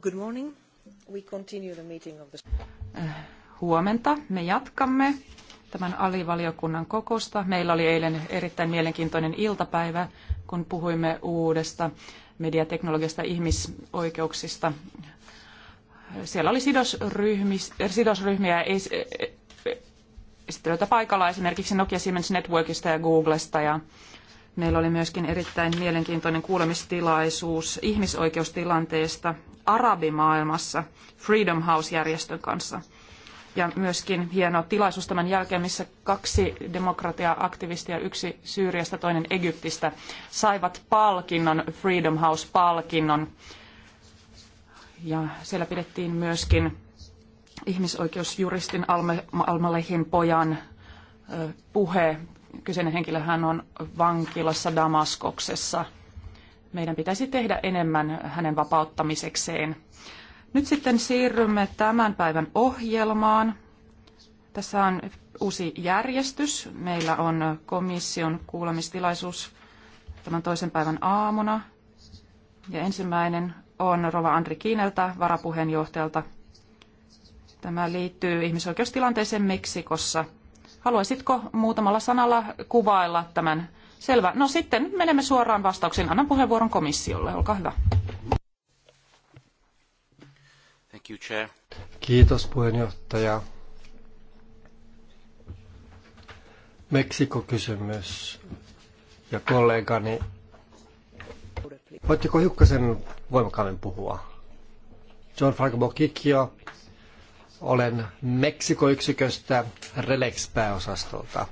good morning. We continue the meeting of the... Eh, huomenta me jatkamme tämän alivaliokunnan kokousta. Meillä oli eilen erittäin mielenkiintoinen iltapäivä, kun puhuimme uudesta mediateknologiasta ihmisoikeuksista. Siellä oli sidosryhmiä esittelijöitä paikalla esimerkiksi Nokia Siemens Networkista ja Googlesta ja Meillä oli myöskin erittäin mielenkiintoinen kuulemistilaisuus ihmisoikeustilanteesta arabimaailmassa Freedom House-järjestön kanssa. Ja myöskin hieno tilaisuus tämän jälkeen, missä kaksi demokratia-aktivistia, yksi Syyriasta, toinen Egyptistä, saivat palkinnon, Freedom House-palkinnon. Ja siellä pidettiin myöskin ihmisoikeusjuristin Almalehin pojan puhe. Kyseinen henkilö hän on vankilassa Damaskoksessa – meidän pitäisi tehdä enemmän hänen vapauttamisekseen. Nyt sitten siirrymme tämän päivän ohjelmaan. Tässä on uusi järjestys. Meillä on komission kuulemistilaisuus tämän toisen päivän aamuna. Ja ensimmäinen on Rova Andri Kiineltä, varapuheenjohtajalta. Tämä liittyy ihmisoikeustilanteeseen Meksikossa. Haluaisitko muutamalla sanalla kuvailla tämän Selvä. No sitten menemme suoraan vastauksiin. Annan puheenvuoron komissiolle. Olkaa hyvä. Thank you, Chair. Kiitos puheenjohtaja. Meksikokysymys ja kollegani. Voitteko hiukkasen voimakkaammin puhua? John Franco Bokikio, olen Meksikoyksiköstä Relex-pääosastolta.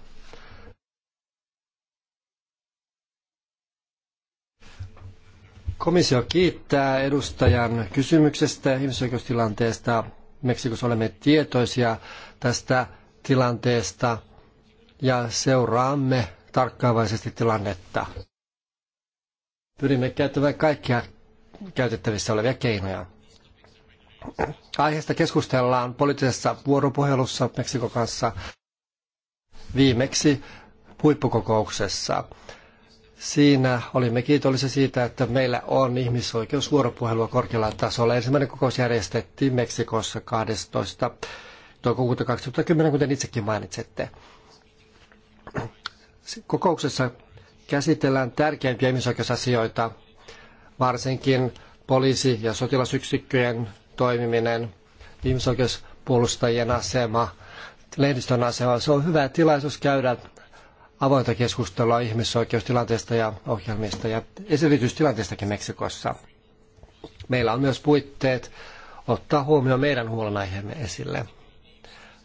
Komissio kiittää edustajan kysymyksestä ihmisoikeustilanteesta. Meksikossa olemme tietoisia tästä tilanteesta ja seuraamme tarkkaavaisesti tilannetta. Pyrimme käyttämään kaikkia käytettävissä olevia keinoja. Aiheesta keskustellaan poliittisessa vuoropuhelussa Meksikon kanssa viimeksi huippukokouksessa. Siinä olimme kiitollisia siitä, että meillä on ihmisoikeusvuoropuhelua korkealla tasolla. Ensimmäinen kokous järjestettiin Meksikossa 12. toukokuuta 2010, kuten itsekin mainitsette. Kokouksessa käsitellään tärkeimpiä ihmisoikeusasioita, varsinkin poliisi- ja sotilasyksikköjen toimiminen, ihmisoikeuspuolustajien asema, lehdistön asema. Se on hyvä tilaisuus käydä avointa keskustelua ihmisoikeustilanteesta ja ohjelmista ja esitystilanteestakin Meksikossa. Meillä on myös puitteet ottaa huomioon meidän huolenaiheemme esille.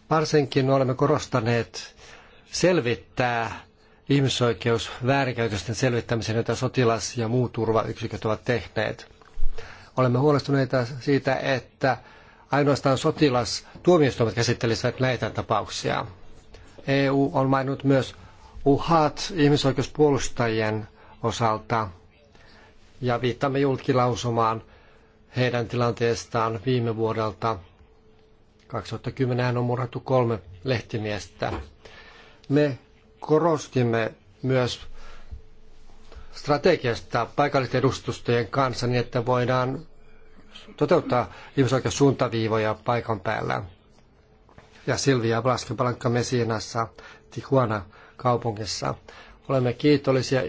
Varsinkin olemme korostaneet selvittää ihmisoikeusväärinkäytösten selvittämisen, jota sotilas- ja muut turvayksiköt ovat tehneet. Olemme huolestuneita siitä, että ainoastaan sotilas tuomioistuimet käsittelisivät näitä tapauksia. EU on maininnut myös uhat ihmisoikeuspuolustajien osalta ja viittaamme julkilausumaan heidän tilanteestaan viime vuodelta. 2010 on murhattu kolme lehtimiestä. Me korostimme myös strategiasta paikallisten edustustojen kanssa niin, että voidaan toteuttaa ihmisoikeussuuntaviivoja paikan päällä. Ja Silvia Blaskepalanka Mesinassa Tijuana kaupungissa. Olemme kiitollisia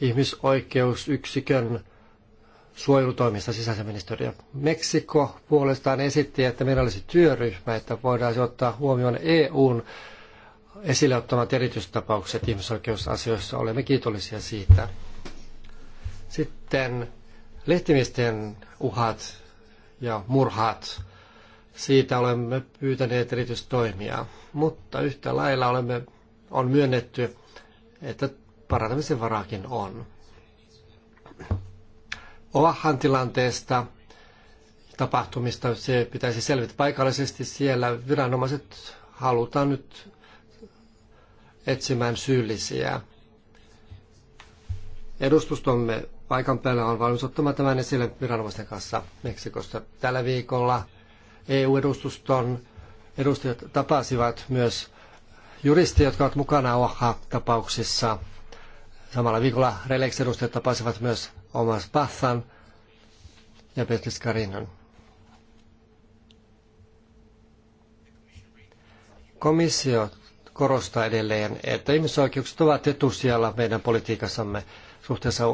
ihmisoikeusyksikön suojelutoimista sisäisäministeriö. Meksiko puolestaan esitti, että meillä olisi työryhmä, että voidaan ottaa huomioon EUn esille ottamat erityistapaukset ihmisoikeusasioissa. Olemme kiitollisia siitä. Sitten lehtimisten uhat ja murhat. Siitä olemme pyytäneet erityistoimia, mutta yhtä lailla olemme on myönnetty, että parantamisen varaakin on. Oahan tilanteesta tapahtumista se pitäisi selvitä paikallisesti siellä. Viranomaiset halutaan nyt etsimään syyllisiä. Edustustomme paikan päällä on valmis ottamaan tämän esille viranomaisten kanssa Meksikosta. Tällä viikolla EU-edustuston edustajat tapasivat myös Juristit jotka ovat mukana OHA-tapauksissa. Samalla viikolla Relex-edustajat tapasivat myös Omas Bathan ja Petris Karinon. Komissio korostaa edelleen, että ihmisoikeukset ovat etusijalla meidän politiikassamme suhteessa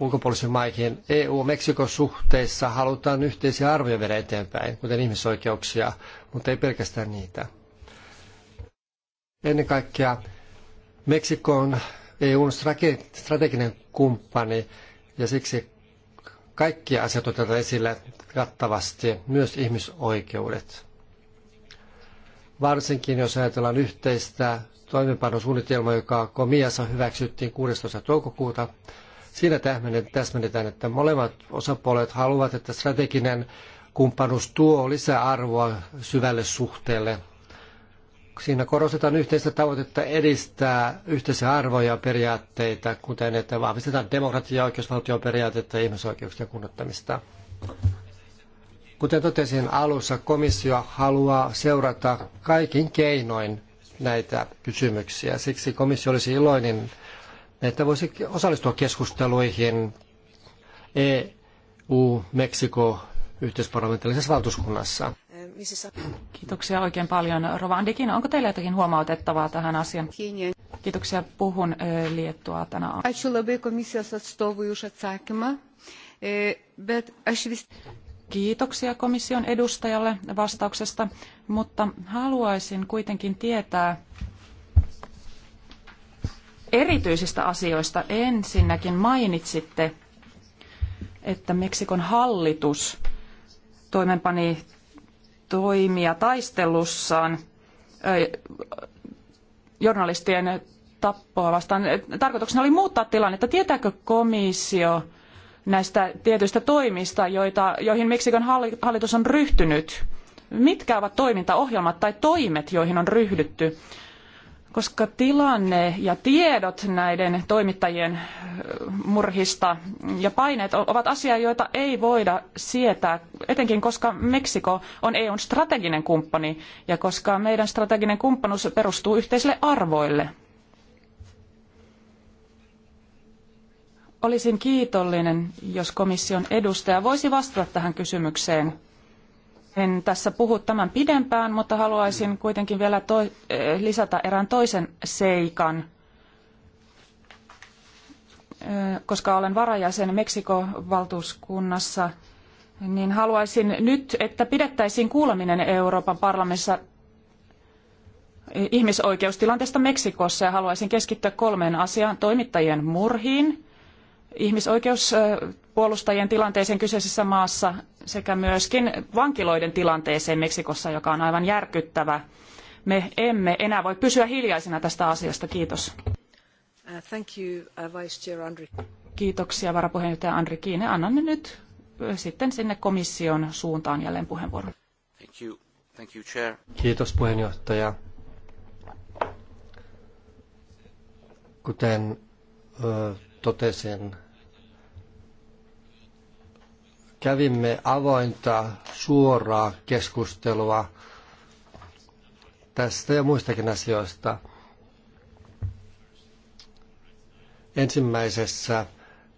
ulkopuolisiin maihin. EU-Meksikon suhteissa halutaan yhteisiä arvoja viedä eteenpäin, kuten ihmisoikeuksia, mutta ei pelkästään niitä. Ennen kaikkea Meksiko on EUn strateginen kumppani ja siksi kaikki asiat otetaan esille kattavasti, myös ihmisoikeudet. Varsinkin jos ajatellaan yhteistä toimeenpanosuunnitelmaa, joka Komiassa hyväksyttiin 16. toukokuuta, siinä täsmennetään, että molemmat osapuolet haluavat, että strateginen kumppanuus tuo lisää arvoa syvälle suhteelle Siinä korostetaan yhteistä tavoitetta edistää yhteisiä arvoja ja periaatteita, kuten että vahvistetaan demokratiaa, oikeusvaltion periaatetta ja ihmisoikeuksien kunnottamista. Kuten totesin alussa, komissio haluaa seurata kaikin keinoin näitä kysymyksiä. Siksi komissio olisi iloinen, että voisi osallistua keskusteluihin EU-Meksiko yhteisparlamentaalisessa valtuuskunnassa. Kiitoksia oikein paljon. Rovandikin, onko teillä jotakin huomautettavaa tähän asiaan? Kiitoksia. Puhun Liettua tänä aamuna. E, bet Kiitoksia komission edustajalle vastauksesta, mutta haluaisin kuitenkin tietää erityisistä asioista. Ensinnäkin mainitsitte, että Meksikon hallitus toimenpani toimia taistelussaan journalistien tappoa vastaan. Tarkoituksena oli muuttaa tilannetta. Tietääkö komissio näistä tietyistä toimista, joita, joihin Meksikon hallitus on ryhtynyt? Mitkä ovat toimintaohjelmat tai toimet, joihin on ryhdytty? koska tilanne ja tiedot näiden toimittajien murhista ja paineet ovat asia, joita ei voida sietää, etenkin koska Meksiko on EUn strateginen kumppani ja koska meidän strateginen kumppanuus perustuu yhteisille arvoille. Olisin kiitollinen, jos komission edustaja voisi vastata tähän kysymykseen en tässä puhu tämän pidempään, mutta haluaisin kuitenkin vielä eh, lisätä erään toisen seikan, eh, koska olen varajäsen Meksikon valtuuskunnassa, niin haluaisin nyt, että pidettäisiin kuuleminen Euroopan parlamentissa ihmisoikeustilanteesta Meksikossa ja haluaisin keskittyä kolmeen asiaan. Toimittajien murhiin, ihmisoikeuspuolustajien tilanteeseen kyseisessä maassa sekä myöskin vankiloiden tilanteeseen Meksikossa, joka on aivan järkyttävä. Me emme enää voi pysyä hiljaisina tästä asiasta. Kiitos. Uh, thank you, uh, Vice Chair Andri. Kiitoksia varapuheenjohtaja Andri Kiine. Annamme nyt uh, sitten sinne komission suuntaan jälleen puheenvuoron. Thank you. Thank you, Chair. Kiitos puheenjohtaja. Kuten totesin, kävimme avointa, suoraa keskustelua tästä ja muistakin asioista. Ensimmäisessä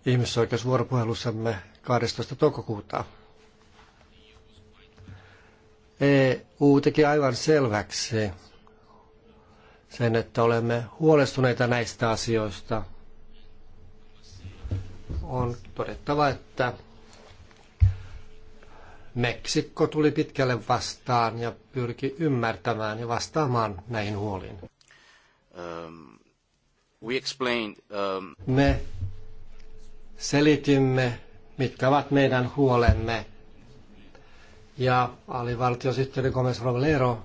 ihmisoikeusvuoropuhelussamme 12. toukokuuta. EU teki aivan selväksi sen, että olemme huolestuneita näistä asioista – on todettava, että Meksikko tuli pitkälle vastaan ja pyrki ymmärtämään ja vastaamaan näihin huoliin. Um, we explained, um... Me selitimme, mitkä ovat meidän huolemme. Ja alivaltiosihteeri Gomez Rovalero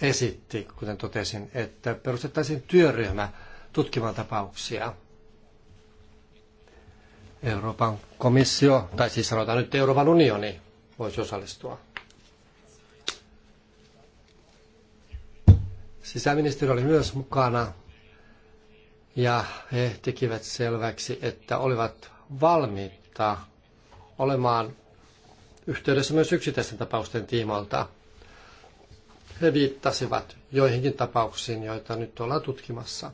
esitti, kuten totesin, että perustettaisiin työryhmä tutkimaan tapauksia – Euroopan komissio, tai siis sanotaan nyt Euroopan unioni, voisi osallistua. Sisäministeri oli myös mukana ja he tekivät selväksi, että olivat valmiita olemaan yhteydessä myös yksittäisten tapausten tiimoilta. He viittasivat joihinkin tapauksiin, joita nyt ollaan tutkimassa.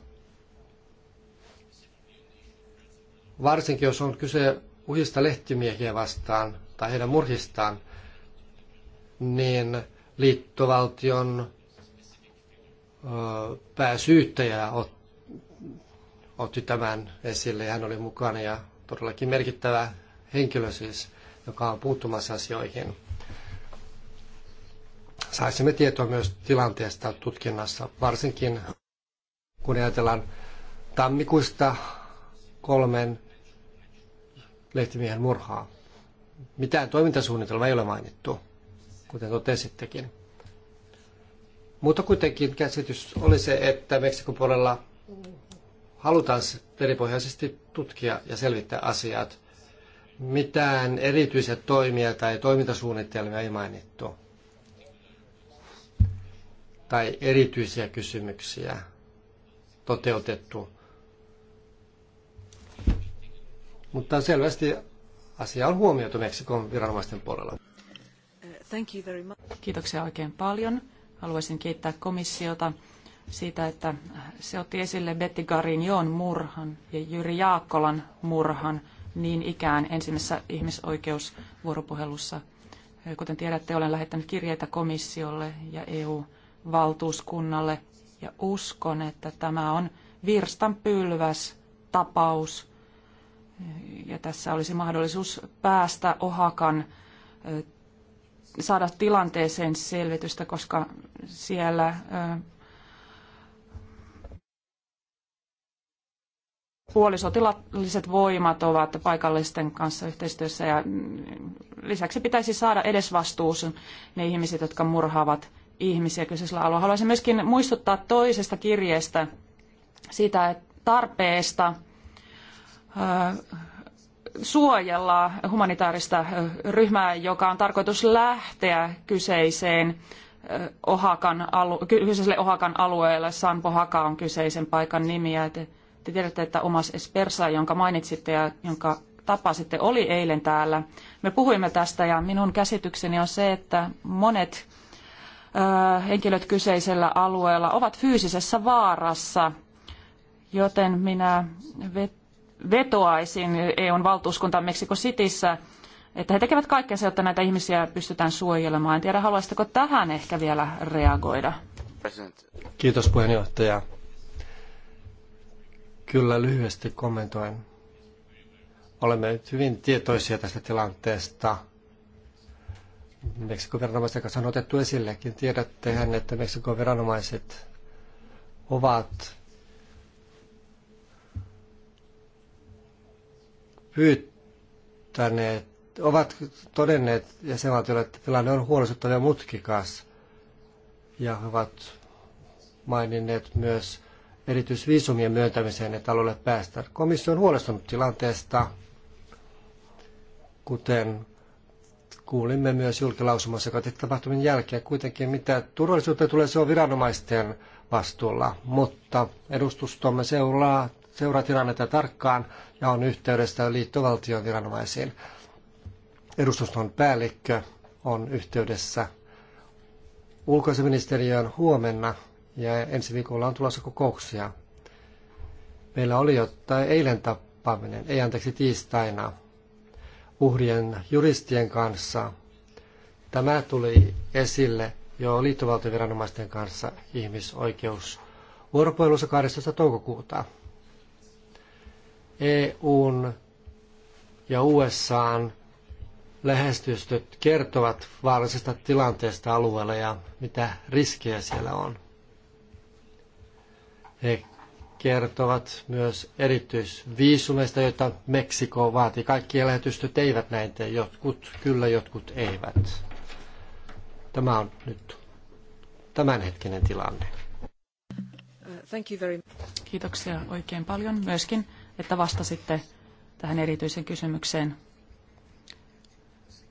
varsinkin jos on kyse uhista lehtimiehiä vastaan tai heidän murhistaan, niin liittovaltion pääsyyttäjä otti tämän esille ja hän oli mukana ja todellakin merkittävä henkilö siis, joka on puuttumassa asioihin. Saisimme tietoa myös tilanteesta tutkinnassa, varsinkin kun ajatellaan tammikuista kolmen lehtimiehen murhaa. Mitään toimintasuunnitelmaa ei ole mainittu, kuten totesittekin. Mutta kuitenkin käsitys oli se, että Meksikon puolella halutaan peripohjaisesti tutkia ja selvittää asiat. Mitään erityisiä toimia tai toimintasuunnitelmia ei mainittu. Tai erityisiä kysymyksiä toteutettu Mutta selvästi asia on huomioitu Meksikon viranomaisten puolella. Thank you very much. Kiitoksia oikein paljon. Haluaisin kiittää komissiota siitä, että se otti esille Betty Garignon murhan ja Jyri Jaakkolan murhan niin ikään ensimmäisessä ihmisoikeusvuoropuhelussa. Kuten tiedätte, olen lähettänyt kirjeitä komissiolle ja EU-valtuuskunnalle ja uskon, että tämä on virstanpylväs tapaus ja tässä olisi mahdollisuus päästä Ohakan saada tilanteeseen selvitystä, koska siellä puolisotilalliset voimat ovat paikallisten kanssa yhteistyössä ja mm, lisäksi pitäisi saada edesvastuus ne ihmiset, jotka murhaavat ihmisiä kyseisellä alueella. Haluaisin myöskin muistuttaa toisesta kirjeestä siitä tarpeesta suojella humanitaarista ryhmää, joka on tarkoitus lähteä kyseiseen Ohakan alu, kyseiselle Ohakan alueelle. Sampo Haka on kyseisen paikan nimi. Ja te, te tiedätte, että Omas Espersa, jonka mainitsitte ja jonka tapasitte, oli eilen täällä. Me puhuimme tästä ja minun käsitykseni on se, että monet ö, henkilöt kyseisellä alueella ovat fyysisessä vaarassa, joten minä vet, vetoaisin EUn valtuuskuntaan Meksiko Cityssä, että he tekevät kaikkensa, jotta näitä ihmisiä pystytään suojelemaan. En tiedä, haluaisitteko tähän ehkä vielä reagoida? Kiitos puheenjohtaja. Kyllä lyhyesti kommentoin. Olemme hyvin tietoisia tästä tilanteesta. Meksikon viranomaisten kanssa on otettu esillekin. Tiedättehän, että Meksikon viranomaiset ovat pyytäneet, ovat todenneet jäsenvaltioille, että tilanne on huolestuttava ja mutkikas. Ja ovat maininneet myös erityisviisumien myöntämiseen, että alueelle päästään. Komissio on huolestunut tilanteesta, kuten kuulimme myös julkilausumassa tapahtumien jälkeen. Kuitenkin mitä turvallisuutta tulee, se on viranomaisten vastuulla, mutta edustustomme seuraa seuraa tilannetta tarkkaan ja on yhteydessä liittovaltion viranomaisiin. Edustuston päällikkö on yhteydessä ulkoasiaministeriöön huomenna ja ensi viikolla on tulossa kokouksia. Meillä oli jo tai eilen tapaaminen, ei anteeksi tiistaina, uhrien juristien kanssa. Tämä tuli esille jo liittovaltioviranomaisten kanssa ihmisoikeus vuoropuhelussa 12. toukokuuta. EUn ja USAn lähestystöt kertovat vaarallisesta tilanteesta alueella ja mitä riskejä siellä on. He kertovat myös erityisviisumeista, joita Meksiko vaatii. Kaikki lähetystöt eivät näin tee, jotkut kyllä, jotkut eivät. Tämä on nyt tämänhetkinen tilanne. Thank you very much. Kiitoksia oikein paljon myöskin että vastasitte tähän erityisen kysymykseen.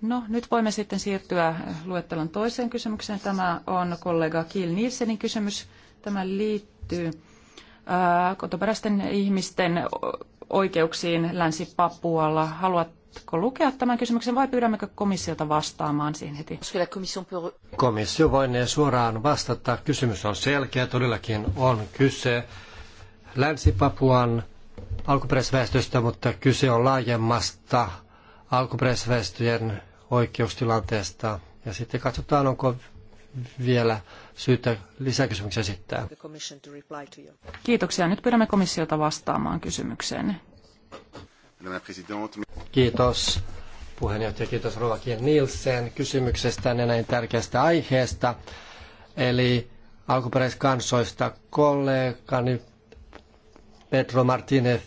No, nyt voimme sitten siirtyä luettelon toiseen kysymykseen. Tämä on kollega Kiel Nielsenin kysymys. Tämä liittyy äh, kotoperäisten ihmisten oikeuksiin Länsi-Papualla. Haluatko lukea tämän kysymyksen vai pyydämmekö komissiota vastaamaan siihen heti? Komissio voi ne suoraan vastata. Kysymys on selkeä. Todellakin on kyse Länsi-Papuan alkuperäisväestöstä, mutta kyse on laajemmasta alkuperäisväestöjen oikeustilanteesta. Ja sitten katsotaan, onko vielä syytä lisäkysymyksiä esittää. Kiitoksia. Nyt pyydämme komissiota vastaamaan kysymykseen. Kiitos puheenjohtaja, kiitos Rovakin Nielsen kysymyksestä ja näin tärkeästä aiheesta. Eli alkuperäiskansoista kollegani Petro Martinez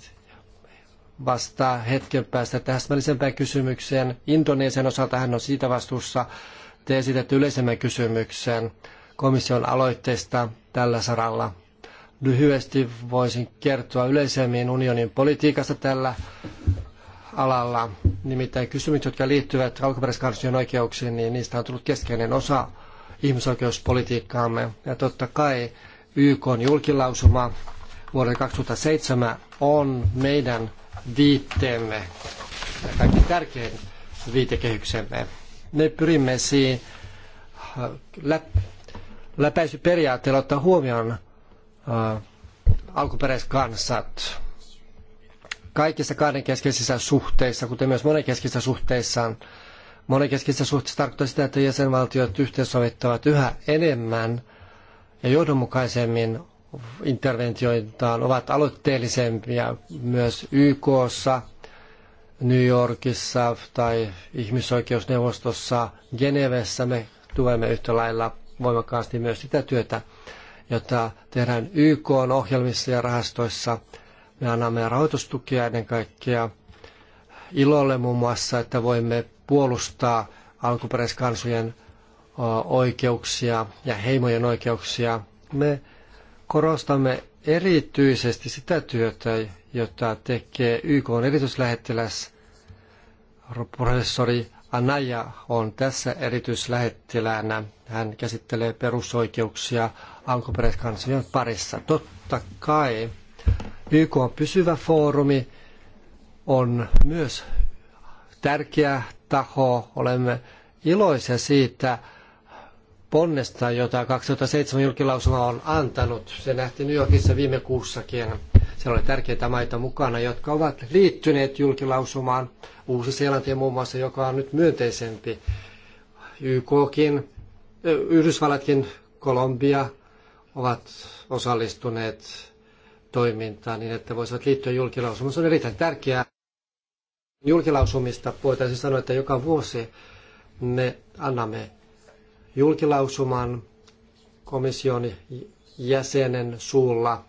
vastaa hetken päästä täsmällisempään kysymykseen. Indonesian osalta hän on siitä vastuussa. Te esitätte yleisemmän kysymyksen komission aloitteesta tällä saralla. Lyhyesti voisin kertoa yleisemmin unionin politiikasta tällä alalla. Nimittäin kysymykset, jotka liittyvät alkuperäiskansojen oikeuksiin, niin niistä on tullut keskeinen osa ihmisoikeuspolitiikkaamme. Ja totta kai YK on julkilausuma vuodelle 2007 on meidän viitteemme, kaikkein tärkein viitekehyksemme. Me pyrimme siihen äh, lä- läpäisyperiaatteella ottaa huomioon äh, alkuperäiskansat kaikissa kahdenkeskisissä suhteissa, kuten myös monenkeskisissä suhteissaan. Monenkeskisissä suhteissa tarkoittaa sitä, että jäsenvaltiot yhteensovittavat yhä enemmän ja johdonmukaisemmin interventioitaan ovat aloitteellisempia myös YKssa, New Yorkissa tai ihmisoikeusneuvostossa Genevessä. Me tuemme yhtä lailla voimakkaasti myös sitä työtä, jota tehdään YK ohjelmissa ja rahastoissa. Me annamme rahoitustukia ennen kaikkea ilolle muun muassa, että voimme puolustaa alkuperäiskansojen oikeuksia ja heimojen oikeuksia. Me korostamme erityisesti sitä työtä, jota tekee YK on erityislähettiläs professori Anaja on tässä erityislähettiläänä. Hän käsittelee perusoikeuksia alkuperäiskansojen parissa. Totta kai YK on pysyvä foorumi on myös tärkeä taho. Olemme iloisia siitä, ponnesta, jota 2007 julkilausuma on antanut. Se nähtiin New Yorkissa viime kuussakin. Siellä oli tärkeitä maita mukana, jotka ovat liittyneet julkilausumaan. Uusi-Seelanti muun muassa, joka on nyt myönteisempi. YKkin, Yhdysvallatkin, Kolumbia ovat osallistuneet toimintaan niin, että voisivat liittyä julkilausumaan. Se on erittäin tärkeää. Julkilausumista voitaisiin sanoa, että joka vuosi me annamme julkilausuman komission jäsenen suulla,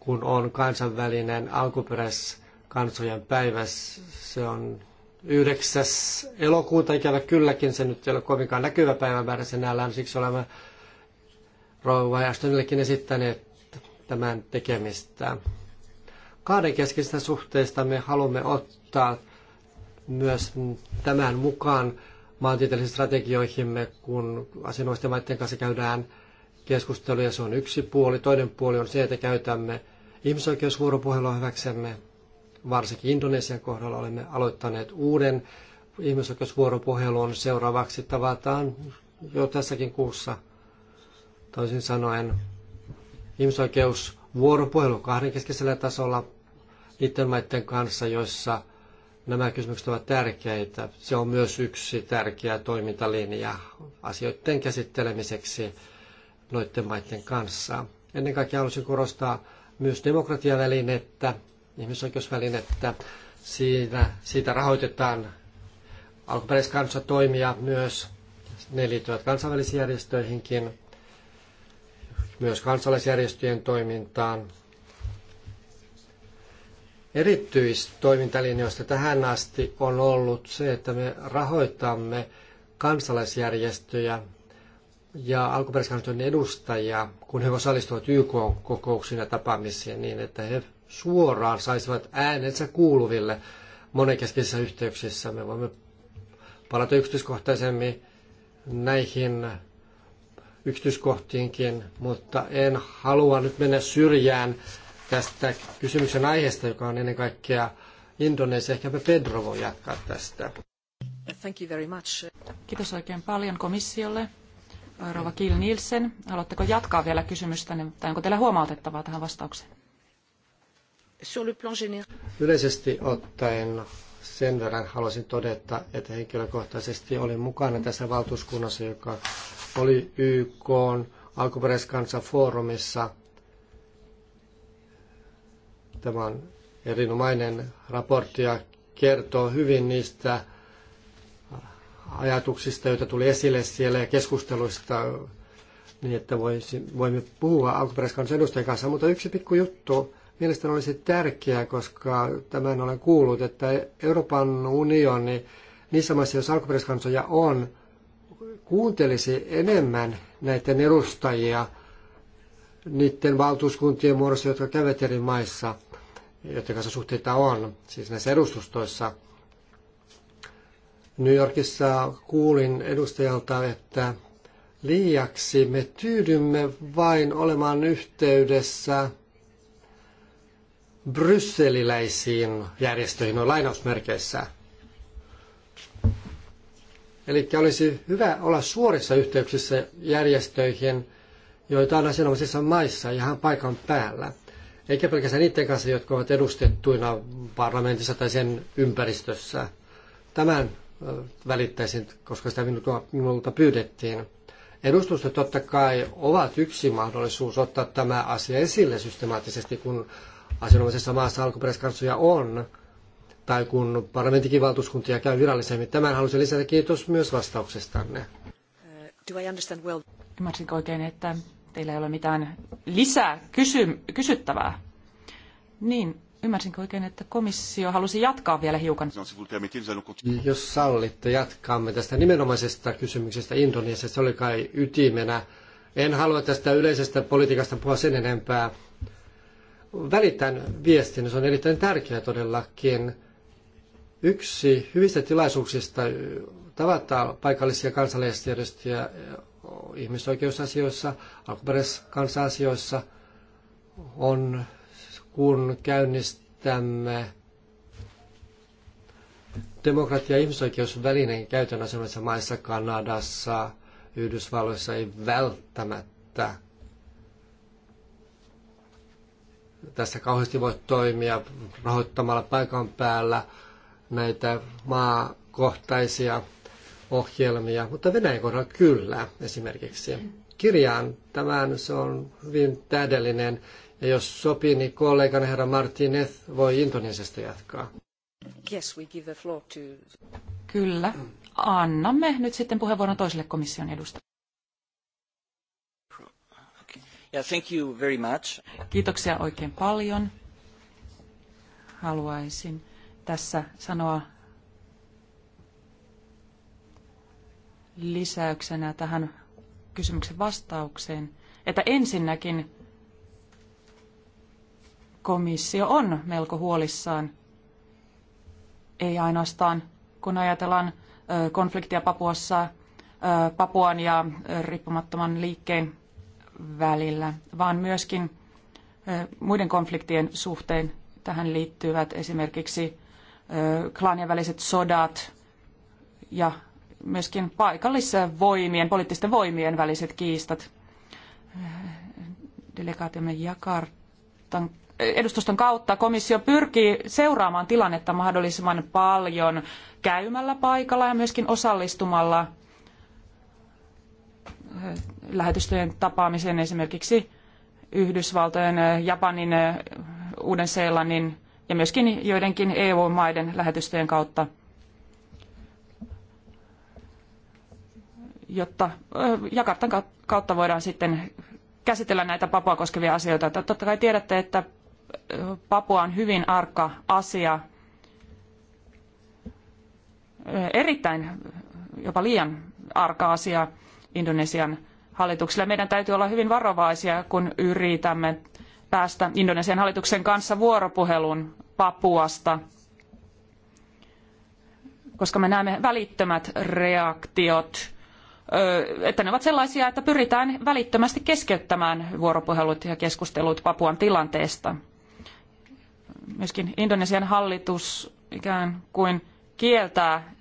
kun on kansainvälinen alkuperäiskansojen päivä. Se on 9. elokuuta, ikävä kylläkin, se nyt ei ole kovinkaan näkyvä päivämäärä sinällään, siksi olemme rouva Ashtonillekin esittäneet tämän tekemistä. Kahdenkeskisistä suhteista me haluamme ottaa myös tämän mukaan maantieteellisiin strategioihimme, kun asianomaisten maiden kanssa käydään keskusteluja. Se on yksi puoli. Toinen puoli on se, että käytämme ihmisoikeusvuoropuhelua hyväksemme. Varsinkin Indonesian kohdalla olemme aloittaneet uuden ihmisoikeusvuoropuhelun. Seuraavaksi tavataan jo tässäkin kuussa, toisin sanoen, ihmisoikeusvuoropuhelu kahdenkeskisellä tasolla niiden maiden kanssa, joissa Nämä kysymykset ovat tärkeitä. Se on myös yksi tärkeä toimintalinja asioiden käsittelemiseksi noiden maiden kanssa. Ennen kaikkea haluaisin korostaa myös demokratiavälinettä, ihmisoikeusvälinettä. Siinä, siitä rahoitetaan alkuperäiskansatoimia myös. Ne liittyvät kansainvälisiin järjestöihinkin, myös kansalaisjärjestöjen toimintaan, erityistoimintalinjoista tähän asti on ollut se, että me rahoitamme kansalaisjärjestöjä ja alkuperäiskansojen edustajia, kun he osallistuvat YK-kokouksiin ja tapaamisiin niin, että he suoraan saisivat äänensä kuuluville monenkeskisissä yhteyksissä. Me voimme palata yksityiskohtaisemmin näihin yksityiskohtiinkin, mutta en halua nyt mennä syrjään tästä kysymyksen aiheesta, joka on ennen kaikkea Indonesia. Ehkäpä Pedro voi jatkaa tästä. Thank you very much. Kiitos oikein paljon komissiolle. Rova Kiel Nielsen, haluatteko jatkaa vielä kysymystä, tai onko teillä huomautettavaa tähän vastaukseen? Yleisesti ottaen sen verran haluaisin todeta, että henkilökohtaisesti olin mukana tässä valtuuskunnassa, joka oli YK alkuperäiskansafoorumissa – Tämä on erinomainen raportti ja kertoo hyvin niistä ajatuksista, joita tuli esille siellä ja keskusteluista, niin että voisi, voimme puhua alkuperäiskansan edustajien kanssa. Mutta yksi pikku juttu mielestäni olisi tärkeää, koska tämän olen kuullut, että Euroopan unioni niissä maissa, joissa alkuperäiskansoja on, kuuntelisi enemmän näiden edustajia niiden valtuuskuntien muodossa, jotka kävät eri maissa – joiden kanssa suhteita on, siis näissä edustustoissa. New Yorkissa kuulin edustajalta, että liiaksi me tyydymme vain olemaan yhteydessä brysseliläisiin järjestöihin, on lainausmerkeissä. Eli olisi hyvä olla suorissa yhteyksissä järjestöihin, joita on asianomaisissa maissa ihan paikan päällä eikä pelkästään niiden kanssa, jotka ovat edustettuina parlamentissa tai sen ympäristössä. Tämän välittäisin, koska sitä minulta pyydettiin. Edustustot totta kai ovat yksi mahdollisuus ottaa tämä asia esille systemaattisesti, kun asianomaisessa maassa alkuperäiskansoja on, tai kun parlamentikin valtuuskuntia käy virallisemmin. Tämän halusin lisätä kiitos myös vastauksestanne. Uh, do I understand well? Ymmärsinkö oikein, että Teillä ei ole mitään lisää kysy- kysyttävää. Niin, ymmärsinkö oikein, että komissio halusi jatkaa vielä hiukan? Jos sallitte, jatkaamme tästä nimenomaisesta kysymyksestä Indonesiasta. Se oli kai ytimenä. En halua tästä yleisestä politiikasta puhua sen enempää. Välitän viestin, se on erittäin tärkeä todellakin. Yksi hyvistä tilaisuuksista äh, tavata paikallisia kansalaisjärjestöjä ihmisoikeusasioissa, alkuperäis asioissa on, kun käynnistämme demokratia- ja ihmisoikeusvälineen käytön asemassa maissa Kanadassa, Yhdysvalloissa ei välttämättä tässä kauheasti voi toimia rahoittamalla paikan päällä näitä maakohtaisia ohjelmia, mutta Venäjän kohdalla kyllä esimerkiksi. Kirjaan tämän, se on hyvin täydellinen. Ja jos sopii, niin kollegan herra Martinez voi Indonesiasta jatkaa. Yes, we give the floor to... Kyllä. Annamme nyt sitten puheenvuoron toiselle komission edustajalle. Yeah, thank you very much. Kiitoksia oikein paljon. Haluaisin tässä sanoa lisäyksenä tähän kysymyksen vastaukseen, että ensinnäkin komissio on melko huolissaan, ei ainoastaan kun ajatellaan konfliktia Papuassa, Papuan ja riippumattoman liikkeen välillä, vaan myöskin muiden konfliktien suhteen. Tähän liittyvät esimerkiksi klaanien väliset sodat ja myöskin paikallisvoimien, poliittisten voimien väliset kiistat. Delegaatiomme Jakartan eh, edustuston kautta komissio pyrkii seuraamaan tilannetta mahdollisimman paljon käymällä paikalla ja myöskin osallistumalla eh, lähetystöjen tapaamiseen esimerkiksi Yhdysvaltojen, eh, Japanin, Uuden-Seelannin ja myöskin joidenkin EU-maiden lähetystöjen kautta – jotta Jakartan kautta voidaan sitten käsitellä näitä papua koskevia asioita. Totta kai tiedätte, että papua on hyvin arka asia, erittäin jopa liian arka asia Indonesian hallitukselle. Meidän täytyy olla hyvin varovaisia, kun yritämme päästä Indonesian hallituksen kanssa vuoropuhelun Papuasta, koska me näemme välittömät reaktiot että ne ovat sellaisia, että pyritään välittömästi keskeyttämään vuoropuhelut ja keskustelut Papuan tilanteesta. Myöskin Indonesian hallitus ikään kuin kieltää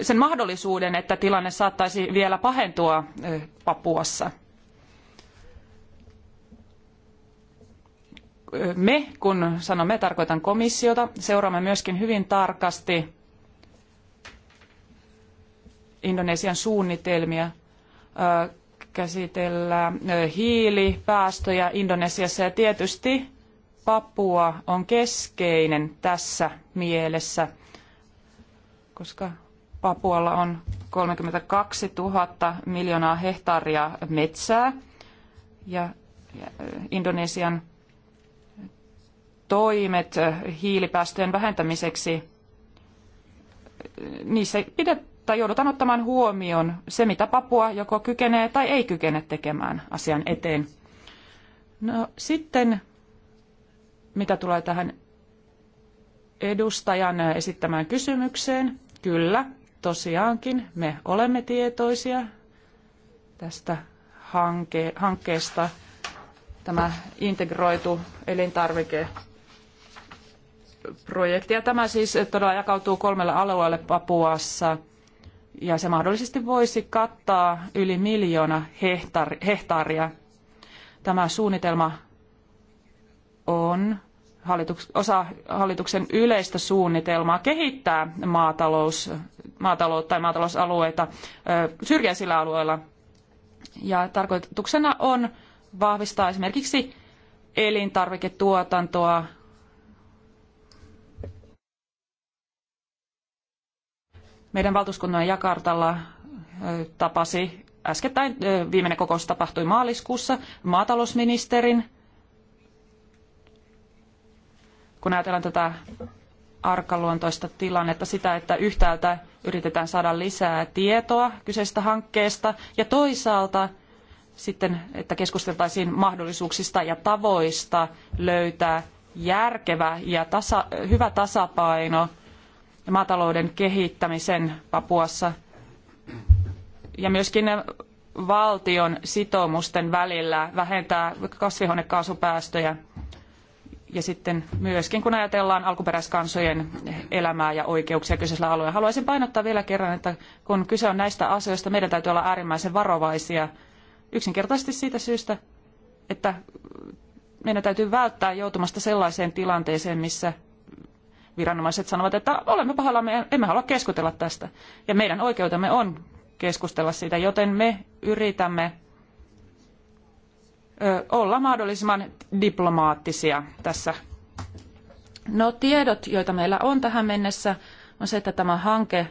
sen mahdollisuuden, että tilanne saattaisi vielä pahentua Papuassa. Me, kun sanomme, tarkoitan komissiota, seuraamme myöskin hyvin tarkasti Indonesian suunnitelmia käsitellä hiilipäästöjä Indonesiassa ja tietysti Papua on keskeinen tässä mielessä, koska Papualla on 32 000 miljoonaa hehtaaria metsää ja Indonesian toimet hiilipäästöjen vähentämiseksi, niissä mutta joudutaan ottamaan huomioon se, mitä Papua joko kykenee tai ei kykene tekemään asian eteen. No sitten, mitä tulee tähän edustajan esittämään kysymykseen, kyllä, tosiaankin me olemme tietoisia tästä hanke- hankkeesta. Tämä integroitu elintarvike projekti. Ja tämä siis todella jakautuu kolmelle alueelle Papuassa – ja se mahdollisesti voisi kattaa yli miljoona hehtaaria. Tämä suunnitelma on hallituks, osa hallituksen yleistä suunnitelmaa kehittää maatalous, maataloutta tai maatalousalueita syrjäisillä alueilla. Ja tarkoituksena on vahvistaa esimerkiksi elintarviketuotantoa, meidän valtuuskunnan Jakartalla tapasi äskettäin, viimeinen kokous tapahtui maaliskuussa, maatalousministerin. Kun ajatellaan tätä arkaluontoista tilannetta, sitä, että yhtäältä yritetään saada lisää tietoa kyseisestä hankkeesta ja toisaalta sitten, että keskusteltaisiin mahdollisuuksista ja tavoista löytää järkevä ja tasa, hyvä tasapaino – ja maatalouden kehittämisen Papuassa ja myöskin valtion sitoumusten välillä vähentää kasvihuonekaasupäästöjä. Ja sitten myöskin kun ajatellaan alkuperäiskansojen elämää ja oikeuksia kyseisellä alueella. Haluaisin painottaa vielä kerran, että kun kyse on näistä asioista, meidän täytyy olla äärimmäisen varovaisia yksinkertaisesti siitä syystä, että meidän täytyy välttää joutumasta sellaiseen tilanteeseen, missä viranomaiset sanovat, että olemme pahallamme, emme halua keskustella tästä. Ja meidän oikeutemme on keskustella siitä, joten me yritämme olla mahdollisimman diplomaattisia tässä. No tiedot, joita meillä on tähän mennessä, on se, että tämä hanke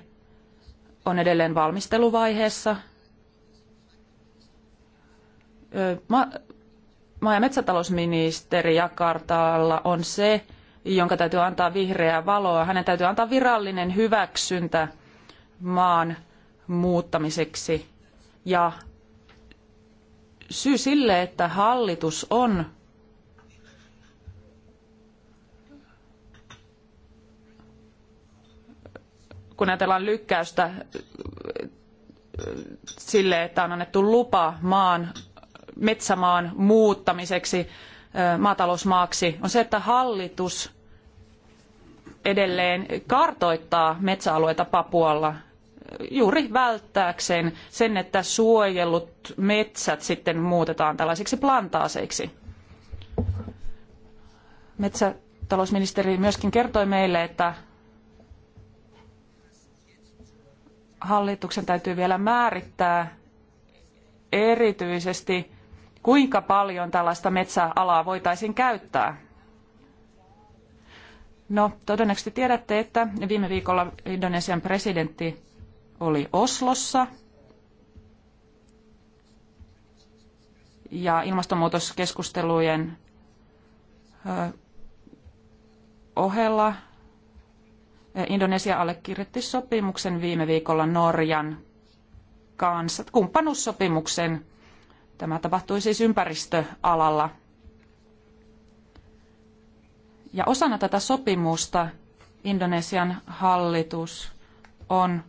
on edelleen valmisteluvaiheessa. Maa- ja metsätalousministeri Jakartalla on se, jonka täytyy antaa vihreää valoa. Hänen täytyy antaa virallinen hyväksyntä maan muuttamiseksi. Ja syy sille, että hallitus on kun ajatellaan lykkäystä sille, että on annettu lupa maan, metsämaan muuttamiseksi maatalousmaaksi, on se, että hallitus edelleen kartoittaa metsäalueita Papualla juuri välttääkseen sen, että suojellut metsät sitten muutetaan tällaisiksi plantaaseiksi. Metsätalousministeri myöskin kertoi meille, että hallituksen täytyy vielä määrittää erityisesti, kuinka paljon tällaista metsäalaa voitaisiin käyttää No, todennäköisesti tiedätte, että viime viikolla Indonesian presidentti oli Oslossa ja ilmastonmuutoskeskustelujen ohella Indonesia allekirjoitti sopimuksen viime viikolla Norjan kanssa, kumppanuussopimuksen. Tämä tapahtui siis ympäristöalalla. Ja osana tätä sopimusta Indonesian hallitus on,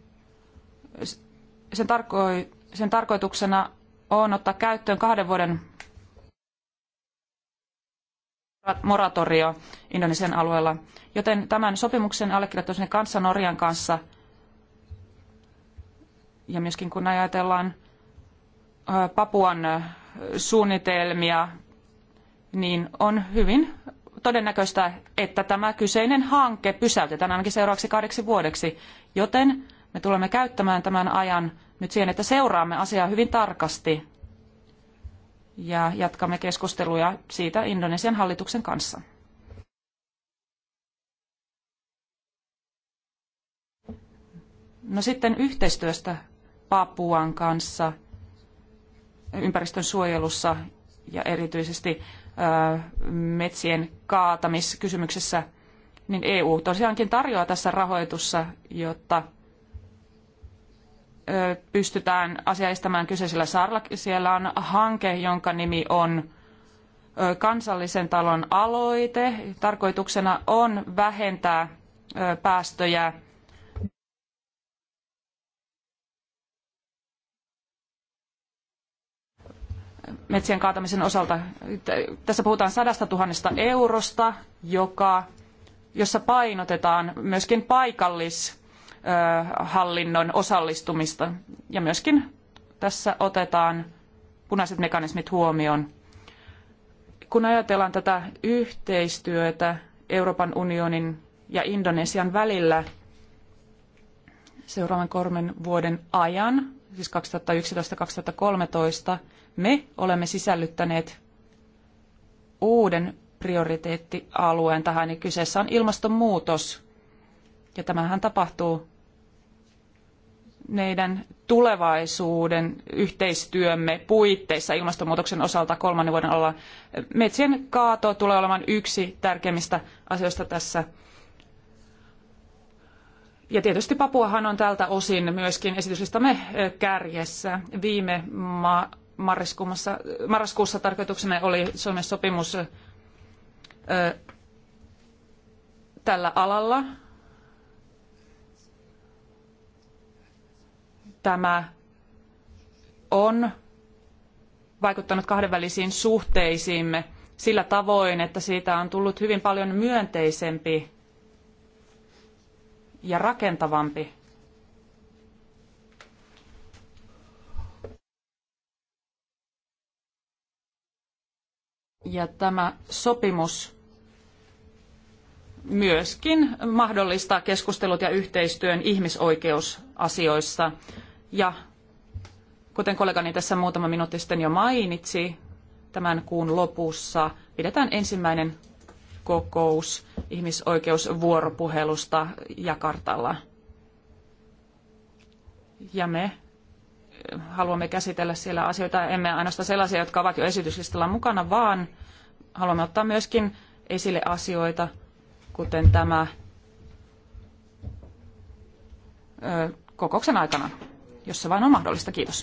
sen, sen tarkoituksena on ottaa käyttöön kahden vuoden moratorio Indonesian alueella, joten tämän sopimuksen allekirjoittamisen kanssa Norjan kanssa ja myöskin kun ajatellaan Papuan suunnitelmia, niin on hyvin todennäköistä, että tämä kyseinen hanke pysäytetään ainakin seuraavaksi kahdeksi vuodeksi, joten me tulemme käyttämään tämän ajan nyt siihen, että seuraamme asiaa hyvin tarkasti ja jatkamme keskusteluja siitä Indonesian hallituksen kanssa. No sitten yhteistyöstä Papuan kanssa ympäristön suojelussa ja erityisesti metsien kaatamiskysymyksessä, niin EU tosiaankin tarjoaa tässä rahoitussa, jotta pystytään asia estämään kyseisellä saarella. Siellä on hanke, jonka nimi on kansallisen talon aloite. Tarkoituksena on vähentää päästöjä metsien kaatamisen osalta. Tässä puhutaan sadasta tuhannesta eurosta, joka, jossa painotetaan myöskin paikallishallinnon osallistumista ja myöskin tässä otetaan punaiset mekanismit huomioon. Kun ajatellaan tätä yhteistyötä Euroopan unionin ja Indonesian välillä seuraavan kolmen vuoden ajan, siis 2011-2013, me olemme sisällyttäneet uuden prioriteettialueen tähän, niin kyseessä on ilmastonmuutos. Ja tämähän tapahtuu meidän tulevaisuuden yhteistyömme puitteissa ilmastonmuutoksen osalta kolmannen vuoden alla. Metsien kaato tulee olemaan yksi tärkeimmistä asioista tässä. Ja tietysti Papuahan on tältä osin myöskin esityslistamme kärjessä. Viime ma- marraskuussa, marraskuussa tarkoituksena oli Suomen sopimus tällä alalla. Tämä on vaikuttanut kahdenvälisiin suhteisiimme sillä tavoin, että siitä on tullut hyvin paljon myönteisempi ja rakentavampi Ja tämä sopimus myöskin mahdollistaa keskustelut ja yhteistyön ihmisoikeusasioissa. Ja kuten kollegani tässä muutama minuutti sitten jo mainitsi, tämän kuun lopussa pidetään ensimmäinen kokous ihmisoikeusvuoropuhelusta Jakartalla. Ja me haluamme käsitellä siellä asioita, emme ainoastaan sellaisia, jotka ovat jo esityslistalla mukana, vaan haluamme ottaa myöskin esille asioita, kuten tämä kokouksen aikana, jos se vain on mahdollista. Kiitos.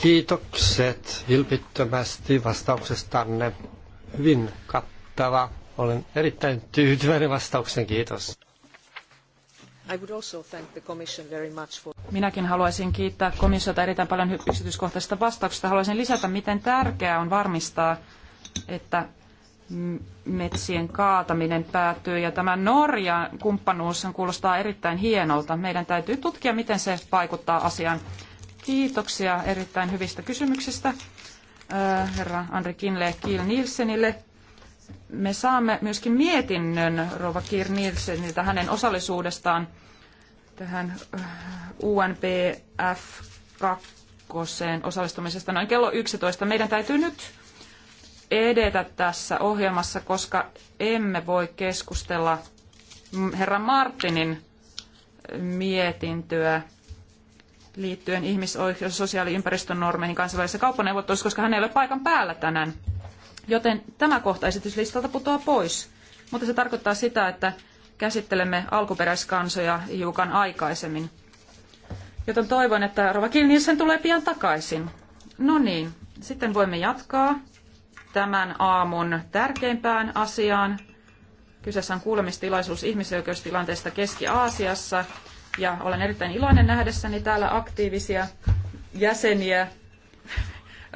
Kiitokset vilpittömästi vastauksestanne. Hyvin kattava. Olen erittäin tyytyväinen vastauksen. Kiitos. Minäkin haluaisin kiittää komissiota erittäin paljon yksityiskohtaisista vastauksista. Haluaisin lisätä, miten tärkeää on varmistaa, että metsien kaataminen päättyy. Ja tämä Norjan kumppanuus kuulostaa erittäin hienolta. Meidän täytyy tutkia, miten se vaikuttaa asiaan. Kiitoksia erittäin hyvistä kysymyksistä äh, herra Andri Kinle Kiel Nielsenille me saamme myöskin mietinnön Rova Kiir Nielseniltä hänen osallisuudestaan tähän äh, UNPF 2 osallistumisesta noin kello 11. Meidän täytyy nyt edetä tässä ohjelmassa, koska emme voi keskustella herra Martinin äh, mietintöä liittyen ihmisoikeus- ja sosiaaliympäristön normeihin kansainvälisessä kauppaneuvottelussa, koska hän ei ole paikan päällä tänään joten tämä kohta esityslistalta putoaa pois. Mutta se tarkoittaa sitä, että käsittelemme alkuperäiskansoja hiukan aikaisemmin. Joten toivon, että Rova sen tulee pian takaisin. No niin, sitten voimme jatkaa tämän aamun tärkeimpään asiaan. Kyseessä on kuulemistilaisuus ihmisoikeustilanteesta Keski-Aasiassa. Ja olen erittäin iloinen nähdessäni täällä aktiivisia jäseniä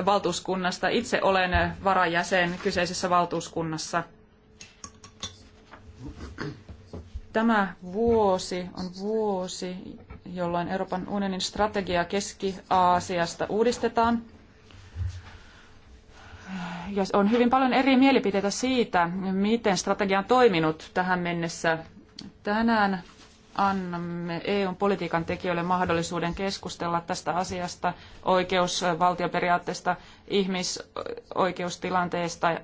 valtuuskunnasta. Itse olen varajäsen kyseisessä valtuuskunnassa. Tämä vuosi on vuosi, jolloin Euroopan unionin strategia Keski-Aasiasta uudistetaan. Ja on hyvin paljon eri mielipiteitä siitä, miten strategia on toiminut tähän mennessä. Tänään annamme EUn politiikan tekijöille mahdollisuuden keskustella tästä asiasta, oikeusvaltioperiaatteesta, ihmisoikeustilanteesta,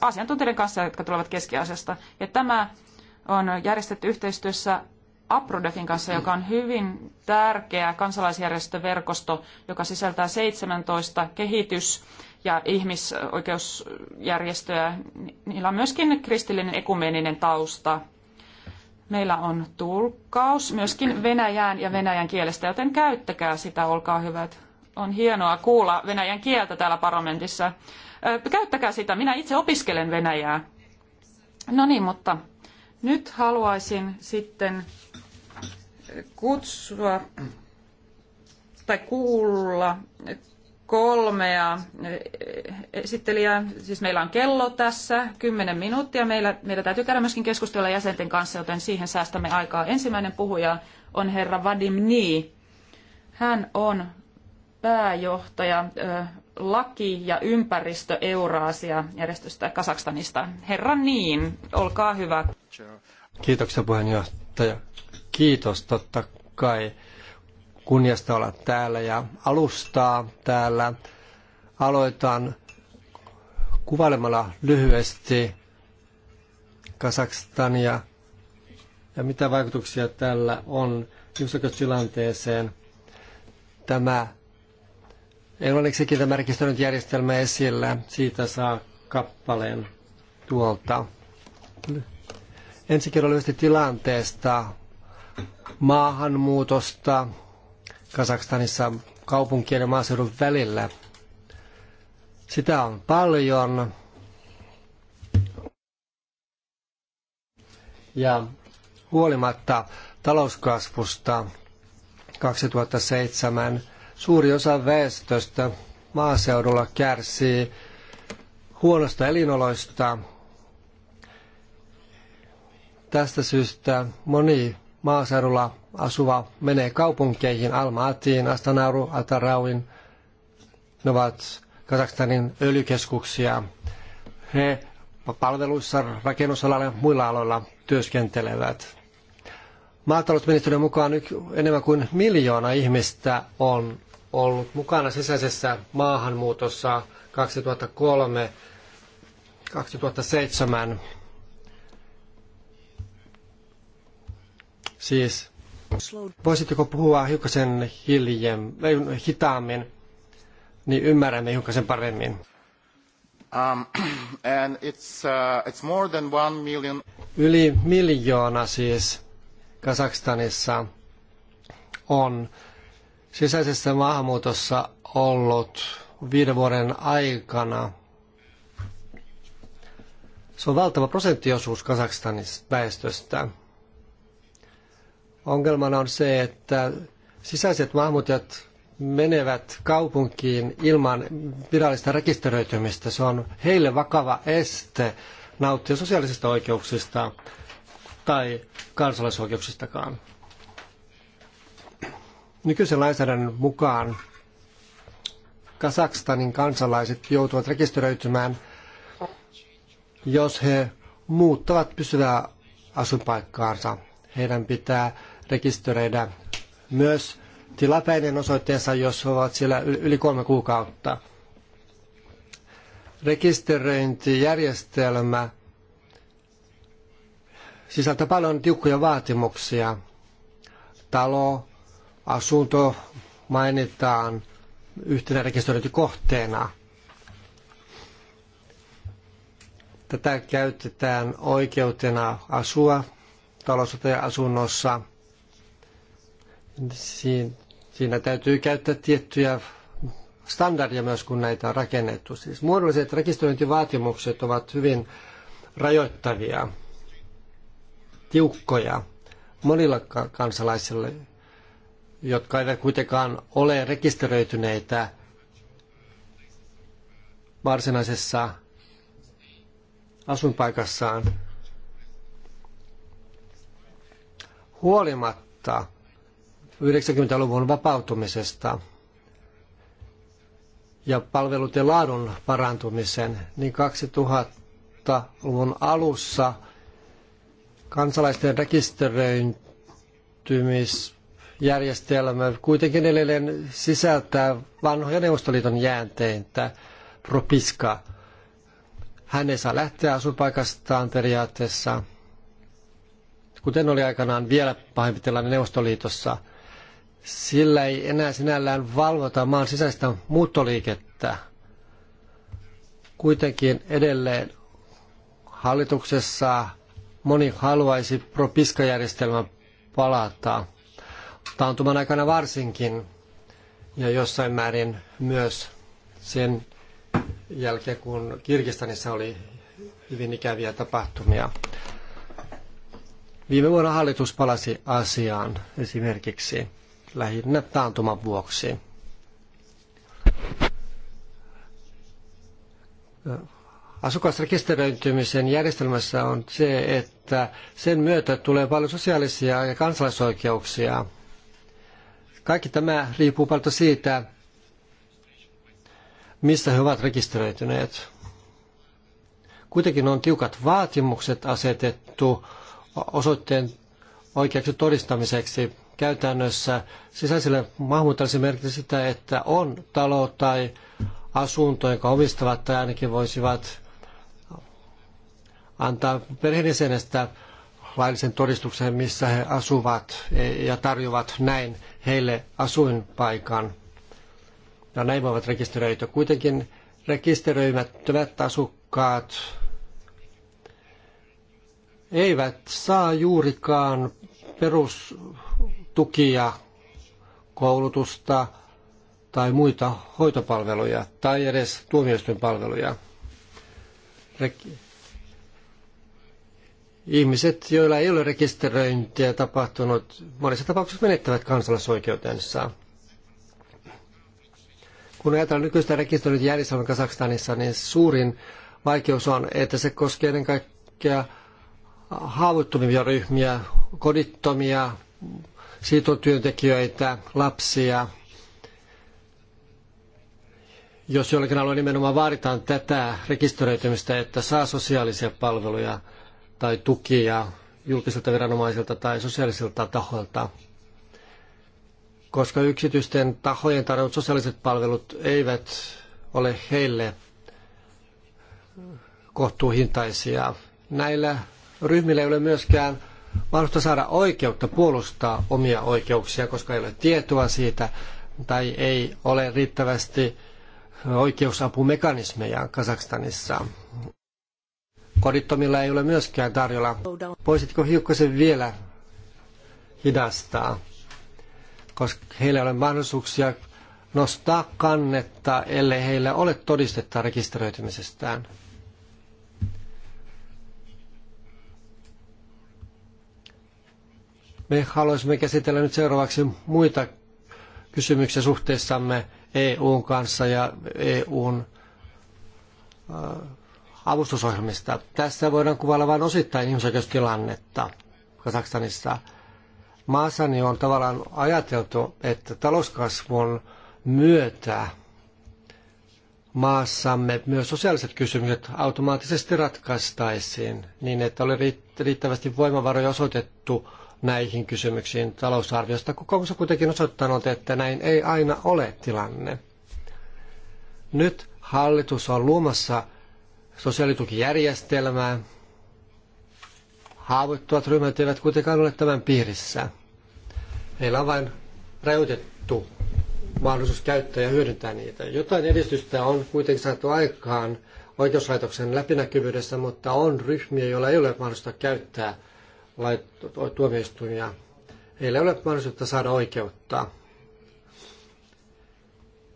asiantuntijoiden kanssa, jotka tulevat keskiasiasta. Ja tämä on järjestetty yhteistyössä APRODEFin kanssa, joka on hyvin tärkeä kansalaisjärjestöverkosto, joka sisältää 17 kehitys- ja ihmisoikeusjärjestöä. Niillä on myöskin kristillinen ekumeeninen tausta. Meillä on tulkkaus myöskin venäjään ja venäjän kielestä, joten käyttäkää sitä, olkaa hyvät. On hienoa kuulla venäjän kieltä täällä parlamentissa. Käyttäkää sitä, minä itse opiskelen venäjää. No niin, mutta nyt haluaisin sitten kutsua tai kuulla kolmea e, e, esittelijää. Siis meillä on kello tässä, kymmenen minuuttia. Meillä, meillä täytyy käydä myöskin keskustella jäsenten kanssa, joten siihen säästämme aikaa. Ensimmäinen puhuja on herra Vadim Nii. Hän on pääjohtaja e, laki- ja ympäristö Euraasia järjestöstä Kasakstanista. Herra Niin, olkaa hyvä. Kiitoksia puheenjohtaja. Kiitos totta kai kunniasta olla täällä ja alustaa täällä. Aloitan kuvailemalla lyhyesti Kasakstania ja mitä vaikutuksia tällä on ihmisoikeustilanteeseen. Tämä englanniksikin tämä rekisteröinti järjestelmä esillä, siitä saa kappaleen tuolta. Ensi kerralla lyhyesti tilanteesta, maahanmuutosta, Kazakstanissa kaupunkien ja maaseudun välillä. Sitä on paljon. Ja huolimatta talouskasvusta 2007 suuri osa väestöstä maaseudulla kärsii huonosta elinoloista. Tästä syystä moni maaseudulla asuva menee kaupunkeihin, Almaatiin, Astanauru, Atarauin. Ne ovat Kazakstanin öljykeskuksia. He palveluissa, rakennusalalla ja muilla aloilla työskentelevät. Maatalousministeriön mukaan enemmän kuin miljoona ihmistä on ollut mukana sisäisessä maahanmuutossa 2003 2007 Siis voisitteko puhua hiukkasen hiljem, hitaammin, niin ymmärrämme hiukkasen paremmin. Um, and it's, uh, it's more than one million. Yli miljoona siis Kazakstanissa on sisäisessä maahanmuutossa ollut viiden vuoden aikana. Se on valtava prosenttiosuus Kazakstanin väestöstä. Ongelmana on se, että sisäiset maahanmuuttajat menevät kaupunkiin ilman virallista rekisteröitymistä. Se on heille vakava este nauttia sosiaalisista oikeuksista tai kansalaisoikeuksistakaan. Nykyisen lainsäädännön mukaan Kasakstanin kansalaiset joutuvat rekisteröitymään, jos he muuttavat pysyvää asuinpaikkaansa. Heidän pitää rekisteröidä myös tilapäinen osoitteensa, jos ovat siellä yli kolme kuukautta. Rekisteröintijärjestelmä sisältää paljon tiukkoja vaatimuksia. Talo, asunto mainitaan yhtenä rekisteröintikohteena. Tätä käytetään oikeutena asua talossa tai asunnossa – Siinä täytyy käyttää tiettyjä standardia myös, kun näitä on rakennettu. Siis muodolliset rekisteröintivaatimukset ovat hyvin rajoittavia, tiukkoja monilla kansalaisilla, jotka eivät kuitenkaan ole rekisteröityneitä varsinaisessa asuinpaikassaan. Huolimatta 90-luvun vapautumisesta ja palveluiden laadun parantumisen, niin 2000-luvun alussa kansalaisten rekisteröitymisjärjestelmä kuitenkin edelleen sisältää vanhoja Neuvostoliiton jäänteitä, propiska. Hän ei saa lähteä asupaikastaan periaatteessa, kuten oli aikanaan vielä pahempi tilanne Neuvostoliitossa – sillä ei enää sinällään valvota maan sisäistä muuttoliikettä. Kuitenkin edelleen hallituksessa moni haluaisi propiskajärjestelmän palata. Taantuman aikana varsinkin ja jossain määrin myös sen jälkeen, kun Kirgistanissa oli hyvin ikäviä tapahtumia. Viime vuonna hallitus palasi asiaan esimerkiksi lähinnä taantuman vuoksi. Asukasrekisteröintymisen järjestelmässä on se, että sen myötä tulee paljon sosiaalisia ja kansalaisoikeuksia. Kaikki tämä riippuu paljon siitä, missä he ovat rekisteröityneet. Kuitenkin on tiukat vaatimukset asetettu osoitteen oikeaksi todistamiseksi käytännössä sisäiselle maahanmuuttajille se merkitsee sitä, että on talo tai asunto, jonka omistavat tai ainakin voisivat antaa perheenjäsenestä laillisen todistuksen, missä he asuvat ja tarjoavat näin heille asuinpaikan. Ja näin voivat rekisteröityä. Kuitenkin rekisteröimättömät asukkaat eivät saa juurikaan perus tukia, koulutusta tai muita hoitopalveluja tai edes tuomioistuinpalveluja. Ihmiset, joilla ei ole rekisteröintiä tapahtunut, monissa tapauksissa menettävät kansalaisoikeutensa. Kun ajatellaan nykyistä rekisteröintijärjestelmää Kazakstanissa, niin suurin vaikeus on, että se koskee ennen kaikkea haavoittuvimpia ryhmiä, kodittomia, siirtotyöntekijöitä, lapsia. Jos jollakin alueella nimenomaan vaaditaan tätä rekisteröitymistä, että saa sosiaalisia palveluja tai tukia julkisilta viranomaisilta tai sosiaalisilta tahoilta, koska yksityisten tahojen tarjot sosiaaliset palvelut eivät ole heille kohtuuhintaisia. Näillä ryhmillä ei ole myöskään mahdollista saada oikeutta puolustaa omia oikeuksia, koska ei ole tietoa siitä tai ei ole riittävästi oikeusapumekanismeja Kazakstanissa. Kodittomilla ei ole myöskään tarjolla. Voisitko hiukkasen vielä hidastaa, koska heillä ei ole mahdollisuuksia nostaa kannetta, ellei heillä ole todistetta rekisteröitymisestään. Me haluaisimme käsitellä nyt seuraavaksi muita kysymyksiä suhteessamme EUn kanssa ja EUn äh, avustusohjelmista. Tässä voidaan kuvailla vain osittain ihmisoikeustilannetta Kazakstanissa. Maassani on tavallaan ajateltu, että talouskasvun myötä maassamme myös sosiaaliset kysymykset automaattisesti ratkaistaisiin niin, että oli riittävästi voimavaroja osoitettu näihin kysymyksiin talousarviosta. Kokoomus on kuitenkin osoittanut, että näin ei aina ole tilanne. Nyt hallitus on luomassa sosiaalitukijärjestelmää. Haavoittuvat ryhmät eivät kuitenkaan ole tämän piirissä. Heillä on vain rajoitettu mahdollisuus käyttää ja hyödyntää niitä. Jotain edistystä on kuitenkin saatu aikaan oikeuslaitoksen läpinäkyvyydessä, mutta on ryhmiä, joilla ei ole mahdollista käyttää tuomioistuimia. Heillä ei ole mahdollisuutta saada oikeutta.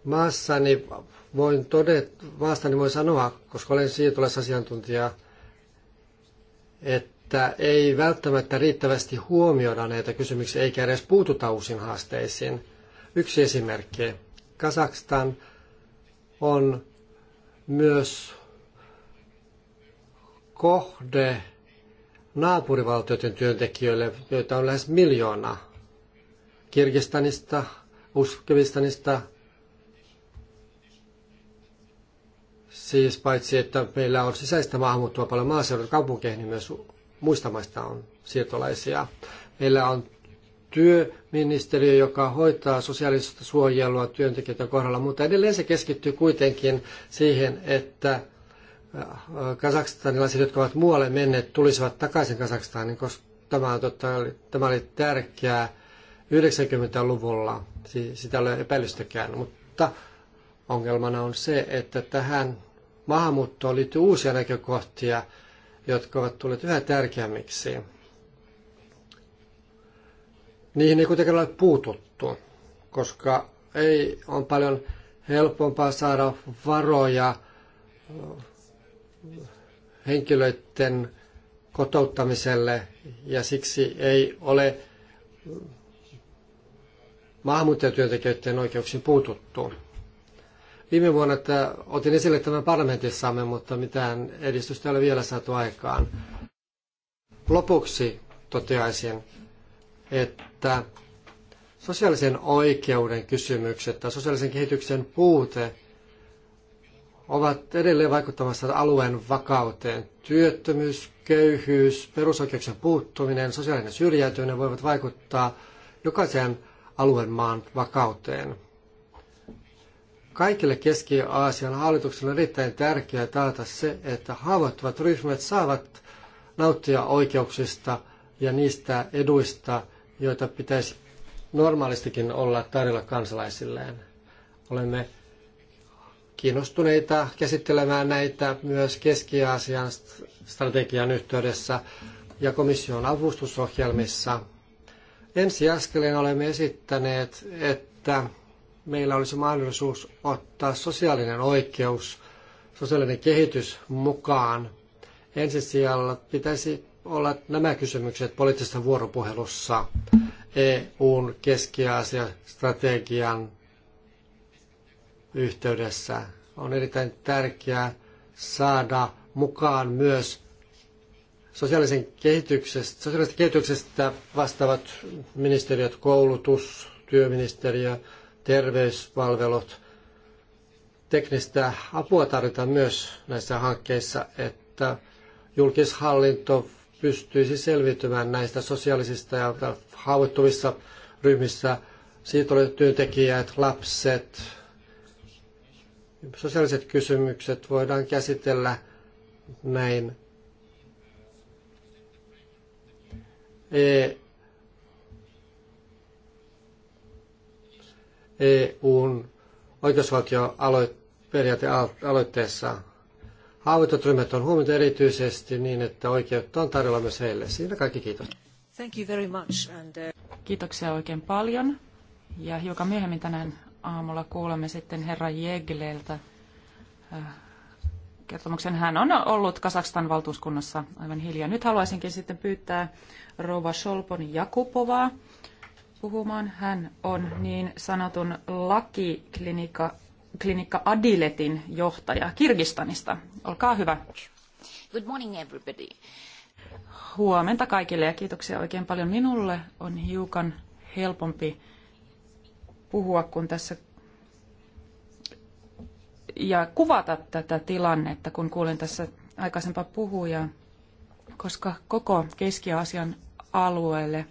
Maassani voin todeta, maastani voin sanoa, koska olen asiantuntija, että ei välttämättä riittävästi huomioida näitä kysymyksiä eikä edes puututa uusiin haasteisiin. Yksi esimerkki. Kazakstan on myös kohde naapurivaltioiden työntekijöille, joita on lähes miljoona. Kirgistanista, Uzbekistanista, siis paitsi että meillä on sisäistä maahanmuuttoa paljon maaseudun kaupunkeihin, niin myös muista maista on siirtolaisia. Meillä on työministeriö, joka hoitaa sosiaalista suojelua työntekijöiden kohdalla, mutta edelleen se keskittyy kuitenkin siihen, että Kazakstanilaiset, jotka ovat muualle menneet, tulisivat takaisin Kazakstaniin, koska tämä, on totta, tämä oli tärkeää 90-luvulla, sitä ei ole epäilystäkään, mutta ongelmana on se, että tähän maahanmuuttoon liittyy uusia näkökohtia, jotka ovat tulleet yhä tärkeämmiksi. Niihin ei kuitenkaan ole puututtu, koska ei on paljon helpompaa saada varoja henkilöiden kotouttamiselle ja siksi ei ole maahanmuuttajatyöntekijöiden oikeuksiin puututtu. Viime vuonna että otin esille tämän parlamentissamme, mutta mitään edistystä ei ole vielä saatu aikaan. Lopuksi toteaisin, että sosiaalisen oikeuden kysymykset tai sosiaalisen kehityksen puute – ovat edelleen vaikuttamassa alueen vakauteen. Työttömyys, köyhyys, perusoikeuksien puuttuminen, sosiaalinen syrjäytyminen voivat vaikuttaa jokaisen alueen maan vakauteen. Kaikille Keski-Aasian hallituksille on erittäin tärkeää taata se, että haavoittuvat ryhmät saavat nauttia oikeuksista ja niistä eduista, joita pitäisi normaalistikin olla tarjolla kansalaisilleen. Olemme kiinnostuneita käsittelemään näitä myös Keski-Aasian strategian yhteydessä ja komission avustusohjelmissa. Ensiaskeleen olemme esittäneet, että meillä olisi mahdollisuus ottaa sosiaalinen oikeus, sosiaalinen kehitys mukaan. Ensisijalla pitäisi olla nämä kysymykset poliittisessa vuoropuhelussa EUn keski strategian yhteydessä. On erittäin tärkeää saada mukaan myös sosiaalisen kehityksestä, sosiaalisesta kehityksestä vastaavat ministeriöt, koulutus, työministeriö, terveyspalvelut. Teknistä apua tarvitaan myös näissä hankkeissa, että julkishallinto pystyisi selviytymään näistä sosiaalisista ja haavoittuvissa ryhmissä siirtolaiset työntekijät, lapset, sosiaaliset kysymykset voidaan käsitellä näin EUn e oikeusvaltioaloitteessa haavoitut ryhmät on huomioitu erityisesti niin, että oikeutta on tarjolla myös heille. Siinä kaikki kiitos. Thank you very much and, uh... Kiitoksia oikein paljon. Ja hiukan myöhemmin tänään aamulla kuulemme sitten herra Jegleltä äh, kertomuksen. Hän on ollut Kasakstan valtuuskunnassa aivan hiljaa. Nyt haluaisinkin sitten pyytää Rova Solpon Jakupovaa puhumaan. Hän on niin sanotun lakiklinikka klinikka Adiletin johtaja Kirgistanista. Olkaa hyvä. Good morning everybody. Huomenta kaikille ja kiitoksia oikein paljon. Minulle on hiukan helpompi puhua, kun tässä ja kuvata tätä tilannetta, kun kuulen tässä aikaisempaa puhujaa, koska koko Keski-Aasian alueelle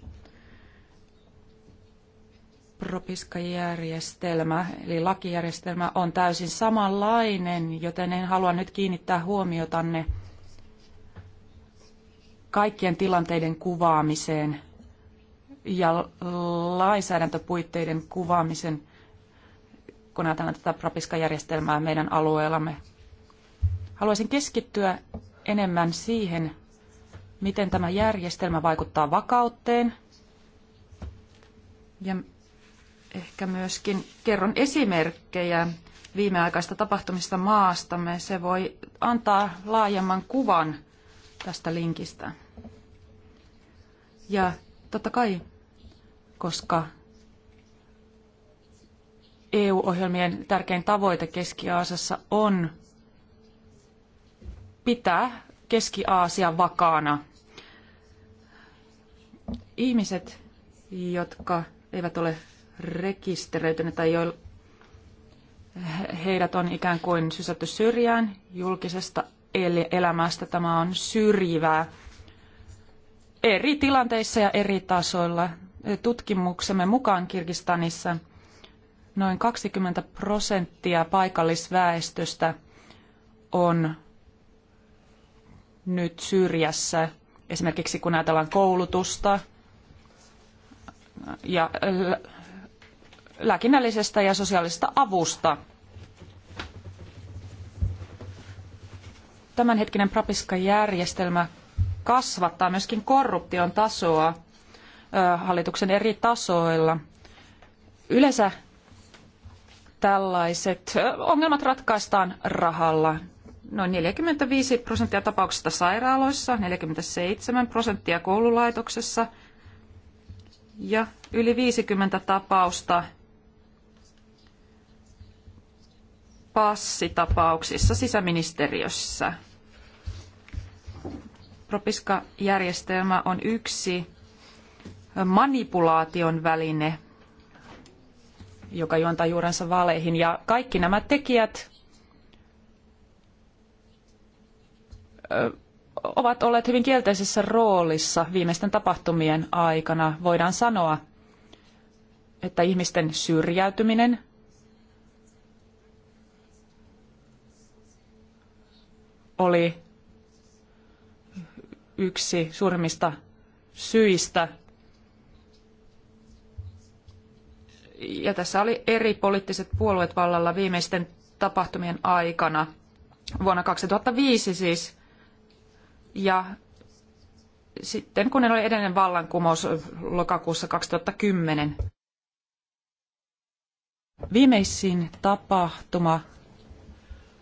propiskajärjestelmä, eli lakijärjestelmä on täysin samanlainen, joten en halua nyt kiinnittää huomiotanne kaikkien tilanteiden kuvaamiseen ja lainsäädäntöpuitteiden kuvaamisen, kun ajatellaan tätä propiskajärjestelmää meidän alueellamme. Haluaisin keskittyä enemmän siihen, miten tämä järjestelmä vaikuttaa vakautteen ja ehkä myöskin kerron esimerkkejä viimeaikaista tapahtumista maastamme. Se voi antaa laajemman kuvan tästä linkistä. Ja totta kai koska EU-ohjelmien tärkein tavoite Keski-Aasassa on pitää Keski-Aasia vakaana. Ihmiset, jotka eivät ole rekisteröityneet tai joilla heidät on ikään kuin sysätty syrjään julkisesta elämästä. Tämä on syrjivää eri tilanteissa ja eri tasoilla tutkimuksemme mukaan Kirgistanissa noin 20 prosenttia paikallisväestöstä on nyt syrjässä, esimerkiksi kun ajatellaan koulutusta ja lääkinnällisestä ja sosiaalisesta avusta. Tämänhetkinen propiska järjestelmä kasvattaa myöskin korruption tasoa hallituksen eri tasoilla. Yleensä tällaiset ongelmat ratkaistaan rahalla. Noin 45 prosenttia tapauksista sairaaloissa, 47 prosenttia koululaitoksessa ja yli 50 tapausta passitapauksissa sisäministeriössä. Propiska-järjestelmä on yksi manipulaation väline, joka juontaa juurensa vaaleihin. Ja kaikki nämä tekijät ovat olleet hyvin kielteisessä roolissa viimeisten tapahtumien aikana. Voidaan sanoa, että ihmisten syrjäytyminen oli yksi suurimmista syistä – ja tässä oli eri poliittiset puolueet vallalla viimeisten tapahtumien aikana, vuonna 2005 siis, ja sitten kun ne oli edellinen vallankumous lokakuussa 2010. Viimeisin tapahtuma,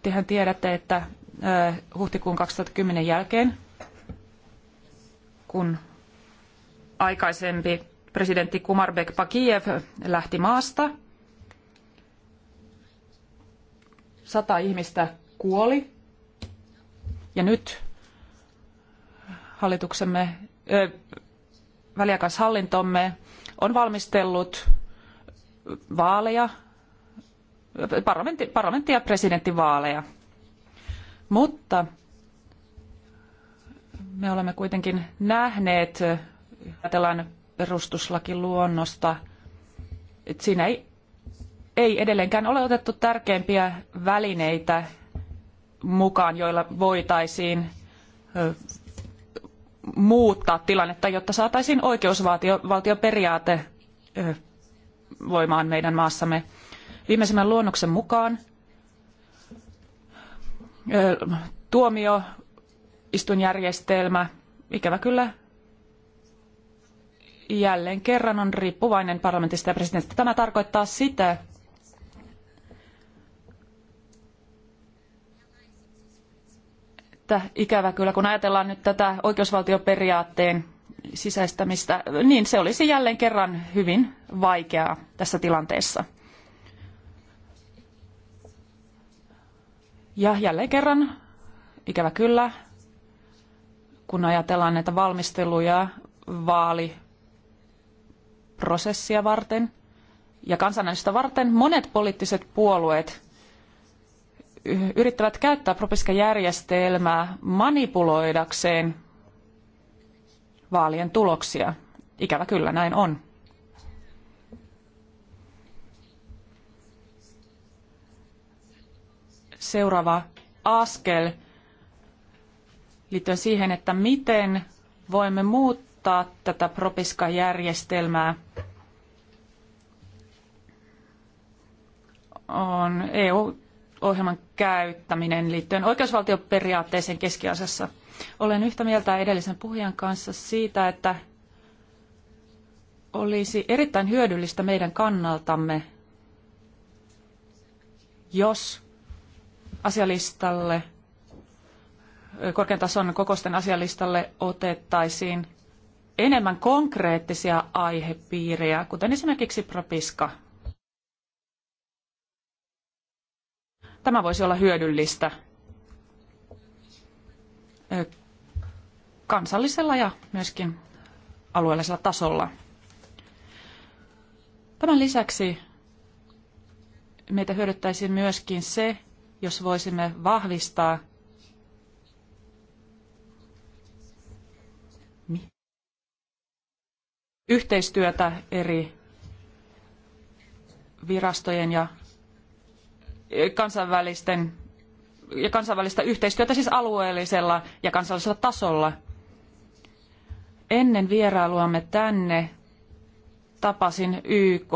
tehän tiedätte, että huhtikuun 2010 jälkeen, kun aikaisempi presidentti Kumarbek Pakiev lähti maasta. Sata ihmistä kuoli. Ja nyt hallituksemme, ö, väliaikaishallintomme on valmistellut vaaleja, parlamentti, parlamentti ja presidenttivaaleja. Mutta me olemme kuitenkin nähneet, ajatellaan perustuslakiluonnosta. Et siinä ei, ei edelleenkään ole otettu tärkeimpiä välineitä mukaan, joilla voitaisiin muuttaa tilannetta, jotta saataisiin oikeusvaltioperiaate voimaan meidän maassamme. Viimeisimmän luonnoksen mukaan tuomioistuinjärjestelmä ikävä kyllä jälleen kerran on riippuvainen parlamentista ja presidentistä. Tämä tarkoittaa sitä, että ikävä kyllä, kun ajatellaan nyt tätä oikeusvaltioperiaatteen sisäistämistä, niin se olisi jälleen kerran hyvin vaikeaa tässä tilanteessa. Ja jälleen kerran, ikävä kyllä, kun ajatellaan näitä valmisteluja vaali prosessia varten ja kansanäänestystä varten monet poliittiset puolueet yrittävät käyttää propiskajärjestelmää manipuloidakseen vaalien tuloksia. Ikävä kyllä näin on. Seuraava askel liittyen siihen, että miten voimme muuttaa tätä propiskajärjestelmää on EU-ohjelman käyttäminen liittyen oikeusvaltioperiaatteeseen keskiasassa. Olen yhtä mieltä edellisen puhujan kanssa siitä, että olisi erittäin hyödyllistä meidän kannaltamme, jos asialistalle, korkean tason kokosten asialistalle otettaisiin enemmän konkreettisia aihepiirejä, kuten esimerkiksi propiska – Tämä voisi olla hyödyllistä kansallisella ja myöskin alueellisella tasolla. Tämän lisäksi meitä hyödyttäisi myöskin se, jos voisimme vahvistaa yhteistyötä eri virastojen ja kansainvälisten ja kansainvälistä yhteistyötä siis alueellisella ja kansallisella tasolla. Ennen vierailuamme tänne tapasin YK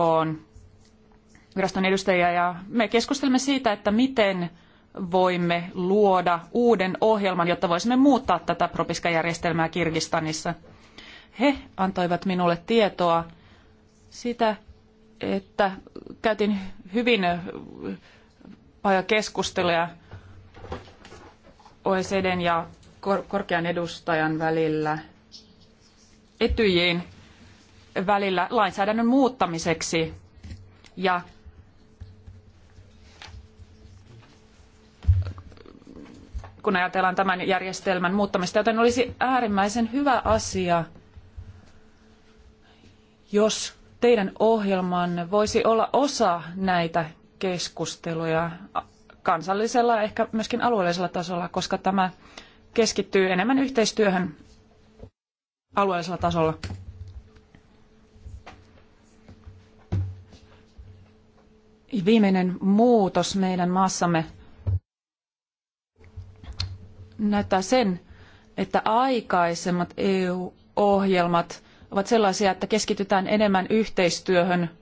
viraston edustajia ja me keskustelimme siitä, että miten voimme luoda uuden ohjelman, jotta voisimme muuttaa tätä propiskajärjestelmää Kirgistanissa. He antoivat minulle tietoa sitä, että käytin hyvin laaja keskusteluja OECDn ja korkean edustajan välillä, etyjiin välillä lainsäädännön muuttamiseksi ja kun ajatellaan tämän järjestelmän muuttamista, joten olisi äärimmäisen hyvä asia, jos teidän ohjelmanne voisi olla osa näitä keskusteluja kansallisella, ehkä myöskin alueellisella tasolla, koska tämä keskittyy enemmän yhteistyöhön alueellisella tasolla. Viimeinen muutos meidän maassamme näyttää sen, että aikaisemmat EU-ohjelmat ovat sellaisia, että keskitytään enemmän yhteistyöhön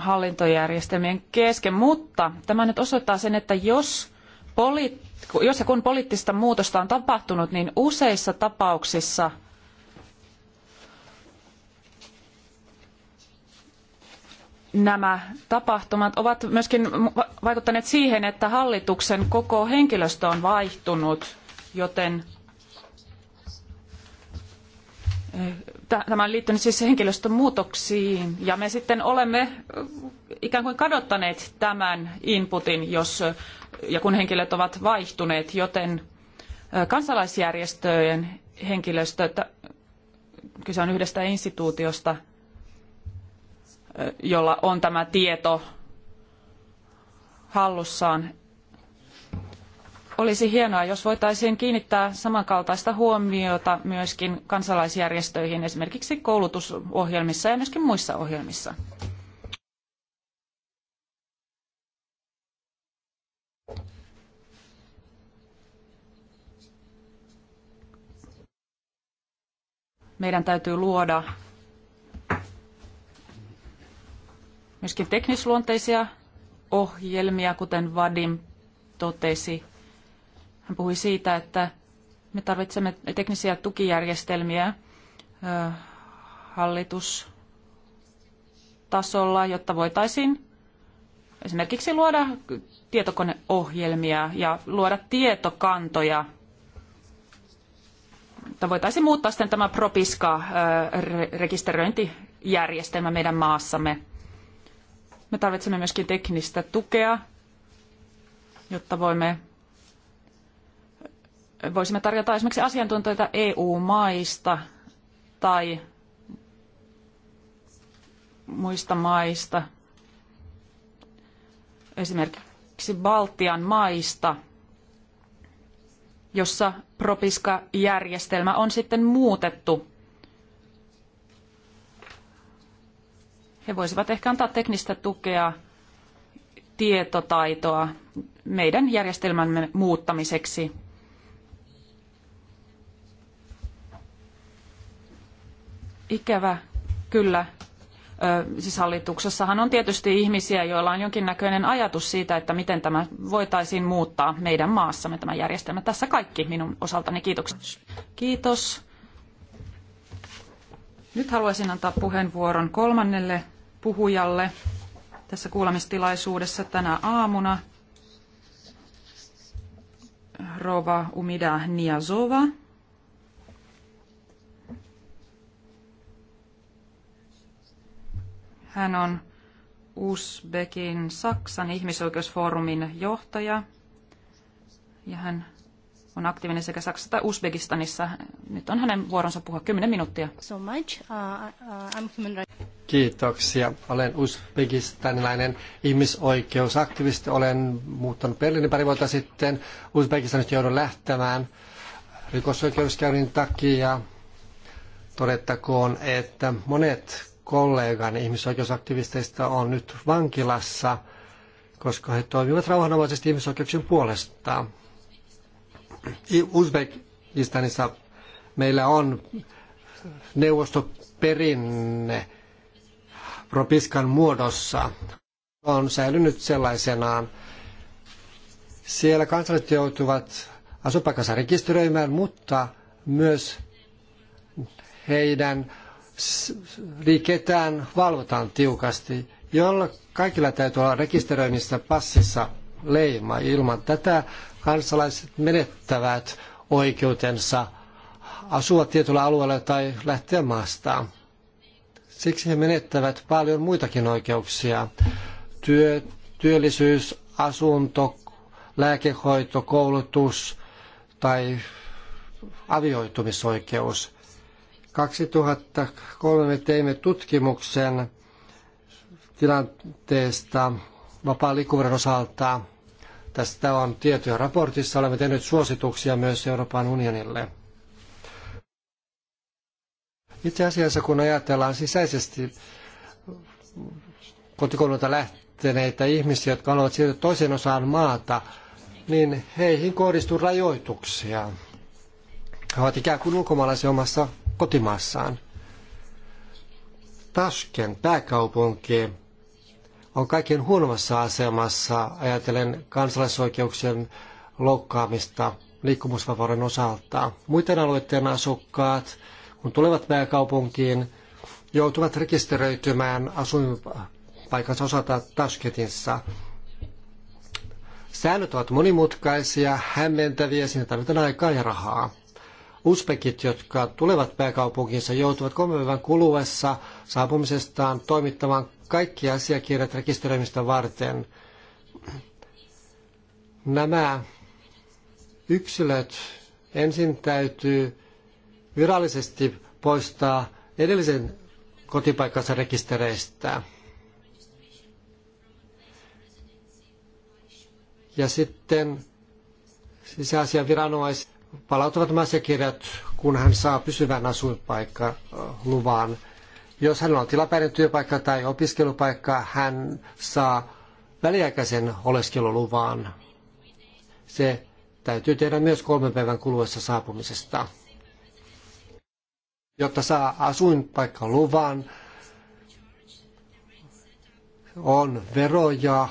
hallintojärjestelmien kesken, mutta tämä nyt osoittaa sen, että jos, jos ja kun poliittista muutosta on tapahtunut, niin useissa tapauksissa nämä tapahtumat ovat myöskin vaikuttaneet siihen, että hallituksen koko henkilöstö on vaihtunut, joten eh, tämä on liittynyt siis henkilöstön muutoksiin ja me sitten olemme ikään kuin kadottaneet tämän inputin, jos ja kun henkilöt ovat vaihtuneet, joten kansalaisjärjestöjen henkilöstö, kyse on yhdestä instituutiosta, jolla on tämä tieto hallussaan olisi hienoa, jos voitaisiin kiinnittää samankaltaista huomiota myöskin kansalaisjärjestöihin, esimerkiksi koulutusohjelmissa ja myöskin muissa ohjelmissa. Meidän täytyy luoda myöskin teknisluonteisia ohjelmia, kuten Vadim totesi. Hän puhui siitä, että me tarvitsemme teknisiä tukijärjestelmiä hallitustasolla, jotta voitaisiin esimerkiksi luoda tietokoneohjelmia ja luoda tietokantoja, että voitaisiin muuttaa sitten tämä Propiska-rekisteröintijärjestelmä meidän maassamme. Me tarvitsemme myöskin teknistä tukea, jotta voimme voisimme tarjota esimerkiksi asiantuntijoita EU-maista tai muista maista, esimerkiksi Baltian maista, jossa propiska-järjestelmä on sitten muutettu. He voisivat ehkä antaa teknistä tukea, tietotaitoa meidän järjestelmämme muuttamiseksi. ikävä kyllä siis hallituksessahan on tietysti ihmisiä, joilla on jonkinnäköinen ajatus siitä, että miten tämä voitaisiin muuttaa meidän maassamme tämä järjestelmä. Tässä kaikki minun osaltani. Kiitokset. Kiitos. Nyt haluaisin antaa puheenvuoron kolmannelle puhujalle tässä kuulemistilaisuudessa tänä aamuna. Rova Umida Niazova. Hän on Uzbekin Saksan ihmisoikeusfoorumin johtaja ja hän on aktiivinen sekä Saksassa että Uzbekistanissa. Nyt on hänen vuoronsa puhua 10 minuuttia. So much. Uh, uh, Kiitoksia. Olen uzbekistanilainen ihmisoikeusaktivisti. Olen muuttanut Berliinin pari vuotta sitten. Uzbekistanista joudun lähtemään rikosoikeuskäynnin takia. Todettakoon, että monet kollegan ihmisoikeusaktivisteista on nyt vankilassa, koska he toimivat rauhanomaisesti ihmisoikeuksien puolesta. Uzbekistanissa meillä on neuvostoperinne propiskan muodossa. On säilynyt sellaisenaan. Siellä kansalaiset joutuvat asupaikansa rekisteröimään, mutta myös heidän liikettään valvotaan tiukasti, jolla kaikilla täytyy olla rekisteröinnissä passissa leima. Ilman tätä kansalaiset menettävät oikeutensa asua tietyllä alueella tai lähteä maastaan. Siksi he menettävät paljon muitakin oikeuksia. Työ, työllisyys, asunto, lääkehoito, koulutus tai avioitumisoikeus. 2003 teimme tutkimuksen tilanteesta vapaan liikkuvuuden osalta. Tästä on tietoja raportissa. Olemme tehneet suosituksia myös Euroopan unionille. Itse asiassa kun ajatellaan sisäisesti kotikoululta lähteneitä ihmisiä, jotka haluavat siirtyä toisen osaan maata, niin heihin kohdistuu rajoituksia. He ovat ikään kuin ulkomaalaisia omassa kotimaassaan. Tashkent, pääkaupunki, on kaikkein huonommassa asemassa ajatellen kansalaisoikeuksien loukkaamista liikkumusvapauden osalta. Muiden alueiden asukkaat, kun tulevat pääkaupunkiin, joutuvat rekisteröitymään asuinpaikansa osalta Tashkentissa. Säännöt ovat monimutkaisia, hämmentäviä, siinä tarvitaan aikaa ja rahaa. Uspekit, jotka tulevat pääkaupunkiinsa, joutuvat kolmen päivän kuluessa saapumisestaan toimittamaan kaikki asiakirjat rekisteröimistä varten. Nämä yksilöt ensin täytyy virallisesti poistaa edellisen kotipaikkansa rekistereistä. Ja sitten sisäasian viranomais palauttavat nämä asiakirjat, kun hän saa pysyvän asuinpaikkaluvan. Jos hänellä on tilapäinen työpaikka tai opiskelupaikka, hän saa väliaikaisen oleskeluluvan. Se täytyy tehdä myös kolmen päivän kuluessa saapumisesta. Jotta saa asuinpaikkaluvan, on veroja,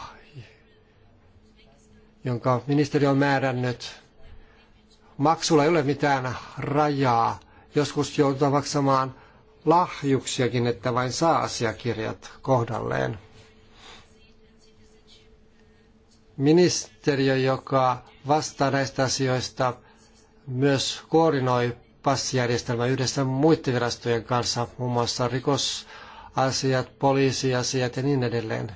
jonka ministeri on määrännyt maksulla ei ole mitään rajaa. Joskus joudutaan maksamaan lahjuksiakin, että vain saa asiakirjat kohdalleen. Ministeriö, joka vastaa näistä asioista, myös koordinoi passijärjestelmä yhdessä muiden virastojen kanssa, muun muassa rikosasiat, poliisiasiat ja niin edelleen,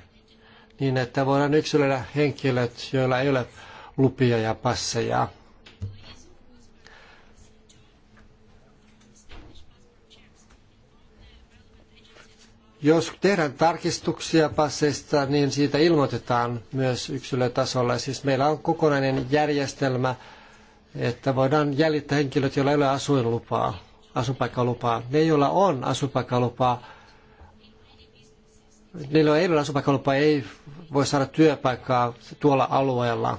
niin että voidaan yksilöidä henkilöt, joilla ei ole lupia ja passeja. Jos tehdään tarkistuksia passeista, niin siitä ilmoitetaan myös yksilötasolla. Siis meillä on kokonainen järjestelmä, että voidaan jäljittää henkilöt, joilla ei ole asuinlupaa, asuinpaikkalupaa. Ne, joilla on asuinpaikkalupaa, niillä ei ole asuinpaikkalupaa, ei voi saada työpaikkaa tuolla alueella.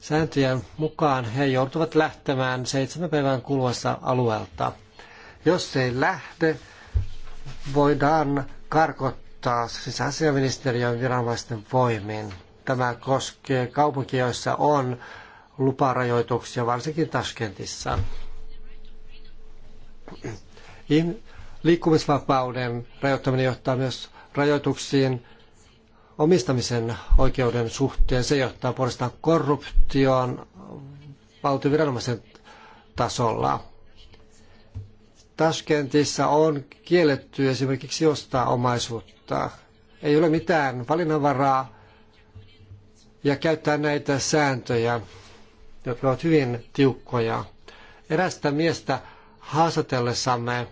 Sääntöjen mukaan he joutuvat lähtemään seitsemän päivän kuluessa alueelta. Jos ei lähde, voidaan karkottaa sisäasiainministeriön viranomaisten voimin. Tämä koskee kaupunkia, joissa on luparajoituksia, varsinkin Taskentissa. Liikkumisvapauden rajoittaminen johtaa myös rajoituksiin omistamisen oikeuden suhteen. Se johtaa puolestaan korruptioon valtioviranomaisen tasolla. Taskentissa on kielletty esimerkiksi ostaa omaisuutta. Ei ole mitään valinnanvaraa ja käyttää näitä sääntöjä, jotka ovat hyvin tiukkoja. Erästä miestä haastatellessamme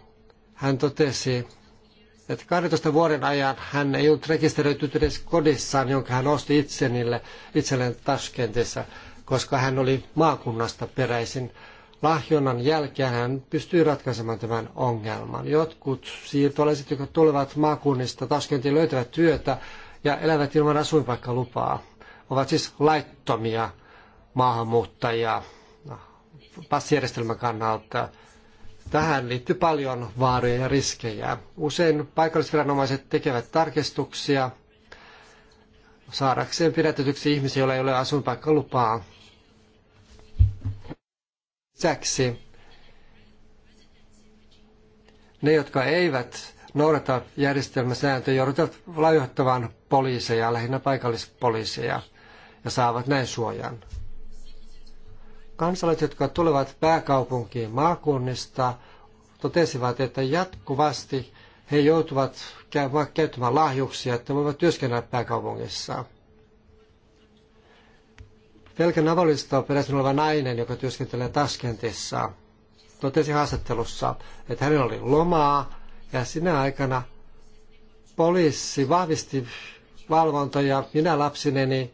hän totesi, että 12 vuoden ajan hän ei ollut rekisteröity edes kodissaan, jonka hän osti itsenille, itselleen Taskentissa, koska hän oli maakunnasta peräisin lahjonnan jälkeen hän pystyy ratkaisemaan tämän ongelman. Jotkut siirtolaiset, jotka tulevat maakunnista, taskentiin löytävät työtä ja elävät ilman asuinpaikkalupaa, ovat siis laittomia maahanmuuttajia passijärjestelmän kannalta. Tähän liittyy paljon vaaroja ja riskejä. Usein paikallisviranomaiset tekevät tarkistuksia saadakseen pidätetyksi ihmisiä, joilla ei ole asuinpaikkalupaa Lisäksi ne, jotka eivät noudata järjestelmäsääntöä, joudutaan lajoittamaan poliiseja, lähinnä paikallispoliiseja, ja saavat näin suojan. Kansalaiset, jotka tulevat pääkaupunkiin maakunnista, totesivat, että jatkuvasti he joutuvat käyttämään lahjuksia, että voivat työskennellä pääkaupungissa. Pelkä Navolista peräisin oleva nainen, joka työskentelee Taskentissa, totesi haastattelussa, että hänellä oli lomaa ja sinä aikana poliisi vahvisti valvonta ja minä lapsineni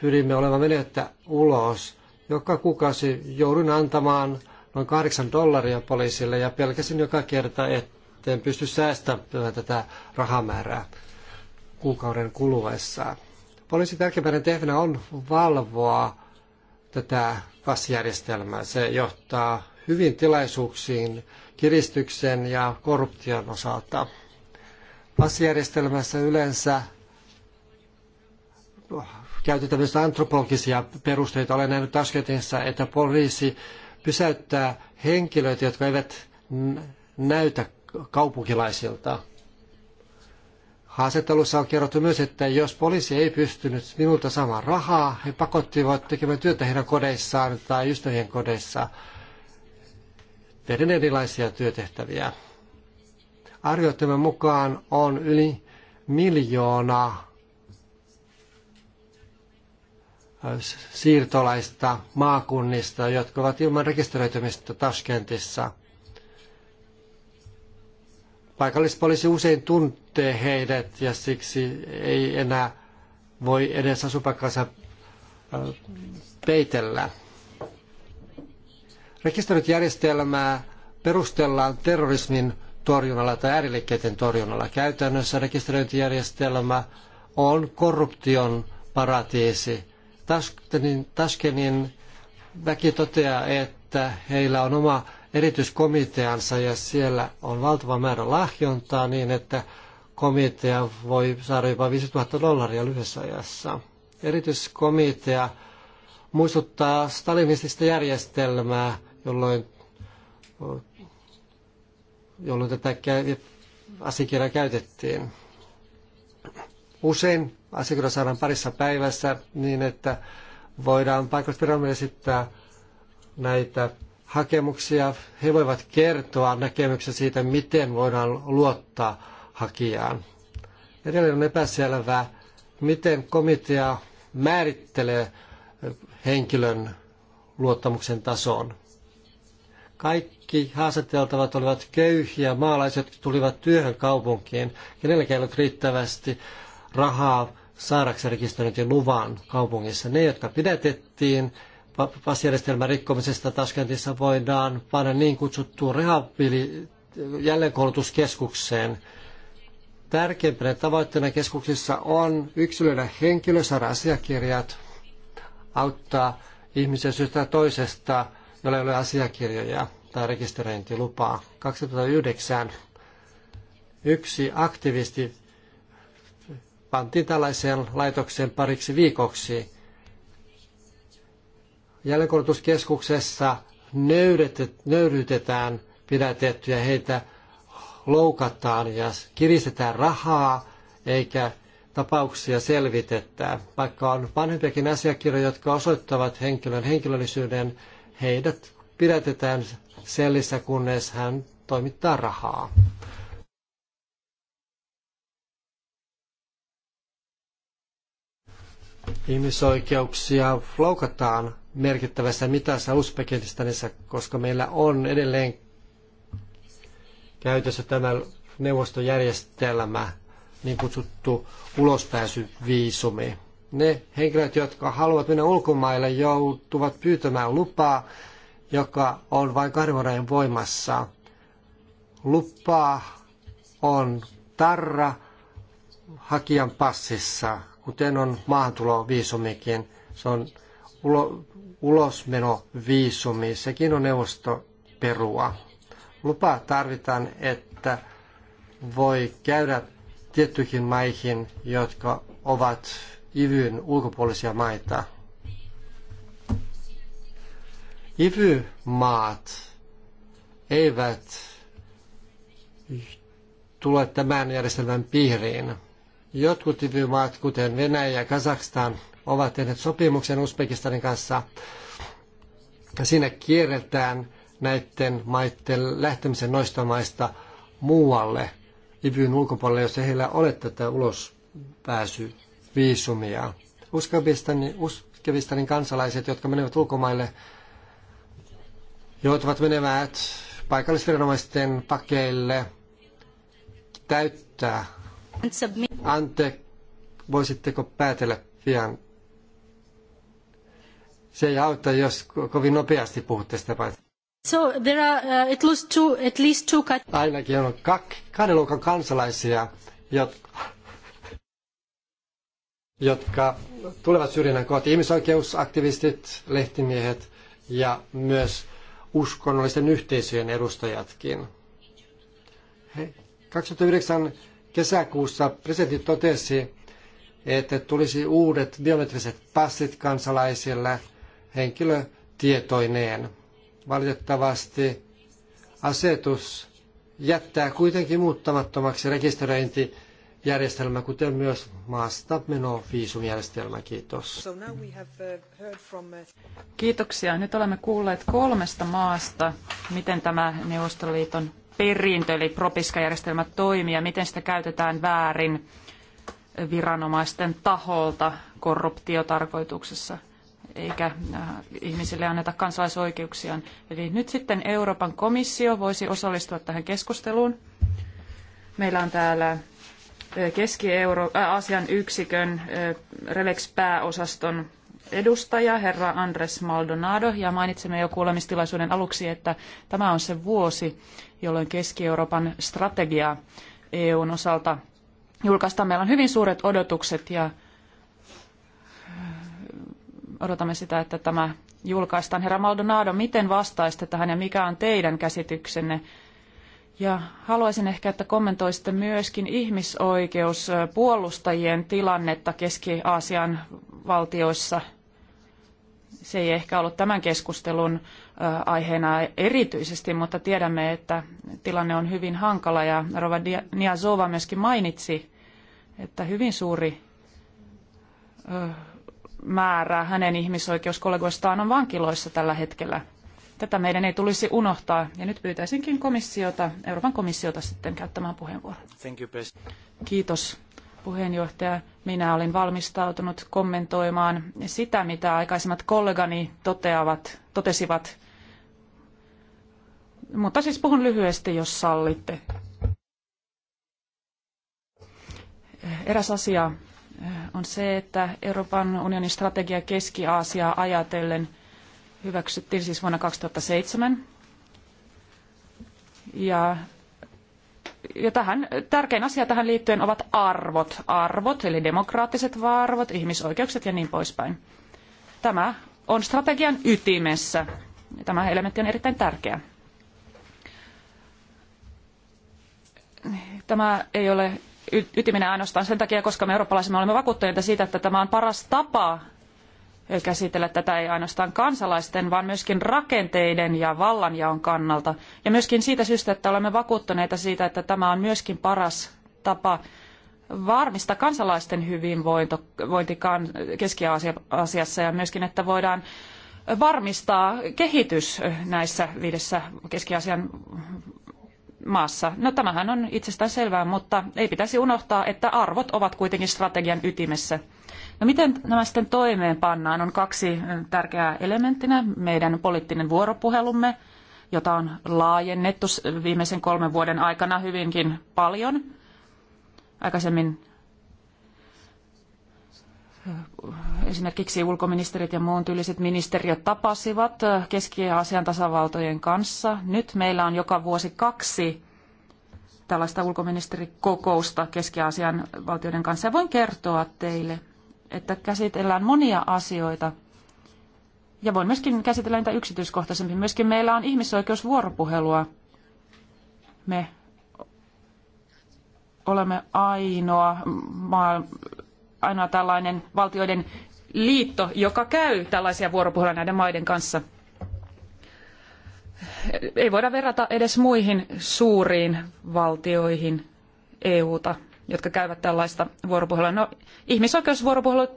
pyrimme olemaan menettä ulos. Joka kuukausi joudun antamaan noin kahdeksan dollaria poliisille ja pelkäsin joka kerta, että en pysty säästämään tätä rahamäärää kuukauden kuluessa. Poliisin tärkeimpänä tehtävänä on valvoa tätä passijärjestelmää. Se johtaa hyvin tilaisuuksiin kiristyksen ja korruption osalta. Passijärjestelmässä yleensä käytetään myös antropologisia perusteita. Olen nähnyt Tasketissa, että poliisi pysäyttää henkilöitä, jotka eivät näytä kaupunkilaisilta. Haastattelussa on kerrottu myös, että jos poliisi ei pystynyt minulta saamaan rahaa, he pakottivat tekemään työtä heidän kodeissaan tai ystävien kodeissa tehden erilaisia työtehtäviä. Arvioittamme mukaan on yli miljoona äh, siirtolaista maakunnista, jotka ovat ilman rekisteröitymistä Taskentissa. Paikallispoliisi usein tuntee heidät ja siksi ei enää voi edes asupakkansa peitellä. Rekisteröintijärjestelmää perustellaan terrorismin torjunnalla tai ääriliikkeiden torjunnalla. Käytännössä rekisteröintijärjestelmä on korruption paratiisi. Taskenin, Taskenin väki toteaa, että heillä on oma erityiskomiteansa ja siellä on valtava määrä lahjontaa niin, että komitea voi saada jopa 5000 dollaria lyhyessä ajassa. Erityiskomitea muistuttaa stalinistista järjestelmää, jolloin, jolloin tätä asiakirjaa käytettiin. Usein asiakirja saadaan parissa päivässä niin, että voidaan paikallisviranomaisille esittää näitä hakemuksia, he voivat kertoa näkemyksen siitä, miten voidaan luottaa hakijaan. Edelleen on epäselvää, miten komitea määrittelee henkilön luottamuksen tason. Kaikki haastateltavat olivat köyhiä, maalaiset jotka tulivat työhön kaupunkiin. Kenelläkään ei ollut riittävästi rahaa saadakseen rekisteröintiluvan kaupungissa. Ne, jotka pidätettiin, passijärjestelmän rikkomisesta Taskentissa voidaan panna niin kutsuttuun rehabilitaatioon jälleenkoulutuskeskukseen. Tärkeimpänä tavoitteena keskuksissa on yksilöidä henkilö, saada asiakirjat, auttaa ihmisiä syystä toisesta, jolla ei ole asiakirjoja tai rekisteröintilupaa. 2009 yksi aktivisti pantiin tällaiseen laitokseen pariksi viikoksi jälleenkorotuskeskuksessa nöyrytetään pidätettyjä, heitä loukataan ja kiristetään rahaa, eikä tapauksia selvitetä. Vaikka on vanhempiakin asiakirjoja, jotka osoittavat henkilön henkilöllisyyden, heidät pidätetään sellissä, kunnes hän toimittaa rahaa. Ihmisoikeuksia loukataan merkittävässä mitassa Uzbekistanissa, koska meillä on edelleen käytössä tämä neuvostojärjestelmä, niin kutsuttu ulospääsyviisumi. Ne henkilöt, jotka haluavat mennä ulkomaille, joutuvat pyytämään lupaa, joka on vain kahden vuoden voimassa. Lupa on tarra hakijan passissa, kuten on maahantuloviisumikin. Se on ulo, ulosmeno viisumi, sekin on neuvosto perua. Lupaa tarvitaan, että voi käydä tiettyihin maihin, jotka ovat IVYn ulkopuolisia maita. IVY-maat eivät tule tämän järjestelmän piiriin. Jotkut IVY-maat, kuten Venäjä ja Kazakstan, ovat tehneet sopimuksen Uzbekistanin kanssa. ja Siinä kierretään näiden maiden lähtemisen noista maista muualle IBYn ulkopuolelle, jos ei heillä ole tätä ulospääsyviisumia. Uzbekistanin, Uzbekistanin kansalaiset, jotka menevät ulkomaille, joutuvat menemään paikallisviranomaisten pakeille täyttää. Ante, voisitteko päätellä pian se ei auta, jos kovin nopeasti puhutte sitä paitsi. So there are uh, at least two, at least two Ainakin on kak, kahden luokan kansalaisia, jotka, jotka tulevat syrjinnän kohti. Ihmisoikeusaktivistit, lehtimiehet ja myös uskonnollisten yhteisöjen edustajatkin. He, 2009 kesäkuussa presidentti totesi, että tulisi uudet biometriset passit kansalaisille – henkilötietoineen. Valitettavasti asetus jättää kuitenkin muuttamattomaksi rekisteröintijärjestelmä, kuten myös maasta meno viisumijärjestelmä. Kiitos. Uh, uh, Kiitoksia. Nyt olemme kuulleet kolmesta maasta, miten tämä Neuvostoliiton perintö eli propiskajärjestelmä toimii ja miten sitä käytetään väärin viranomaisten taholta korruptiotarkoituksessa eikä äh, ihmisille anneta kansalaisoikeuksia. Eli nyt sitten Euroopan komissio voisi osallistua tähän keskusteluun. Meillä on täällä äh, Keski-Aasian äh, yksikön Relex-pääosaston edustaja, herra Andres Maldonado, ja mainitsemme jo kuulemistilaisuuden aluksi, että tämä on se vuosi, jolloin Keski-Euroopan strategia EUn osalta julkaistaan. Meillä on hyvin suuret odotukset ja odotamme sitä, että tämä julkaistaan. Herra Maldonado, miten vastaisitte tähän ja mikä on teidän käsityksenne? Ja haluaisin ehkä, että kommentoisitte myöskin ihmisoikeuspuolustajien tilannetta Keski-Aasian valtioissa. Se ei ehkä ollut tämän keskustelun aiheena erityisesti, mutta tiedämme, että tilanne on hyvin hankala ja Rova Niazova myöskin mainitsi, että hyvin suuri määrää hänen ihmisoikeuskollegoistaan on vankiloissa tällä hetkellä. Tätä meidän ei tulisi unohtaa. Ja nyt pyytäisinkin komissiota, Euroopan komissiota sitten käyttämään puheenvuoron. Kiitos puheenjohtaja. Minä olin valmistautunut kommentoimaan sitä, mitä aikaisemmat kollegani toteavat, totesivat. Mutta siis puhun lyhyesti, jos sallitte. Eräs asia, on se, että Euroopan unionin strategia Keski-Aasiaa ajatellen hyväksyttiin siis vuonna 2007. Ja, ja tähän, tärkein asia tähän liittyen ovat arvot. Arvot, eli demokraattiset arvot, ihmisoikeukset ja niin poispäin. Tämä on strategian ytimessä. Tämä elementti on erittäin tärkeä. Tämä ei ole ytimenä ainoastaan sen takia, koska me eurooppalaiset olemme vakuuttuneita siitä, että tämä on paras tapa käsitellä tätä ei ainoastaan kansalaisten, vaan myöskin rakenteiden ja vallanjaon kannalta. Ja myöskin siitä syystä, että olemme vakuuttuneita siitä, että tämä on myöskin paras tapa varmistaa kansalaisten hyvinvointi Keski-Aasiassa ja myöskin, että voidaan varmistaa kehitys näissä viidessä Keski-Aasian maassa. No tämähän on itsestään selvää, mutta ei pitäisi unohtaa, että arvot ovat kuitenkin strategian ytimessä. No miten nämä sitten toimeenpannaan on kaksi tärkeää elementtinä. Meidän poliittinen vuoropuhelumme, jota on laajennettu viimeisen kolmen vuoden aikana hyvinkin paljon. Aikaisemmin esimerkiksi ulkoministerit ja muun tyyliset ministeriöt tapasivat Keski-Aasian tasavaltojen kanssa. Nyt meillä on joka vuosi kaksi tällaista ulkoministerikokousta Keski-Aasian valtioiden kanssa. Ja voin kertoa teille, että käsitellään monia asioita. Ja voin myöskin käsitellä niitä yksityiskohtaisemmin. Myöskin meillä on ihmisoikeusvuoropuhelua. Me olemme ainoa, maa, ainoa tällainen valtioiden liitto, joka käy tällaisia vuoropuheluja näiden maiden kanssa. Ei voida verrata edes muihin suuriin valtioihin EUta, jotka käyvät tällaista vuoropuhelua. No, ihmisoikeusvuoropuhelu,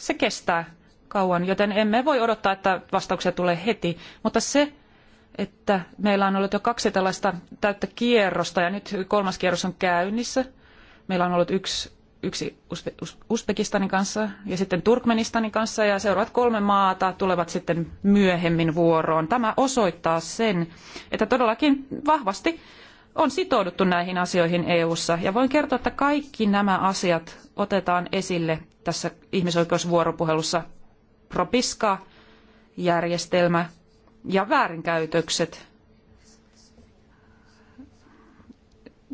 se kestää kauan, joten emme voi odottaa, että vastauksia tulee heti. Mutta se, että meillä on ollut jo kaksi tällaista täyttä kierrosta ja nyt kolmas kierros on käynnissä. Meillä on ollut yksi yksi Uzbekistanin kanssa ja sitten Turkmenistanin kanssa ja seuraavat kolme maata tulevat sitten myöhemmin vuoroon. Tämä osoittaa sen, että todellakin vahvasti on sitouduttu näihin asioihin EU:ssa ja voin kertoa, että kaikki nämä asiat otetaan esille tässä ihmisoikeusvuoropuhelussa propiska järjestelmä ja väärinkäytökset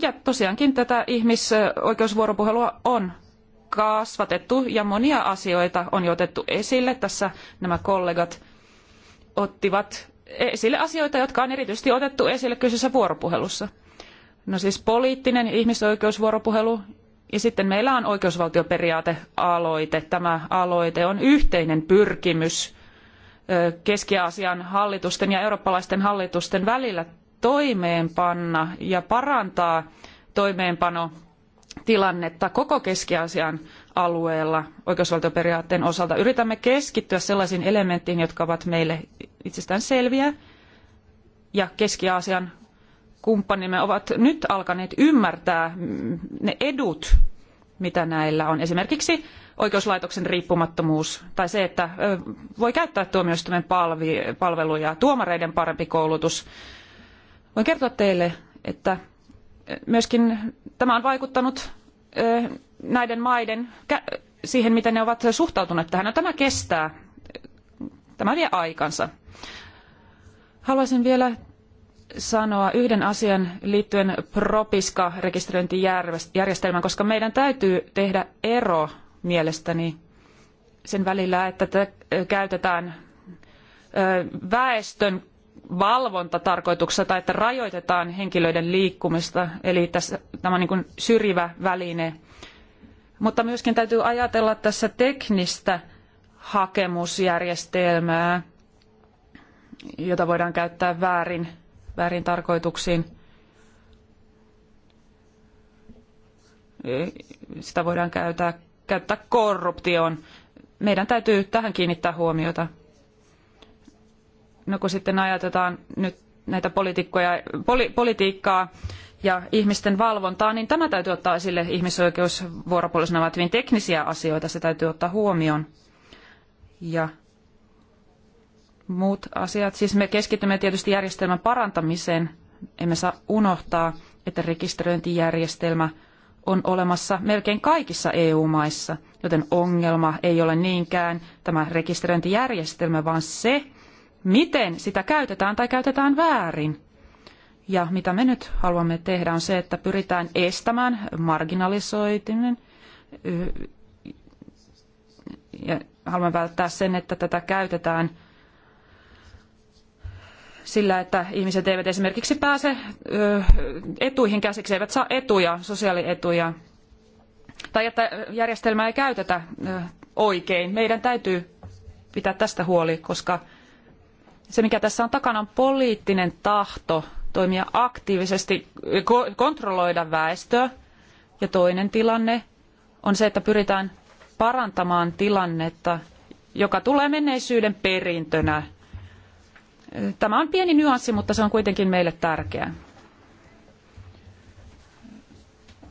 Ja tosiaankin tätä ihmisoikeusvuoropuhelua on kasvatettu ja monia asioita on jo otettu esille. Tässä nämä kollegat ottivat esille asioita, jotka on erityisesti otettu esille kyseisessä vuoropuhelussa. No siis poliittinen ihmisoikeusvuoropuhelu ja sitten meillä on oikeusvaltioperiaatealoite. Tämä aloite on yhteinen pyrkimys Keski-Aasian hallitusten ja eurooppalaisten hallitusten välillä toimeenpanna ja parantaa toimeenpano tilannetta koko Keski-Aasian alueella oikeusvaltioperiaatteen osalta. Yritämme keskittyä sellaisiin elementteihin, jotka ovat meille itsestään selviä, ja Keski-Aasian kumppanimme ovat nyt alkaneet ymmärtää ne edut, mitä näillä on. Esimerkiksi oikeuslaitoksen riippumattomuus tai se, että voi käyttää tuomioistuimen palveluja, tuomareiden parempi koulutus, Voin kertoa teille, että eh, myöskin tämä on vaikuttanut eh, näiden maiden siihen, miten ne ovat suhtautuneet tähän. No, tämä kestää. Tämä vie aikansa. Haluaisin vielä sanoa yhden asian liittyen Propiska-rekisteröintijärjestelmään, koska meidän täytyy tehdä ero mielestäni sen välillä, että eh, käytetään väestön valvontatarkoituksessa tai että rajoitetaan henkilöiden liikkumista. Eli tässä, tämä on niin kuin syrjivä väline. Mutta myöskin täytyy ajatella tässä teknistä hakemusjärjestelmää, jota voidaan käyttää väärin, väärin tarkoituksiin. Sitä voidaan käyttää, käyttää korruptioon. Meidän täytyy tähän kiinnittää huomiota no kun sitten ajatetaan nyt näitä poliitikkoja, poli, politiikkaa ja ihmisten valvontaa, niin tämä täytyy ottaa esille ihmisoikeusvuoropuolisena ovat hyvin teknisiä asioita, se täytyy ottaa huomioon. Ja muut asiat. Siis me keskitymme tietysti järjestelmän parantamiseen. Emme saa unohtaa, että rekisteröintijärjestelmä on olemassa melkein kaikissa EU-maissa, joten ongelma ei ole niinkään tämä rekisteröintijärjestelmä, vaan se, miten sitä käytetään tai käytetään väärin. Ja mitä me nyt haluamme tehdä on se, että pyritään estämään marginalisoituminen ja haluamme välttää sen, että tätä käytetään sillä, että ihmiset eivät esimerkiksi pääse etuihin käsiksi, eivät saa etuja, sosiaalietuja, tai että järjestelmää ei käytetä oikein. Meidän täytyy pitää tästä huoli, koska se, mikä tässä on takana, on poliittinen tahto toimia aktiivisesti, kontrolloida väestöä. Ja toinen tilanne on se, että pyritään parantamaan tilannetta, joka tulee menneisyyden perintönä. Tämä on pieni nyanssi, mutta se on kuitenkin meille tärkeä.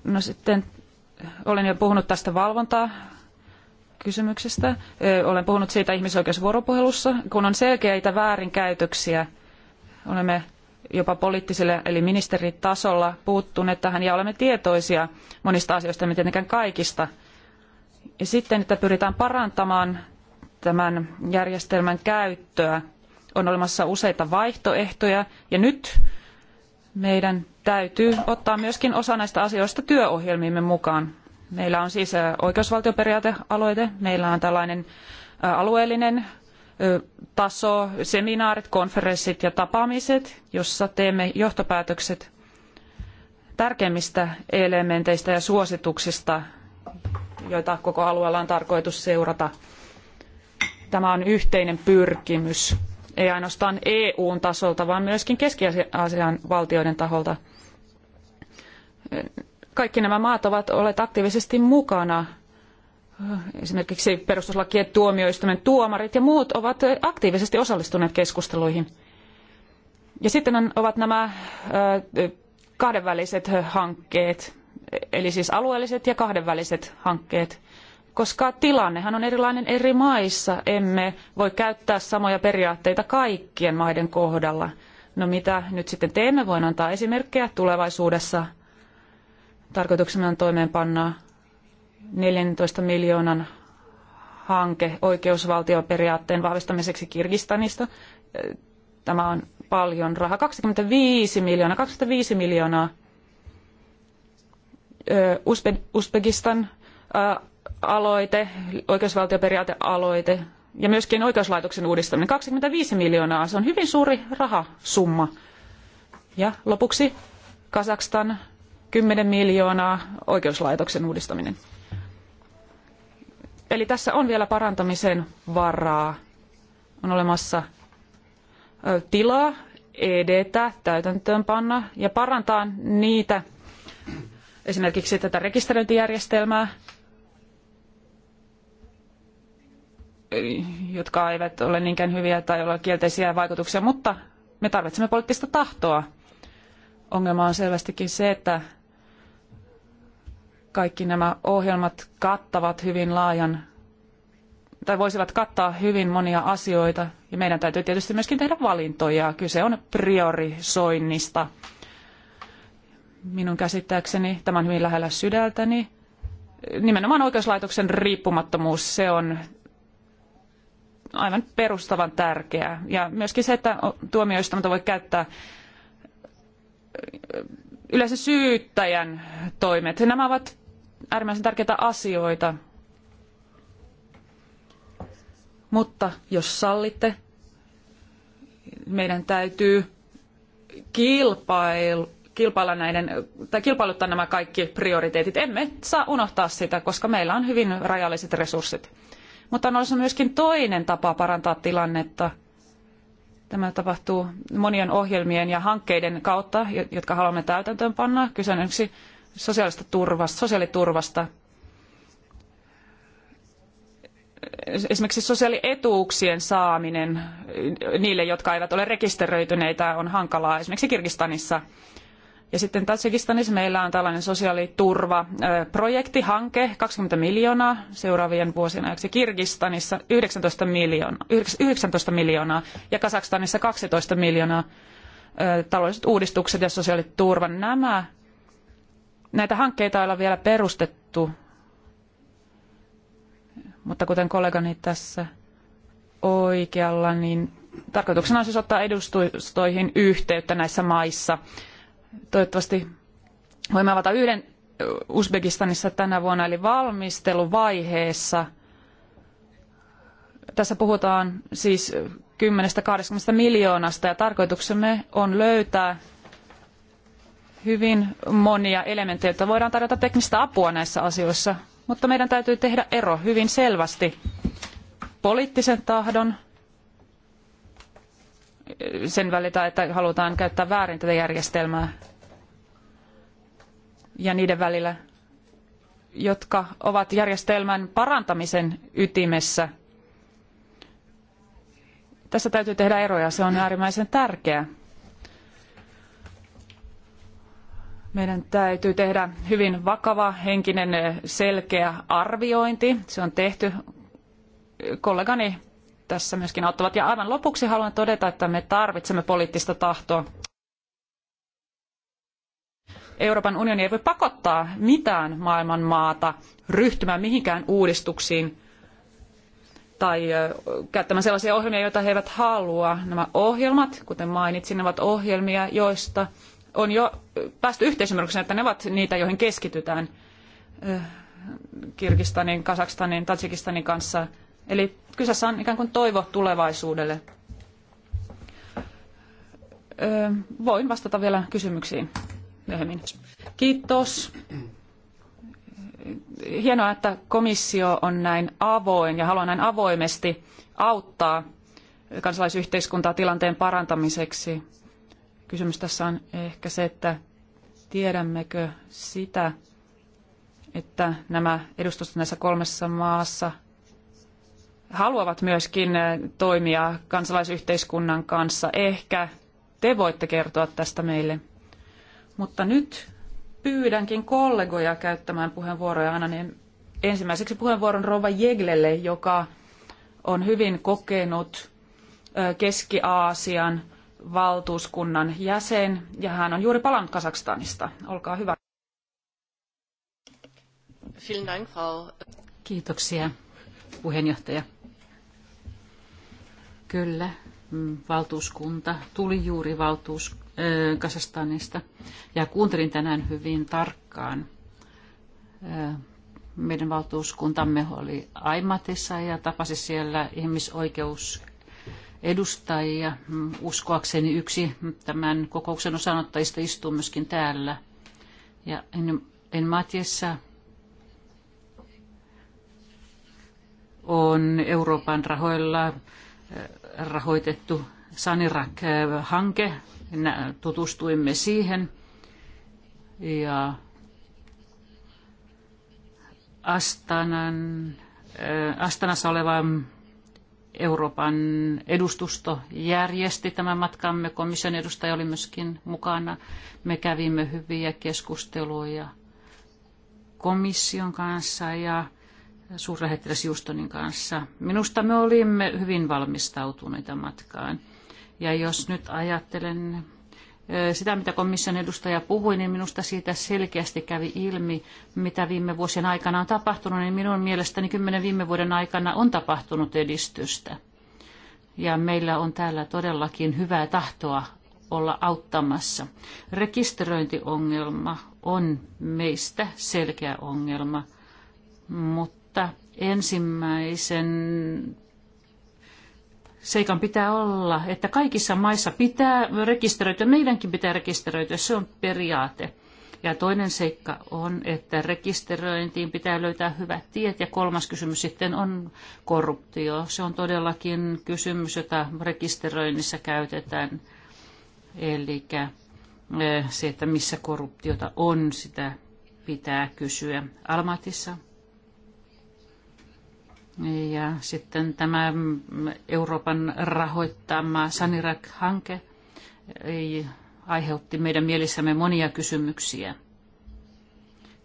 No sitten olen jo puhunut tästä valvontaa kysymyksestä. Olen puhunut siitä ihmisoikeusvuoropuhelussa, kun on selkeitä väärinkäytöksiä. Olemme jopa poliittisella eli ministeritasolla puuttuneet tähän ja olemme tietoisia monista asioista, emme tietenkään kaikista. Ja sitten, että pyritään parantamaan tämän järjestelmän käyttöä. On olemassa useita vaihtoehtoja ja nyt meidän täytyy ottaa myöskin osa näistä asioista työohjelmiimme mukaan. Meillä on siis oikeusvaltioperiaatealoite, meillä on tällainen alueellinen taso, seminaarit, konferenssit ja tapaamiset, jossa teemme johtopäätökset tärkeimmistä elementeistä ja suosituksista, joita koko alueella on tarkoitus seurata. Tämä on yhteinen pyrkimys, ei ainoastaan EUn tasolta, vaan myöskin Keski-Aasian valtioiden taholta kaikki nämä maat ovat olleet aktiivisesti mukana. Esimerkiksi perustuslakien tuomioistuimen tuomarit ja muut ovat aktiivisesti osallistuneet keskusteluihin. Ja sitten ovat nämä kahdenväliset hankkeet, eli siis alueelliset ja kahdenväliset hankkeet. Koska tilannehan on erilainen eri maissa, emme voi käyttää samoja periaatteita kaikkien maiden kohdalla. No mitä nyt sitten teemme? Voin antaa esimerkkejä tulevaisuudessa – Tarkoituksena on toimeenpanna 14 miljoonan hanke oikeusvaltioperiaatteen vahvistamiseksi Kirgistanista. Tämä on paljon rahaa. 25 miljoonaa. 25 miljoonaa. Uzbekistan aloite, oikeusvaltioperiaatealoite ja myöskin oikeuslaitoksen uudistaminen. 25 miljoonaa. Se on hyvin suuri rahasumma. Ja lopuksi Kazakstan 10 miljoonaa oikeuslaitoksen uudistaminen. Eli tässä on vielä parantamisen varaa. On olemassa tilaa edetä, täytäntöönpanna ja parantaa niitä, esimerkiksi tätä rekisteröintijärjestelmää, jotka eivät ole niinkään hyviä tai ole kielteisiä vaikutuksia, mutta me tarvitsemme poliittista tahtoa. Ongelma on selvästikin se, että kaikki nämä ohjelmat kattavat hyvin laajan tai voisivat kattaa hyvin monia asioita ja meidän täytyy tietysti myöskin tehdä valintoja. Kyse on priorisoinnista. Minun käsittääkseni tämä on hyvin lähellä sydältäni. Nimenomaan oikeuslaitoksen riippumattomuus, se on aivan perustavan tärkeää. Ja myöskin se, että tuomioistuinta voi käyttää yleensä syyttäjän toimet. Nämä ovat äärimmäisen tärkeitä asioita. Mutta jos sallitte, meidän täytyy kilpail, kilpailla näiden, tai kilpailuttaa nämä kaikki prioriteetit. Emme saa unohtaa sitä, koska meillä on hyvin rajalliset resurssit. Mutta on olemassa myöskin toinen tapa parantaa tilannetta. Tämä tapahtuu monien ohjelmien ja hankkeiden kautta, jotka haluamme panna. Kyse on yksi sosiaalista turvasta, sosiaaliturvasta, esimerkiksi sosiaalietuuksien saaminen niille, jotka eivät ole rekisteröityneitä, on hankalaa esimerkiksi Kirgistanissa. Ja sitten Tatsikistanissa meillä on tällainen sosiaaliturvaprojekti, hanke, 20 miljoonaa seuraavien vuosien ajaksi. Kirgistanissa 19 miljoonaa, 19 miljoonaa ja Kazakstanissa 12 miljoonaa taloudelliset uudistukset ja sosiaaliturva. Nämä Näitä hankkeita ei ole vielä perustettu, mutta kuten kollegani tässä oikealla, niin tarkoituksena on siis ottaa edustustoihin yhteyttä näissä maissa. Toivottavasti voimme avata yhden Uzbekistanissa tänä vuonna, eli valmisteluvaiheessa. Tässä puhutaan siis 10-20 miljoonasta ja tarkoituksemme on löytää hyvin monia elementtejä, joita voidaan tarjota teknistä apua näissä asioissa, mutta meidän täytyy tehdä ero hyvin selvästi poliittisen tahdon sen välitä, että halutaan käyttää väärin tätä järjestelmää ja niiden välillä, jotka ovat järjestelmän parantamisen ytimessä. Tässä täytyy tehdä eroja, se on äärimmäisen tärkeää. Meidän täytyy tehdä hyvin vakava, henkinen, selkeä arviointi. Se on tehty. Kollegani tässä myöskin auttavat. Ja aivan lopuksi haluan todeta, että me tarvitsemme poliittista tahtoa. Euroopan unioni ei voi pakottaa mitään maailman maata ryhtymään mihinkään uudistuksiin tai käyttämään sellaisia ohjelmia, joita he eivät halua. Nämä ohjelmat, kuten mainitsin, ovat ohjelmia, joista on jo päästy yhteisymmärrykseen, että ne ovat niitä, joihin keskitytään eh, Kirgistanin, Kazakstanin, Tatsikistanin kanssa. Eli kyseessä on ikään kuin toivo tulevaisuudelle. Eh, voin vastata vielä kysymyksiin myöhemmin. Kiitos. Hienoa, että komissio on näin avoin ja haluaa näin avoimesti auttaa kansalaisyhteiskuntaa tilanteen parantamiseksi Kysymys tässä on ehkä se, että tiedämmekö sitä, että nämä edustustot näissä kolmessa maassa haluavat myöskin äh, toimia kansalaisyhteiskunnan kanssa. Ehkä te voitte kertoa tästä meille. Mutta nyt pyydänkin kollegoja käyttämään puheenvuoroja. Annan ensimmäiseksi puheenvuoron Rova Jeglelle, joka on hyvin kokenut äh, Keski-Aasian valtuuskunnan jäsen ja hän on juuri palannut Kazakstanista. Olkaa hyvä. Kiitoksia puheenjohtaja. Kyllä, mm, valtuuskunta tuli juuri valtuus, Kasastanista ja kuuntelin tänään hyvin tarkkaan. meidän valtuuskuntamme oli Aimatissa ja tapasi siellä ihmisoikeus edustajia. Uskoakseni yksi tämän kokouksen osanottajista istuu myöskin täällä. Ja en, en Matjessa on Euroopan rahoilla äh, rahoitettu Sanirak-hanke. Äh, tutustuimme siihen ja Astanan, äh, Astanassa olevan Euroopan edustusto järjesti tämän matkamme. Komission edustaja oli myöskin mukana. Me kävimme hyviä keskusteluja komission kanssa ja suurlähettiläs Justonin kanssa. Minusta me olimme hyvin valmistautuneita matkaan. Ja jos nyt ajattelen sitä, mitä komission edustaja puhui, niin minusta siitä selkeästi kävi ilmi, mitä viime vuosien aikana on tapahtunut, niin minun mielestäni kymmenen viime vuoden aikana on tapahtunut edistystä. Ja meillä on täällä todellakin hyvää tahtoa olla auttamassa. Rekisteröintiongelma on meistä selkeä ongelma, mutta ensimmäisen seikan pitää olla, että kaikissa maissa pitää rekisteröityä, meidänkin pitää rekisteröityä, se on periaate. Ja toinen seikka on, että rekisteröintiin pitää löytää hyvät tiet. Ja kolmas kysymys sitten on korruptio. Se on todellakin kysymys, jota rekisteröinnissä käytetään. Eli eh, se, että missä korruptiota on, sitä pitää kysyä. Almatissa ja sitten tämä Euroopan rahoittama Sanirak-hanke aiheutti meidän mielissämme monia kysymyksiä.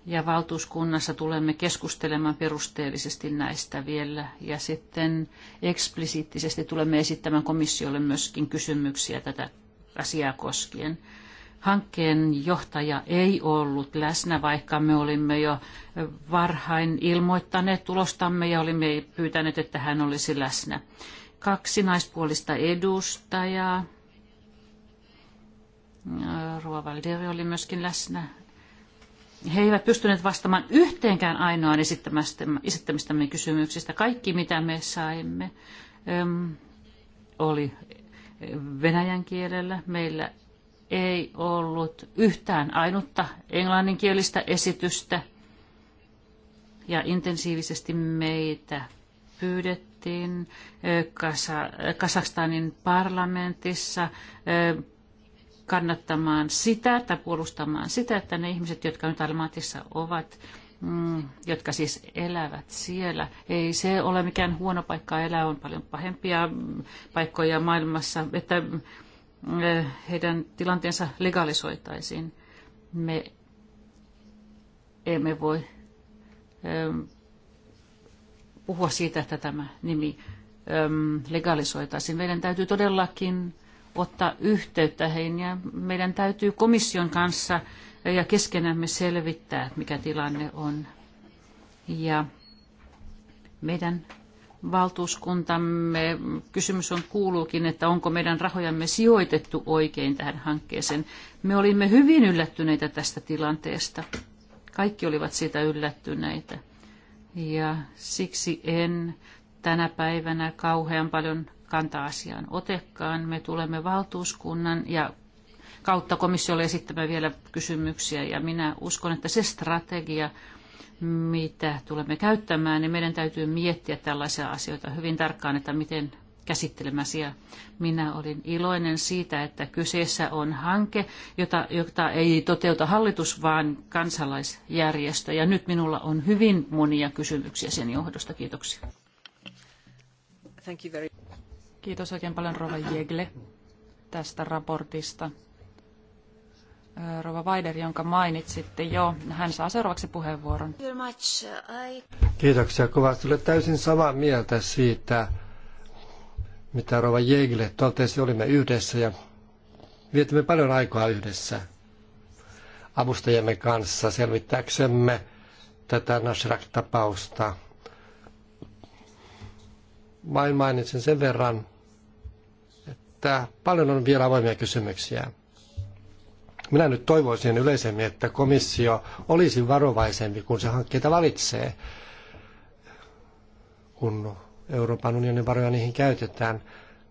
Ja valtuuskunnassa tulemme keskustelemaan perusteellisesti näistä vielä. Ja sitten eksplisiittisesti tulemme esittämään komissiolle myöskin kysymyksiä tätä asiaa koskien hankkeen johtaja ei ollut läsnä, vaikka me olimme jo varhain ilmoittaneet tulostamme ja olimme pyytäneet, että hän olisi läsnä. Kaksi naispuolista edustajaa. Rova Valderi oli myöskin läsnä. He eivät pystyneet vastaamaan yhteenkään ainoaan esittämistämme kysymyksistä. Kaikki, mitä me saimme, oli venäjän kielellä. Meillä ei ollut yhtään ainutta englanninkielistä esitystä. Ja intensiivisesti meitä pyydettiin Kasakstanin parlamentissa kannattamaan sitä tai puolustamaan sitä, että ne ihmiset, jotka nyt Almatissa ovat, mm, jotka siis elävät siellä. Ei se ole mikään huono paikka elää, on paljon pahempia paikkoja maailmassa, että Eh, heidän tilanteensa legalisoitaisiin. Me emme voi eh, puhua siitä, että tämä nimi eh, legalisoitaisiin. Meidän täytyy todellakin ottaa yhteyttä heihin ja meidän täytyy komission kanssa ja keskenämme selvittää, mikä tilanne on. Ja meidän valtuuskuntamme kysymys on kuuluukin, että onko meidän rahojamme sijoitettu oikein tähän hankkeeseen. Me olimme hyvin yllättyneitä tästä tilanteesta. Kaikki olivat siitä yllättyneitä. Ja siksi en tänä päivänä kauhean paljon kantaa asiaan otekaan. Me tulemme valtuuskunnan ja kautta komissiolle esittämään vielä kysymyksiä ja minä uskon, että se strategia, mitä tulemme käyttämään, niin meidän täytyy miettiä tällaisia asioita hyvin tarkkaan, että miten käsittelemäsiä. Minä olin iloinen siitä, että kyseessä on hanke, jota, jota ei toteuta hallitus, vaan kansalaisjärjestö. Ja nyt minulla on hyvin monia kysymyksiä sen johdosta. Kiitoksia. Thank you very... Kiitos oikein paljon Rova Jegle tästä raportista. Äh, Rova Weider, jonka mainitsitte jo. Hän saa seuraavaksi puheenvuoron. Kiitoksia kovasti. Olen täysin samaa mieltä siitä, mitä Rova Jegle totesi. Olimme yhdessä ja vietimme paljon aikaa yhdessä avustajamme kanssa selvittääksemme tätä Nashrak-tapausta. Vain mainitsen sen verran, että paljon on vielä avoimia kysymyksiä. Minä nyt toivoisin yleisemmin, että komissio olisi varovaisempi, kun se hankkeita valitsee, kun Euroopan unionin varoja niihin käytetään.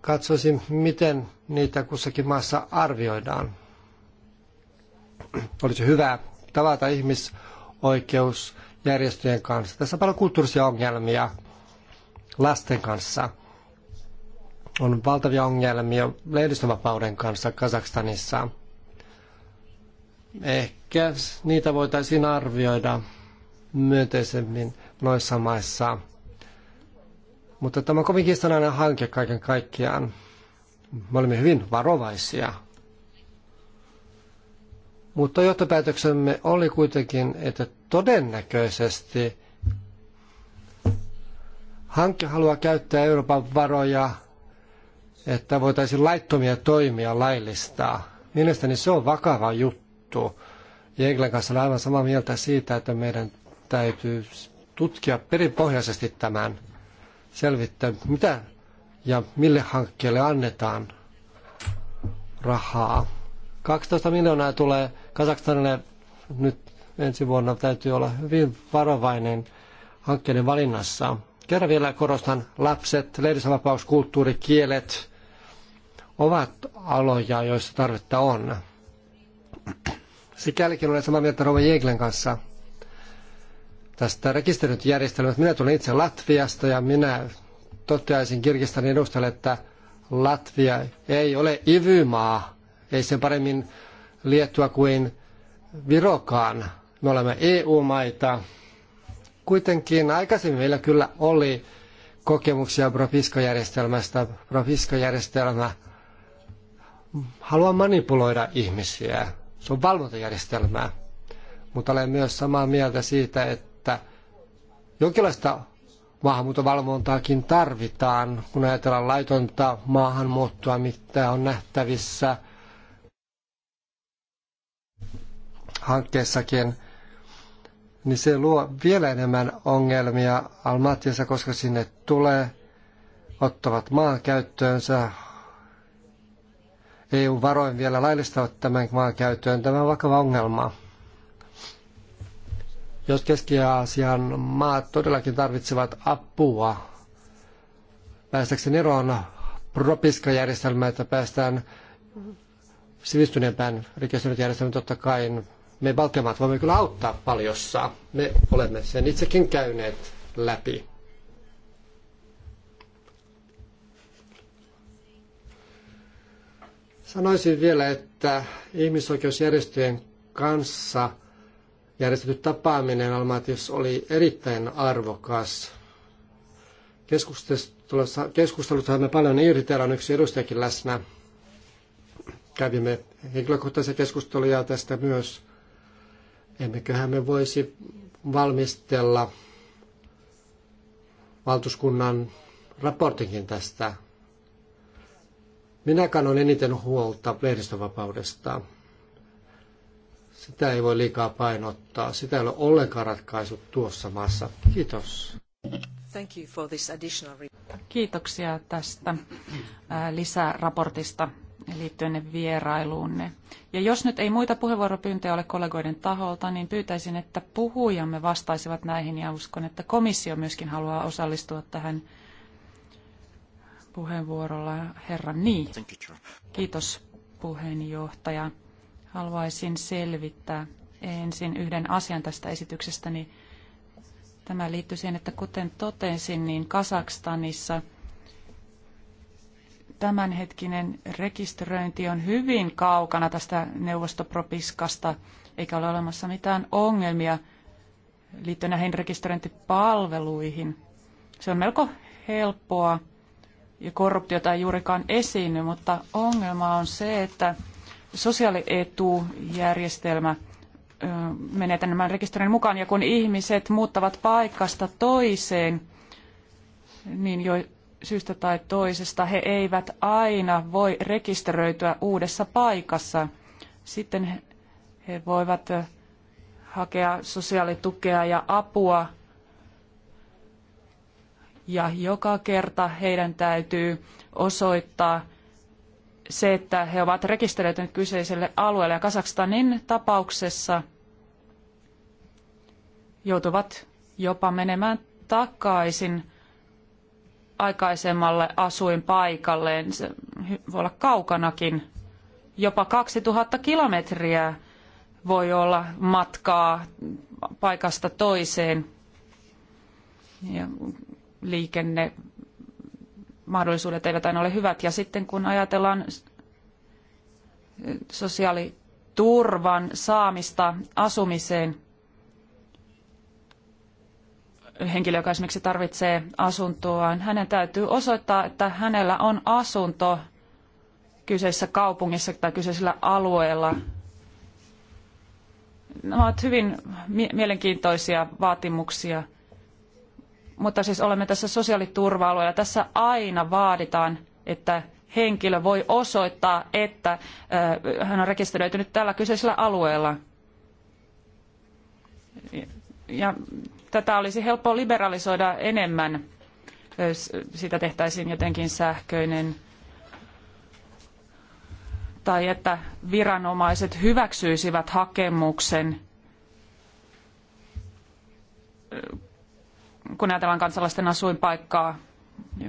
Katsoisin, miten niitä kussakin maassa arvioidaan. Olisi hyvä tavata ihmisoikeusjärjestöjen kanssa. Tässä on paljon kulttuurisia ongelmia lasten kanssa. On valtavia ongelmia lehdistönvapauden kanssa Kazakstanissa Ehkä niitä voitaisiin arvioida myönteisemmin noissa maissa. Mutta tämä on kovin kiistanainen hanke kaiken kaikkiaan. Me olemme hyvin varovaisia. Mutta johtopäätöksemme oli kuitenkin, että todennäköisesti hanke haluaa käyttää Euroopan varoja, että voitaisiin laittomia toimia laillistaa. Mielestäni se on vakava juttu juttu. Jeglen kanssa olen aivan samaa mieltä siitä, että meidän täytyy tutkia perinpohjaisesti tämän, selvittää mitä ja mille hankkeelle annetaan rahaa. 12 miljoonaa tulee Kazakstanille nyt ensi vuonna. Täytyy olla hyvin varovainen hankkeiden valinnassa. Kerran vielä korostan, lapset, lehdisvapaus, kulttuuri, kielet ovat aloja, joissa tarvetta on. Sikälikin olen samaa mieltä Rova Jeglen kanssa tästä rekisteröidyt järjestelmät. Minä tulen itse Latviasta ja minä toteaisin Kirgistanin edustajalle, että Latvia ei ole ivymaa, ei sen paremmin Liettua kuin Virokaan. Me olemme EU-maita. Kuitenkin aikaisemmin meillä kyllä oli kokemuksia Profisko-järjestelmästä. Profisko-järjestelmä haluaa manipuloida ihmisiä. Se on valvontajärjestelmää. Mutta olen myös samaa mieltä siitä, että jonkinlaista maahanmuutovalvontaakin tarvitaan, kun ajatellaan laitonta maahanmuuttoa, mitä on nähtävissä hankkeessakin, niin se luo vielä enemmän ongelmia Almatiassa, koska sinne tulee, ottavat maan käyttöönsä, EU-varoin vielä laillistavat tämän maan käyttöön. Tämä on vakava ongelma. Jos Keski-Aasian maat todellakin tarvitsevat apua päästäkseen eroon propiskajärjestelmää, että päästään sivistyneempään rikosjärjestelmään totta kai, me Baltian maat voimme kyllä auttaa paljossa. Me olemme sen itsekin käyneet läpi. Sanoisin vielä, että ihmisoikeusjärjestöjen kanssa järjestetty tapaaminen Almatissa oli erittäin arvokas. Keskustelusta me paljon irti, täällä on yksi edustajakin läsnä. Kävimme henkilökohtaisia keskusteluja tästä myös. Emmeköhän me voisi valmistella valtuuskunnan raportinkin tästä minä kannan eniten huolta lehdistövapaudesta. Sitä ei voi liikaa painottaa. Sitä ei ole ollenkaan ratkaisu tuossa maassa. Kiitos. Thank you for this additional... Kiitoksia tästä lisäraportista liittyen vierailuunne. Ja jos nyt ei muita puheenvuoropyyntöjä ole kollegoiden taholta, niin pyytäisin, että puhujamme vastaisivat näihin ja uskon, että komissio myöskin haluaa osallistua tähän puheenvuorolla herra Niin. Kiitos puheenjohtaja. Haluaisin selvittää ensin yhden asian tästä esityksestäni. Niin tämä liittyy siihen, että kuten totesin, niin Kasakstanissa tämänhetkinen rekisteröinti on hyvin kaukana tästä neuvostopropiskasta, eikä ole olemassa mitään ongelmia liittyen näihin rekisteröintipalveluihin. Se on melko helppoa ja korruptiota ei juurikaan esiinny, mutta ongelma on se, että sosiaalietujärjestelmä menee tämän rekisterin mukaan, ja kun ihmiset muuttavat paikasta toiseen, niin jo syystä tai toisesta he eivät aina voi rekisteröityä uudessa paikassa. Sitten he voivat hakea sosiaalitukea ja apua ja joka kerta heidän täytyy osoittaa se, että he ovat rekisteröityneet kyseiselle alueelle. Ja Kasakstanin tapauksessa joutuvat jopa menemään takaisin aikaisemmalle asuinpaikalleen. Se voi olla kaukanakin. Jopa 2000 kilometriä voi olla matkaa paikasta toiseen. Ja liikenne mahdollisuudet eivät aina ole hyvät. Ja sitten kun ajatellaan sosiaaliturvan saamista asumiseen, henkilö, joka esimerkiksi tarvitsee asuntoa, hänen täytyy osoittaa, että hänellä on asunto kyseisessä kaupungissa tai kyseisellä alueella. Nämä ovat hyvin mielenkiintoisia vaatimuksia – mutta siis olemme tässä sosiaaliturva-alueella. Tässä aina vaaditaan, että henkilö voi osoittaa, että hän on rekisteröitynyt tällä kyseisellä alueella. Ja tätä olisi helppo liberalisoida enemmän, jos sitä tehtäisiin jotenkin sähköinen tai että viranomaiset hyväksyisivät hakemuksen kun ajatellaan kansalaisten asuinpaikkaa.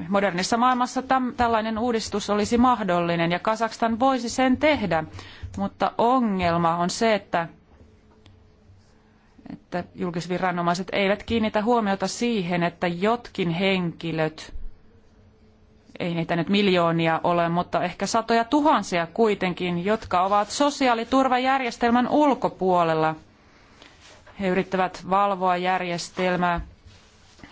Modernissa maailmassa täm, tällainen uudistus olisi mahdollinen ja Kazakstan voisi sen tehdä, mutta ongelma on se, että, että julkisviranomaiset eivät kiinnitä huomiota siihen, että jotkin henkilöt, ei niitä nyt miljoonia ole, mutta ehkä satoja tuhansia kuitenkin, jotka ovat sosiaaliturvajärjestelmän ulkopuolella. He yrittävät valvoa järjestelmää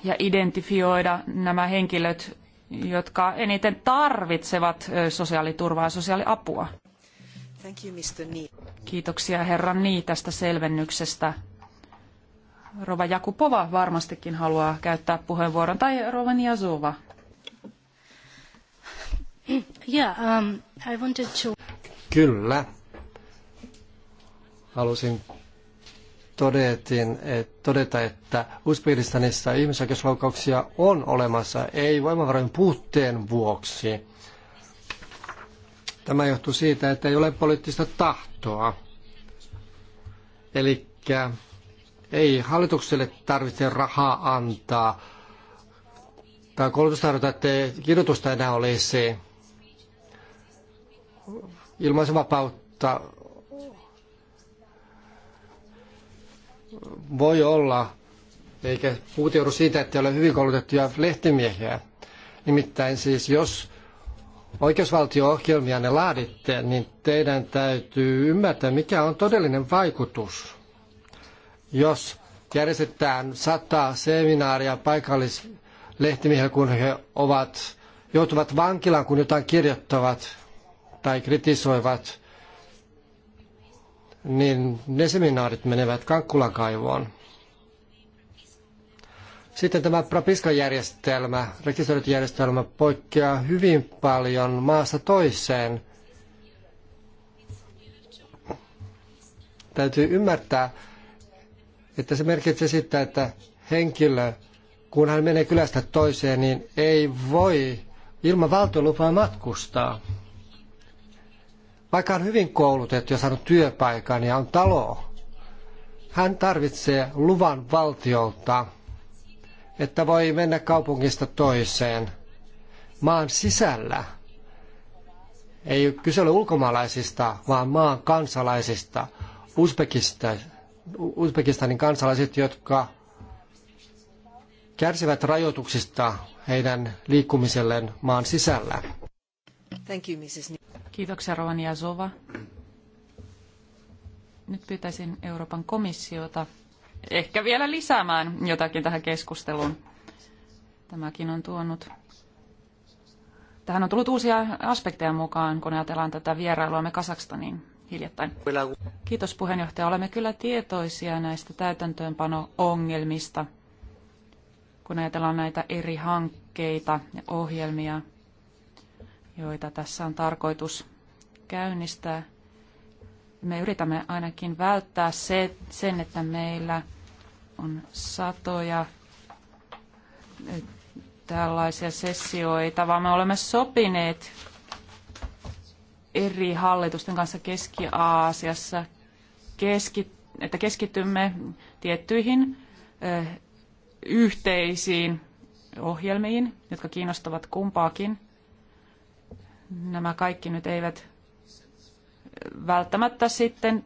ja identifioida nämä henkilöt, jotka eniten tarvitsevat sosiaaliturvaa ja sosiaaliapua. Thank you, Mr. Nee. Kiitoksia herra Nii tästä selvennyksestä. Rova Jakupova varmastikin haluaa käyttää puheenvuoron, tai Rova Niazova. Yeah, um, I wanted to... Kyllä. Halusin todetin, et, todeta, että Uzbekistanissa ihmisoikeusloukkauksia on olemassa, ei voimavarojen puutteen vuoksi. Tämä johtuu siitä, että ei ole poliittista tahtoa. Eli ei hallitukselle tarvitse rahaa antaa tai koulutustarjota, ettei kirjoitusta enää olisi. Ilmaisuvapautta voi olla, eikä puuteudu siitä, että ei ole hyvin koulutettuja lehtimiehiä. Nimittäin siis, jos oikeusvaltio-ohjelmia ne laaditte, niin teidän täytyy ymmärtää, mikä on todellinen vaikutus. Jos järjestetään sata seminaaria paikallislehtimiehille, kun he ovat, joutuvat vankilaan, kun jotain kirjoittavat tai kritisoivat, niin ne seminaarit menevät Kankkulan kaivoon. Sitten tämä Prapiska-järjestelmä, rekisteröity järjestelmä poikkeaa hyvin paljon maasta toiseen. Täytyy ymmärtää, että se merkitsee sitä, että henkilö, kun hän menee kylästä toiseen, niin ei voi ilman valtiolupaa matkustaa vaikka on hyvin koulutettu ja saanut työpaikan ja on talo, hän tarvitsee luvan valtiolta, että voi mennä kaupungista toiseen maan sisällä. Ei kyse ole ulkomaalaisista, vaan maan kansalaisista, Uzbekista, Uzbekistanin kansalaiset, jotka kärsivät rajoituksista heidän liikkumiselleen maan sisällä. Thank you, Mrs. Kiitoksia Rovani Sova. Nyt pyytäisin Euroopan komissiota ehkä vielä lisäämään jotakin tähän keskusteluun. Tämäkin on tuonut Tähän on tullut uusia aspekteja mukaan, kun ajatellaan tätä vierailuamme Kasakstaniin hiljattain. Kiitos puheenjohtaja. Olemme kyllä tietoisia näistä täytäntöönpano-ongelmista, kun ajatellaan näitä eri hankkeita ja ohjelmia – joita tässä on tarkoitus käynnistää. Me yritämme ainakin välttää se, sen, että meillä on satoja eh, tällaisia sessioita, vaan me olemme sopineet eri hallitusten kanssa Keski-Aasiassa, keski, että keskitymme tiettyihin ö, eh, yhteisiin ohjelmiin, jotka kiinnostavat kumpaakin nämä kaikki nyt eivät välttämättä sitten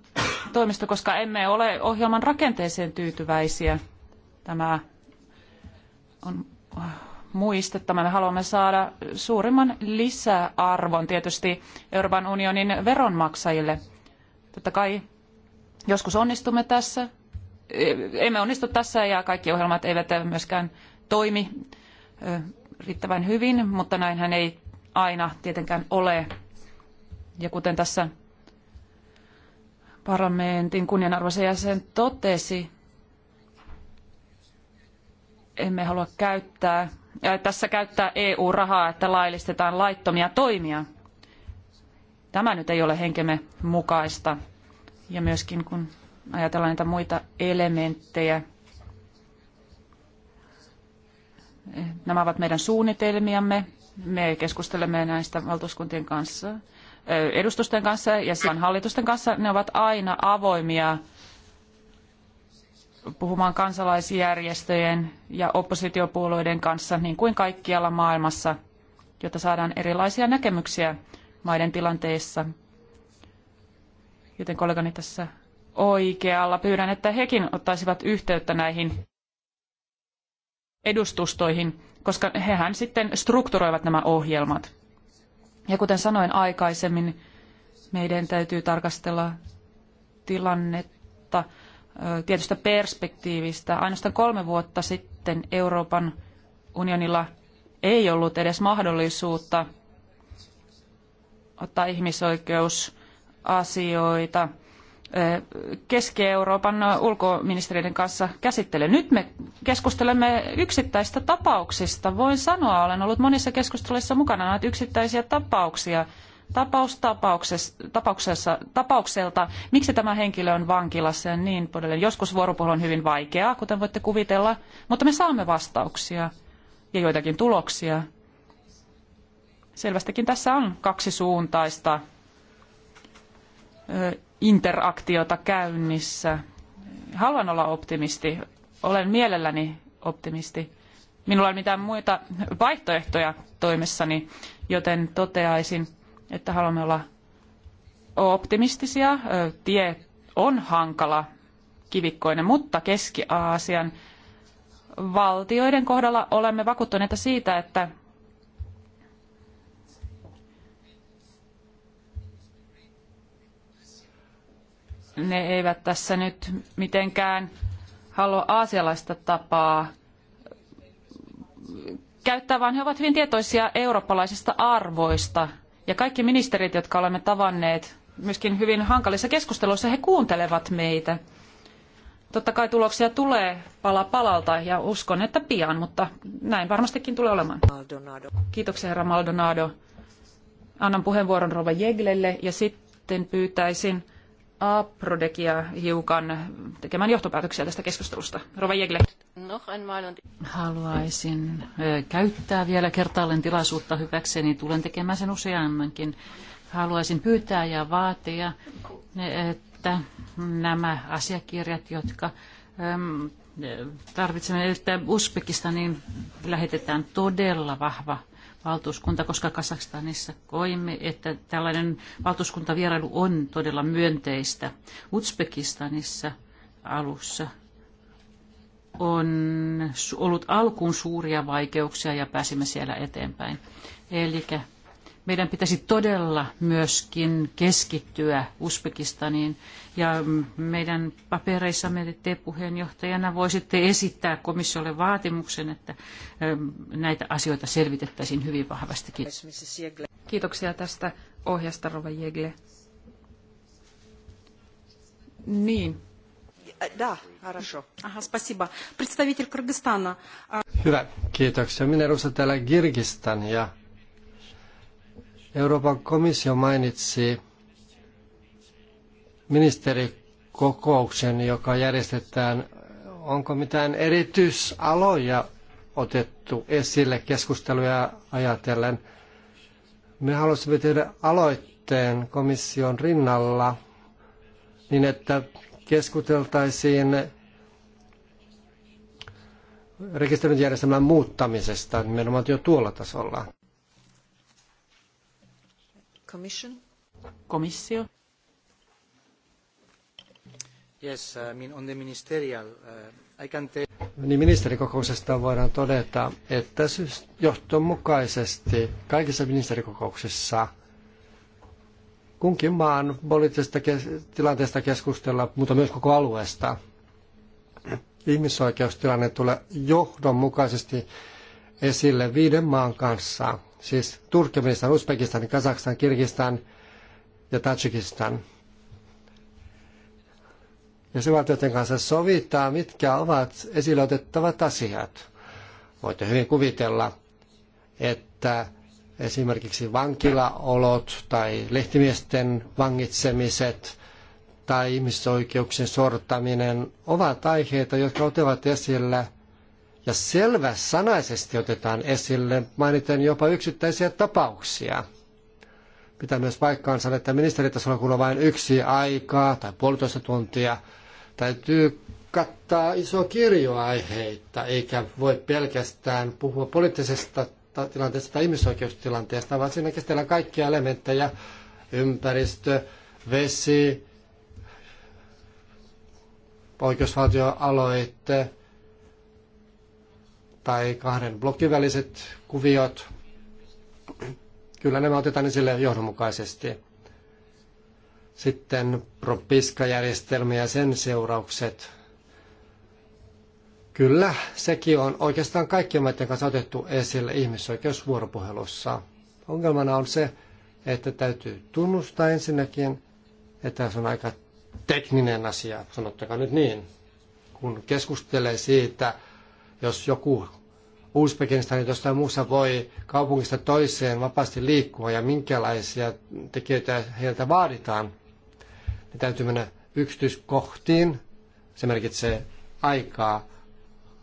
toimisto, koska emme ole ohjelman rakenteeseen tyytyväisiä. Tämä on muistettava. Me haluamme saada suurimman lisäarvon tietysti Euroopan unionin veronmaksajille. Totta kai joskus onnistumme tässä. Emme onnistu tässä ja kaikki ohjelmat eivät myöskään toimi riittävän hyvin, mutta näinhän ei aina tietenkään ole. Ja kuten tässä parlamentin kunnianarvoisen jäsen totesi, emme halua käyttää, äh, tässä käyttää EU-rahaa, että laillistetaan laittomia toimia. Tämä nyt ei ole henkemme mukaista. Ja myöskin kun ajatellaan niitä muita elementtejä, nämä ovat meidän suunnitelmiamme, me keskustelemme näistä valtuuskuntien kanssa, edustusten kanssa ja sitten hallitusten kanssa. Ne ovat aina avoimia puhumaan kansalaisjärjestöjen ja oppositiopuolueiden kanssa, niin kuin kaikkialla maailmassa, jotta saadaan erilaisia näkemyksiä maiden tilanteissa. Joten kollegani tässä oikealla pyydän, että hekin ottaisivat yhteyttä näihin edustustoihin koska hehän sitten strukturoivat nämä ohjelmat. Ja kuten sanoin aikaisemmin, meidän täytyy tarkastella tilannetta tietystä perspektiivistä. Ainoastaan kolme vuotta sitten Euroopan unionilla ei ollut edes mahdollisuutta ottaa ihmisoikeusasioita Keski-Euroopan ulkoministeriöiden kanssa käsittele. Nyt me keskustelemme yksittäistä tapauksista. Voin sanoa, olen ollut monissa keskusteluissa mukana näitä yksittäisiä tapauksia tapaus tapauksessa, tapaukselta, miksi tämä henkilö on vankilassa ja niin edelleen. Joskus vuoropuhelu on hyvin vaikeaa, kuten voitte kuvitella, mutta me saamme vastauksia ja joitakin tuloksia. Selvästikin tässä on kaksisuuntaista interaktiota käynnissä. Haluan olla optimisti. Olen mielelläni optimisti. Minulla ei ole mitään muita vaihtoehtoja toimessani, joten toteaisin, että haluamme olla optimistisia. Tie on hankala, kivikkoinen, mutta Keski-Aasian valtioiden kohdalla olemme vakuuttuneita siitä, että ne eivät tässä nyt mitenkään halua aasialaista tapaa käyttää, vaan he ovat hyvin tietoisia eurooppalaisista arvoista. Ja kaikki ministerit, jotka olemme tavanneet myöskin hyvin hankalissa keskusteluissa, he kuuntelevat meitä. Totta kai tuloksia tulee pala palalta ja uskon, että pian, mutta näin varmastikin tulee olemaan. Maldonado. Kiitoksia herra Maldonado. Annan puheenvuoron Rova Jeglelle ja sitten pyytäisin Aprodekia hiukan tekemään johtopäätöksiä tästä keskustelusta. Rova Haluaisin käyttää vielä kertaalleen tilaisuutta hyväkseni. Tulen tekemään sen useammankin. Haluaisin pyytää ja vaatia, että nämä asiakirjat, jotka tarvitsemme, että Uzbekistanin lähetetään todella vahva valtuuskunta, koska Kasakstanissa koimme, että tällainen valtuuskuntavierailu on todella myönteistä. Uzbekistanissa alussa on ollut alkuun suuria vaikeuksia ja pääsimme siellä eteenpäin. Eli meidän pitäisi todella myöskin keskittyä Uzbekistaniin. Ja meidän papereissamme te puheenjohtajana voisitte esittää komissiolle vaatimuksen, että näitä asioita selvitettäisiin hyvin vahvasti. Kiitos. Kiitoksia tästä ohjasta, Rova Jegle. Niin. Да, хорошо. Ага, спасибо. Представитель Кыргызстана. Hyvä, kiitoksia. Minä edustan täällä Kirgistania Euroopan komissio mainitsi ministerikokouksen, joka järjestetään. Onko mitään erityisaloja otettu esille keskusteluja ajatellen? Me halusimme tehdä aloitteen komission rinnalla niin, että keskusteltaisiin rekisteröintijärjestelmän muuttamisesta nimenomaan jo tuolla tasolla. Commission. Komissio. Yes, I mean on the ministerial, uh, I can tell... Niin ministerikokouksesta voidaan todeta, että johtomukaisesti kaikissa ministerikokouksissa kunkin maan poliittisesta kes- tilanteesta keskustella, mutta myös koko alueesta. Ihmisoikeustilanne tulee johdonmukaisesti esille viiden maan kanssa, siis Turkmenistan, Uzbekistan, Kazakstan, Kirgistan ja Tajikistan. Ja syvaltioiden kanssa sovitaan, mitkä ovat esille otettavat asiat. Voitte hyvin kuvitella, että esimerkiksi vankilaolot tai lehtimiesten vangitsemiset tai ihmisoikeuksien sortaminen ovat aiheita, jotka otevat esille ja selvä sanaisesti otetaan esille, mainiten jopa yksittäisiä tapauksia. Pitää myös paikkaansa, että ministeritasolla kuuluu vain yksi aikaa tai puolitoista tuntia. Täytyy kattaa iso kirjo aiheita, eikä voi pelkästään puhua poliittisesta tilanteesta tai ihmisoikeustilanteesta, vaan siinä käsitellään kaikkia elementtejä, ympäristö, vesi, oikeusvaltioaloitte, tai kahden blokin väliset kuviot. Kyllä nämä otetaan esille johdonmukaisesti. Sitten propiskajärjestelmä ja sen seuraukset. Kyllä, sekin on oikeastaan kaikkien maiden kanssa otettu esille ihmisoikeusvuoropuhelussa. Ongelmana on se, että täytyy tunnustaa ensinnäkin, että se on aika tekninen asia, sanottakaa nyt niin, kun keskustelee siitä, jos joku Uzbekistanin jostain muussa voi kaupungista toiseen vapaasti liikkua ja minkälaisia tekijöitä heiltä vaaditaan, niin täytyy mennä yksityiskohtiin. Se merkitsee aikaa.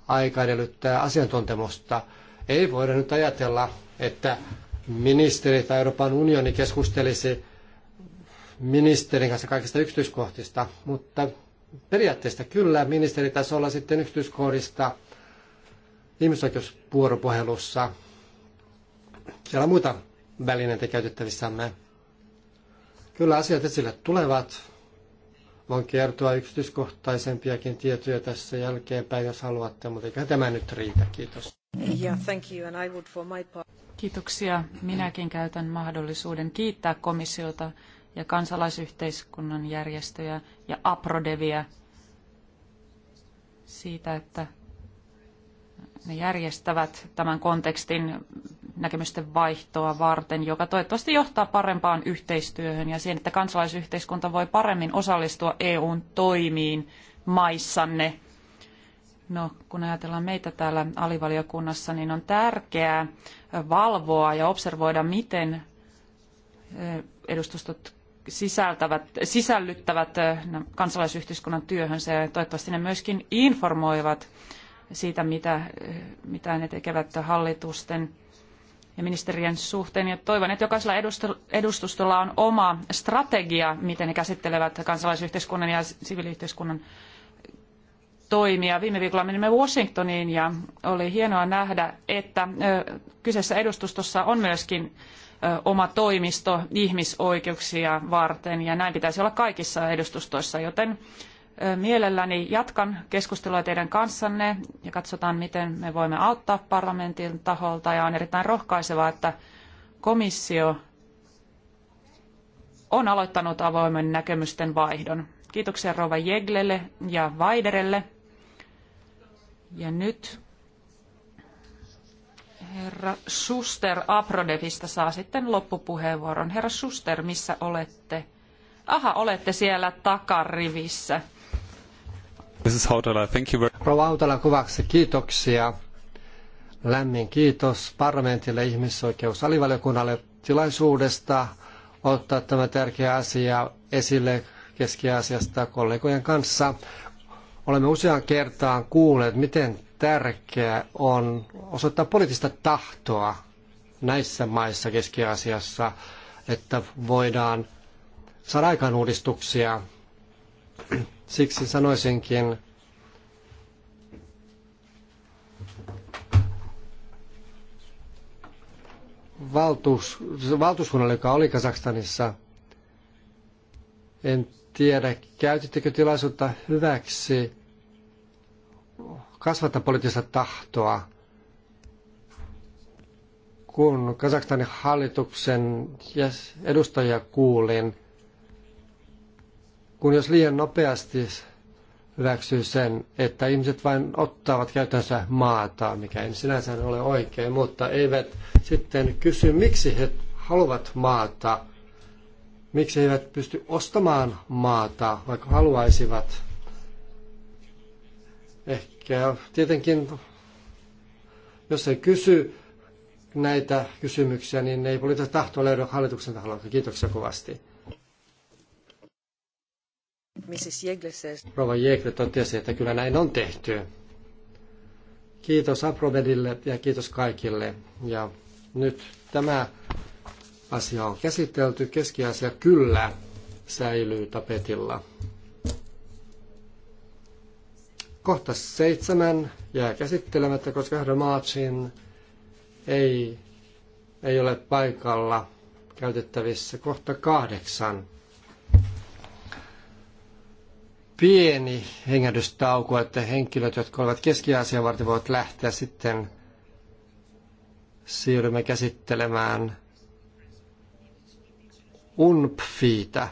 Aika edellyttää asiantuntemusta. Ei voida nyt ajatella, että ministeri tai Euroopan unioni keskustelisi ministerin kanssa kaikista yksityiskohtista, mutta periaatteesta kyllä ministeritasolla sitten yksityiskohdista – ihmisoikeusvuoropuhelussa. Siellä on muita välineitä käytettävissämme. Kyllä asiat esille tulevat. Voin kertoa yksityiskohtaisempiakin tietoja tässä jälkeenpäin, jos haluatte, mutta eikä tämä nyt riitä. Kiitos. Yeah, thank you, and I would for my part. Kiitoksia. Minäkin käytän mahdollisuuden kiittää komissiota ja kansalaisyhteiskunnan järjestöjä ja APRODEVIä siitä, että ne järjestävät tämän kontekstin näkemysten vaihtoa varten, joka toivottavasti johtaa parempaan yhteistyöhön ja siihen, että kansalaisyhteiskunta voi paremmin osallistua EUn toimiin maissanne. No, kun ajatellaan meitä täällä alivaliokunnassa, niin on tärkeää valvoa ja observoida, miten eh, edustustot sisältävät, sisällyttävät eh, kansalaisyhteiskunnan työhönsä ja toivottavasti ne myöskin informoivat siitä, mitä, mitä ne tekevät hallitusten ja ministerien suhteen. Ja toivon, että jokaisella edustustolla on oma strategia, miten ne käsittelevät kansalaisyhteiskunnan ja siviiliyhteiskunnan toimia. Viime viikolla menimme Washingtoniin ja oli hienoa nähdä, että kyseessä edustustossa on myöskin oma toimisto ihmisoikeuksia varten ja näin pitäisi olla kaikissa edustustoissa, joten Mielelläni jatkan keskustelua teidän kanssanne ja katsotaan, miten me voimme auttaa parlamentin taholta. Ja on erittäin rohkaisevaa, että komissio on aloittanut avoimen näkemysten vaihdon. Kiitoksia Rova Jeglelle ja Vaiderelle. Ja nyt herra Schuster Aprodevista saa sitten loppupuheenvuoron. Herra Schuster, missä olette? Aha, olette siellä takarivissä. Mrs. Hautala, thank you very... Rouva Hautala kuvaksi kiitoksia. Lämmin kiitos parlamentille ihmisoikeusalivaliokunnalle tilaisuudesta ottaa tämä tärkeä asia esille Keski-Aasiasta kollegojen kanssa. Olemme useaan kertaan kuulleet, miten tärkeää on osoittaa poliittista tahtoa näissä maissa Keski-Aasiassa, että voidaan saada aikaan uudistuksia Siksi sanoisinkin, valtuus, valtuuskunnalle, joka oli Kazakstanissa, en tiedä, käytittekö tilaisuutta hyväksi kasvattaa poliittista tahtoa, kun Kazakstanin hallituksen edustajia kuulin – kun jos liian nopeasti hyväksyy sen, että ihmiset vain ottavat käytänsä maata, mikä ei sinänsä ole oikein, mutta eivät sitten kysy, miksi he haluavat maata, miksi he eivät pysty ostamaan maata, vaikka haluaisivat. Ehkä tietenkin, jos ei kysy näitä kysymyksiä, niin ei poliittista tahtoa löydy hallituksen taholta. Kiitoksia kovasti. Mrs. Jegle says. Rova totesi, että kyllä näin on tehty. Kiitos Aprobedille ja kiitos kaikille. Ja nyt tämä asia on käsitelty. Keskiasia kyllä säilyy tapetilla. Kohta seitsemän jää käsittelemättä, koska Hermaatsin ei, ei ole paikalla käytettävissä. Kohta kahdeksan pieni hengähdystauko, että henkilöt, jotka ovat keski-Aasian varten, voivat lähteä sitten siirrymme käsittelemään UNPFIitä.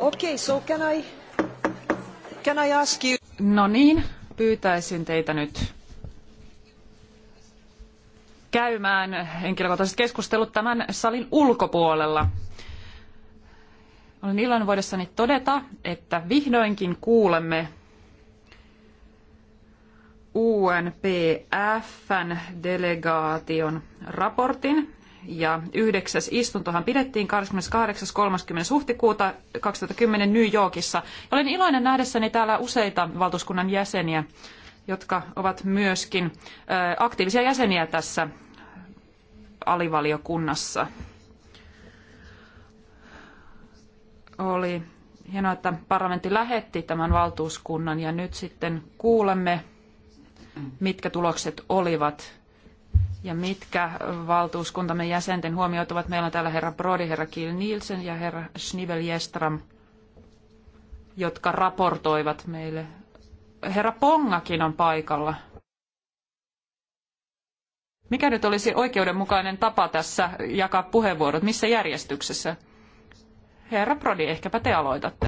Okay, so can I, can I ask you... No niin, pyytäisin teitä nyt käymään henkilökohtaiset keskustelut tämän salin ulkopuolella. Olen iloinen voidessani todeta, että vihdoinkin kuulemme UNPFn delegaation raportin ja yhdeksäs istuntohan pidettiin 28.30. huhtikuuta 2010 New Yorkissa. Olen iloinen nähdessäni täällä useita valtuuskunnan jäseniä, jotka ovat myöskin aktiivisia jäseniä tässä alivaliokunnassa. Oli hienoa, että parlamentti lähetti tämän valtuuskunnan ja nyt sitten kuulemme, mitkä tulokset olivat ja mitkä valtuuskuntamme jäsenten huomiot ovat. Meillä on täällä herra Brody, herra Kiel Nielsen ja herra Schnivel Jestram, jotka raportoivat meille. Herra Pongakin on paikalla. Mikä nyt olisi oikeudenmukainen tapa tässä jakaa puheenvuorot? Missä järjestyksessä? Herra Brody, ehkäpä te aloitatte.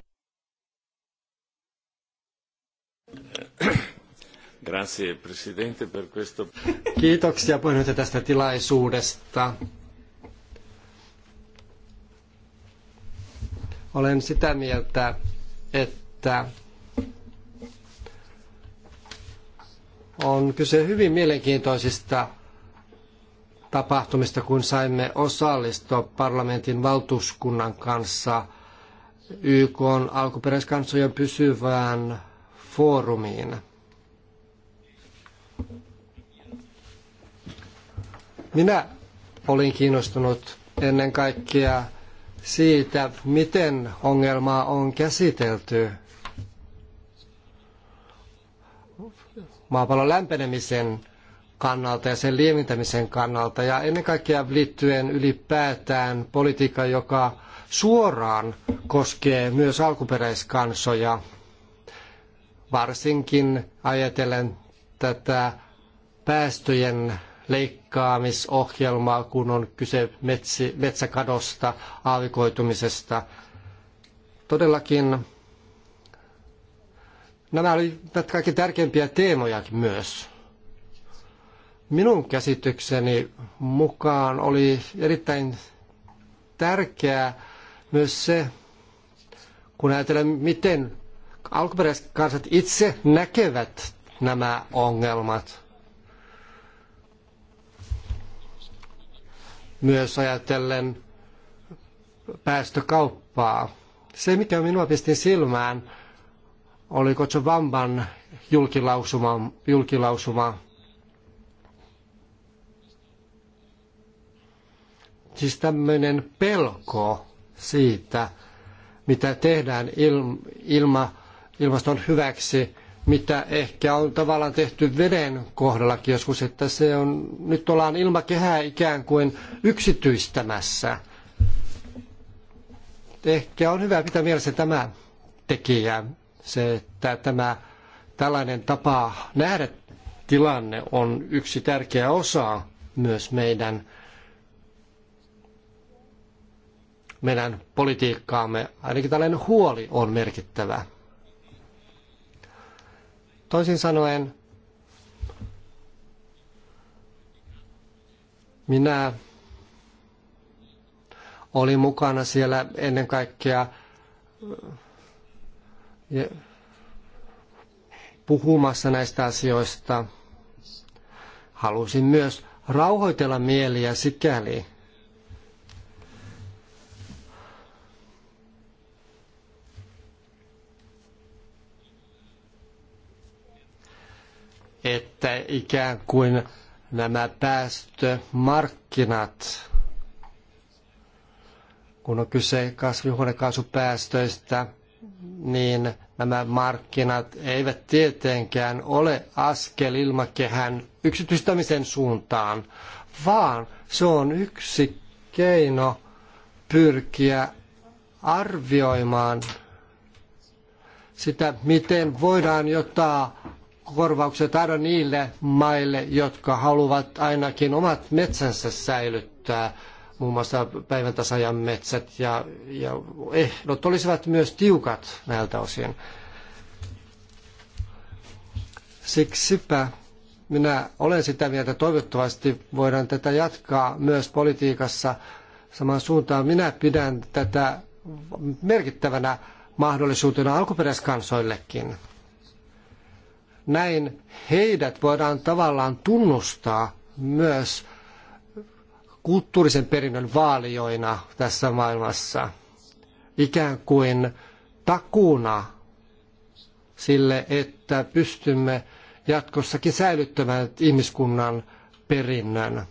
Grazie, presidente, per questo... Kiitoksia puheenjohtaja tästä tilaisuudesta. Olen sitä mieltä, että on kyse hyvin mielenkiintoisista tapahtumista, kun saimme osallistua parlamentin valtuuskunnan kanssa YK alkuperäiskansojen pysyvään foorumiin – Minä olin kiinnostunut ennen kaikkea siitä, miten ongelmaa on käsitelty maapallon lämpenemisen kannalta ja sen lieventämisen kannalta ja ennen kaikkea liittyen ylipäätään politiikkaan, joka suoraan koskee myös alkuperäiskansoja, varsinkin ajatellen tätä päästöjen leikkaamista leikkaamisohjelmaa, kun on kyse metsi, metsäkadosta, aavikoitumisesta. Todellakin nämä olivat kaikki tärkeimpiä teemoja myös. Minun käsitykseni mukaan oli erittäin tärkeää myös se, kun ajatellaan, miten alkuperäiset kansat itse näkevät nämä ongelmat. myös ajatellen päästökauppaa. Se, mikä minua pisti silmään, oli Kotsovamban julkilausuma, julkilausuma. Siis tämmöinen pelko siitä, mitä tehdään ilma, ilmaston hyväksi mitä ehkä on tavallaan tehty veden kohdallakin joskus, että se on, nyt ollaan ilmakehää ikään kuin yksityistämässä. Ehkä on hyvä pitää mielessä tämä tekijä, se, että tämä tällainen tapa nähdä tilanne on yksi tärkeä osa myös meidän, meidän politiikkaamme. Ainakin tällainen huoli on merkittävä. Toisin sanoen, minä olin mukana siellä ennen kaikkea puhumassa näistä asioista. Halusin myös rauhoitella mieliä sikäli, ikään kuin nämä päästömarkkinat, kun on kyse kasvihuonekaasupäästöistä, niin nämä markkinat eivät tietenkään ole askel ilmakehän yksityistämisen suuntaan, vaan se on yksi keino pyrkiä arvioimaan sitä, miten voidaan jotain korvaukset aina niille maille, jotka haluavat ainakin omat metsänsä säilyttää, muun muassa päiväntasaajan metsät ja, ja ehdot olisivat myös tiukat näiltä osin. Siksipä minä olen sitä mieltä, että toivottavasti voidaan tätä jatkaa myös politiikassa samaan suuntaan. Minä pidän tätä merkittävänä mahdollisuutena alkuperäiskansoillekin. Näin heidät voidaan tavallaan tunnustaa myös kulttuurisen perinnön vaalijoina tässä maailmassa. Ikään kuin takuuna sille, että pystymme jatkossakin säilyttämään ihmiskunnan perinnön.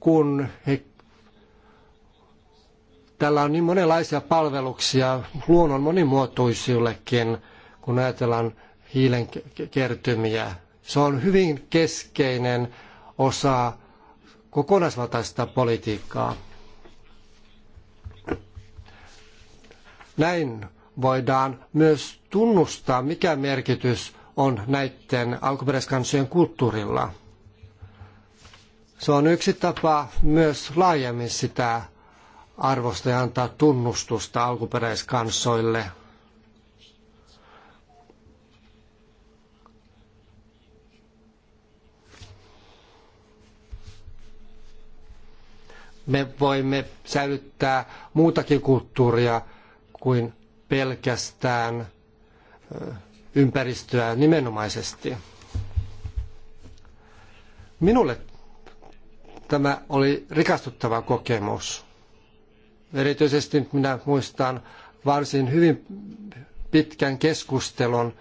Kun he, tällä on niin monenlaisia palveluksia luonnon monimuotoisuudellekin, kun ajatellaan hiilen kertymiä. Se on hyvin keskeinen osa kokonaisvaltaista politiikkaa. Näin voidaan myös tunnustaa, mikä merkitys on näiden alkuperäiskansojen kulttuurilla. Se on yksi tapa myös laajemmin sitä arvosta ja antaa tunnustusta alkuperäiskansoille – me voimme säilyttää muutakin kulttuuria kuin pelkästään ympäristöä nimenomaisesti. Minulle tämä oli rikastuttava kokemus. Erityisesti minä muistan varsin hyvin pitkän keskustelun,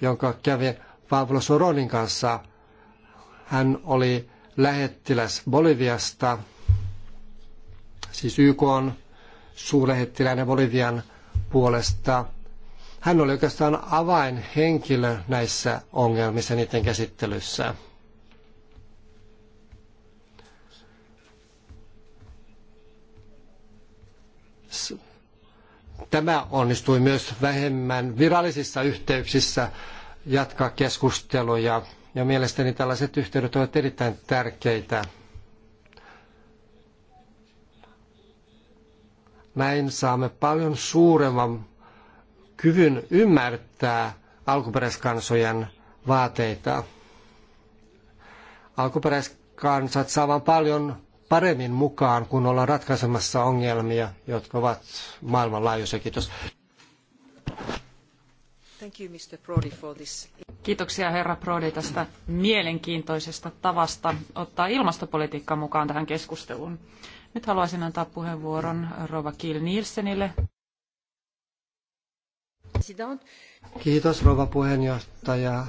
jonka kävin Pablo Soronin kanssa. Hän oli lähettiläs Boliviasta – siis YK on suurlähettiläinen Bolivian puolesta. Hän oli oikeastaan avainhenkilö näissä ongelmissa niiden käsittelyssä. Tämä onnistui myös vähemmän virallisissa yhteyksissä jatkaa keskusteluja ja mielestäni tällaiset yhteydet ovat erittäin tärkeitä. Näin saamme paljon suuremman kyvyn ymmärtää alkuperäiskansojen vaateita. Alkuperäiskansat saavat paljon paremmin mukaan, kun ollaan ratkaisemassa ongelmia, jotka ovat maailmanlaajuisia. Kiitos. Kiitoksia herra Prodi tästä mielenkiintoisesta tavasta ottaa ilmastopolitiikka mukaan tähän keskusteluun. Nyt haluaisin antaa puheenvuoron Rova Kiel Nielsenille. Kiitos Rova puheenjohtaja.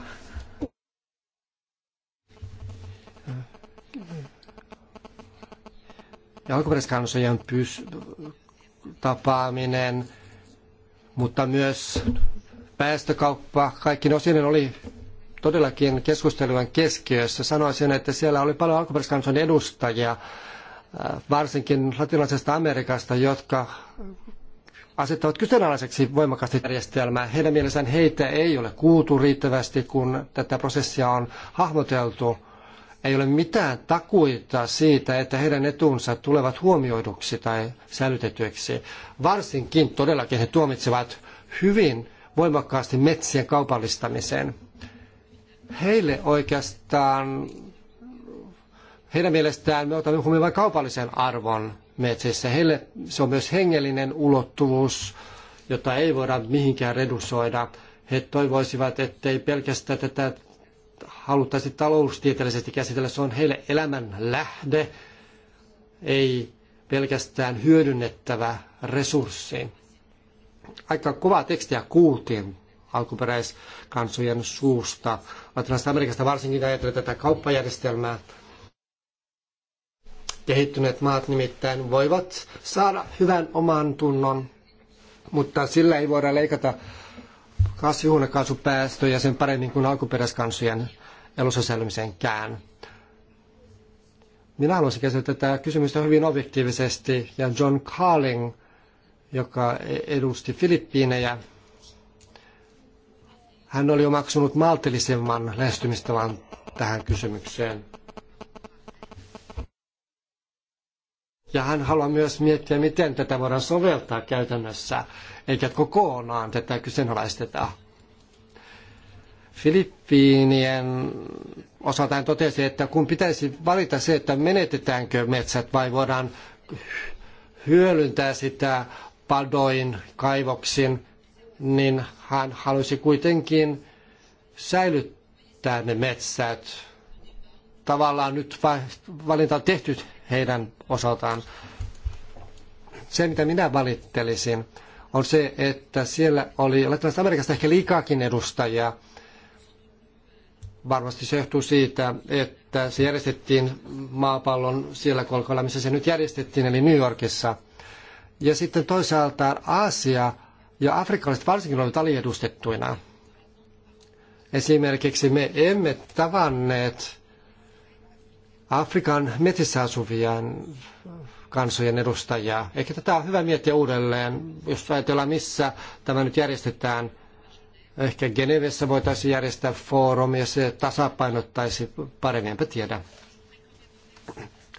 Ja alkuperäiskansojen pys- tapaaminen, mutta myös päästökauppa, kaikki osin oli todellakin keskustelujen keskiössä. Sanoisin, että siellä oli paljon alkuperäiskansan edustajia Äh, varsinkin latinalaisesta Amerikasta, jotka asettavat kyseenalaiseksi voimakkaasti järjestelmää. Heidän mielessään heitä ei ole kuultu riittävästi, kun tätä prosessia on hahmoteltu. Ei ole mitään takuita siitä, että heidän etunsa tulevat huomioiduksi tai säilytetyiksi. Varsinkin todellakin he tuomitsevat hyvin voimakkaasti metsien kaupallistamiseen. Heille oikeastaan heidän mielestään me otamme huomioon vain kaupallisen arvon metsissä. Heille se on myös hengellinen ulottuvuus, jota ei voida mihinkään redusoida. He toivoisivat, ettei pelkästään tätä haluttaisi taloustieteellisesti käsitellä. Se on heille elämän lähde, ei pelkästään hyödynnettävä resurssi. Aika kovaa tekstiä kuultiin alkuperäiskansojen suusta. Latinalaisesta Amerikasta varsinkin ajatellen tätä kauppajärjestelmää, Kehittyneet maat nimittäin voivat saada hyvän oman tunnon, mutta sillä ei voida leikata kasvihuonekaasupäästöjä sen paremmin kuin alkuperäiskansojen elossa säilymisenkään. Minä haluaisin käsitellä tätä kysymystä hyvin objektiivisesti, ja John Carling, joka edusti Filippiinejä, hän oli omaksunut maltillisemman lähestymistavan tähän kysymykseen. Ja hän haluaa myös miettiä, miten tätä voidaan soveltaa käytännössä, eikä kokonaan tätä kyseenalaisteta. Filippiinien osalta hän totesi, että kun pitäisi valita se, että menetetäänkö metsät vai voidaan hyödyntää sitä padoin, kaivoksin, niin hän halusi kuitenkin säilyttää ne metsät. Tavallaan nyt valinta on tehty heidän osaltaan. Se, mitä minä valittelisin, on se, että siellä oli Latinalaisesta Amerikasta ehkä liikaakin edustajia. Varmasti se johtuu siitä, että se järjestettiin maapallon siellä kolkolla, missä se nyt järjestettiin, eli New Yorkissa. Ja sitten toisaalta Aasia ja afrikkalaiset varsinkin olivat aliedustettuina. Esimerkiksi me emme tavanneet Afrikan metissä asuvien kansojen edustajia. Ehkä tätä on hyvä miettiä uudelleen, jos ajatellaan missä tämä nyt järjestetään. Ehkä Genevessä voitaisiin järjestää foorumi ja se tasapainottaisi paremmin, enpä tiedä.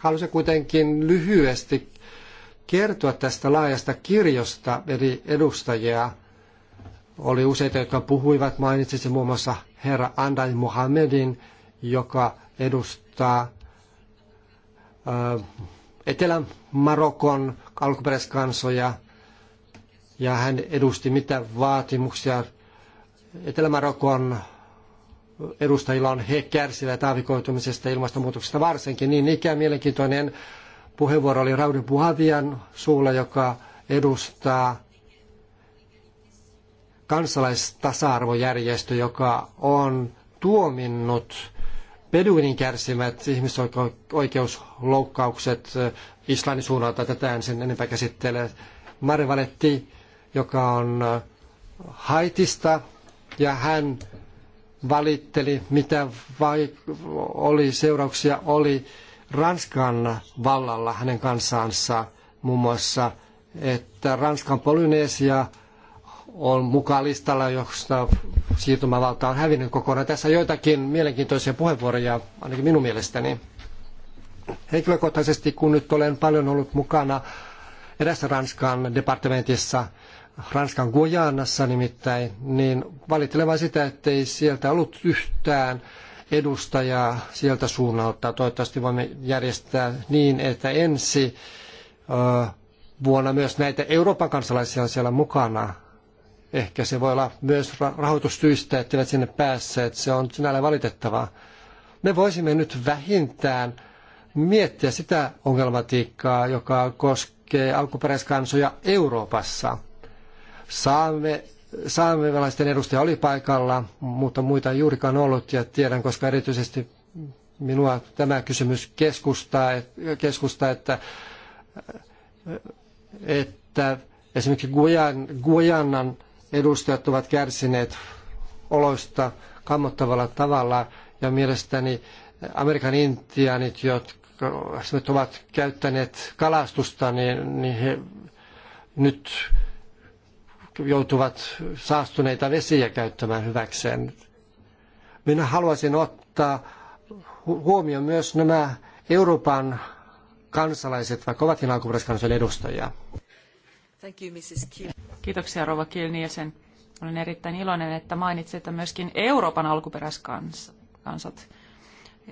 Haluaisin kuitenkin lyhyesti kertoa tästä laajasta kirjosta eri edustajia. Oli useita, jotka puhuivat, mainitsisin muun muassa herra Andai Mohamedin, joka edustaa Etelä-Marokon alkuperäiskansoja ja hän edusti mitä vaatimuksia Etelä-Marokon edustajilla on. He kärsivät aavikoitumisesta ilmastonmuutoksesta varsinkin. Niin ikään mielenkiintoinen puheenvuoro oli Raudi Puhavian suulla, joka edustaa kansalaistasa-arvojärjestö, joka on tuominnut Beduinin kärsimät ihmisoikeusloukkaukset Islannin suunnalta, tätä en sen enempää käsittele. Mare Valetti, joka on Haitista, ja hän valitteli, mitä oli, seurauksia oli Ranskan vallalla hänen kansansa, muun muassa, että Ranskan Polynesia on mukaan listalla, josta siirtymävalta on hävinnyt kokonaan. Tässä on joitakin mielenkiintoisia puheenvuoroja, ainakin minun mielestäni. Henkilökohtaisesti, kun nyt olen paljon ollut mukana erässä Ranskan departementissa, Ranskan Guajanassa nimittäin, niin valittelen vain sitä, ettei sieltä ollut yhtään edustajaa sieltä suunnalta. Toivottavasti voimme järjestää niin, että ensi vuonna myös näitä Euroopan kansalaisia on siellä mukana Ehkä se voi olla myös rahoitussyistä, että eivät sinne päässeet. Se on sinällään valitettavaa. Me voisimme nyt vähintään miettiä sitä ongelmatiikkaa, joka koskee alkuperäiskansoja Euroopassa. Saamme saamelaisten edustaja oli paikalla, mutta muita ei juurikaan ollut ja tiedän, koska erityisesti minua tämä kysymys keskustaa, keskustaa että, että esimerkiksi Guyan, Guyanan edustajat ovat kärsineet oloista kammottavalla tavalla ja mielestäni Amerikan intiaanit, jotka ovat käyttäneet kalastusta, niin, niin he nyt joutuvat saastuneita vesiä käyttämään hyväkseen. Minä haluaisin ottaa huomioon myös nämä Euroopan kansalaiset, vaikka ovatkin alkuperäiskansojen edustajia. Thank you, Mrs. Kiel. Kiitoksia Rova Kiel Nielsen. Olen erittäin iloinen, että mainitsit myöskin Euroopan alkuperäiskansat.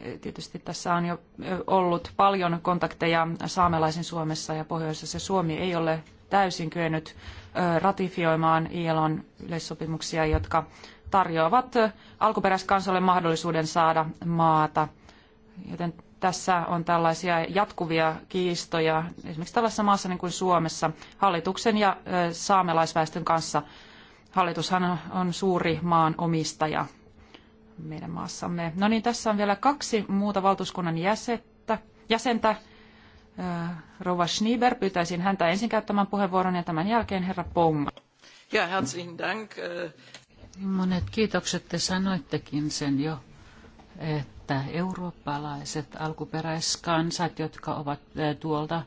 Eh, tietysti tässä on jo eh, ollut paljon kontakteja saamelaisen Suomessa ja pohjoisessa. Suomi ei ole täysin kyennyt eh, ratifioimaan ILOn yleissopimuksia, jotka tarjoavat alkuperäiskansalle mahdollisuuden saada maata. Joten tässä on tällaisia jatkuvia kiistoja esimerkiksi tällaisessa maassa niin kuin Suomessa hallituksen ja saamelaisväestön kanssa. Hallitushan on suuri maan omistaja meidän maassamme. No niin, tässä on vielä kaksi muuta valtuuskunnan jäsentä. jäsentä. Rova Schnieber, pyytäisin häntä ensin käyttämään puheenvuoron ja tämän jälkeen herra Ponga. Ja, herzlichen dank. Monet kiitokset, te sanoittekin sen jo, että että eurooppalaiset alkuperäiskansat, jotka ovat tuolta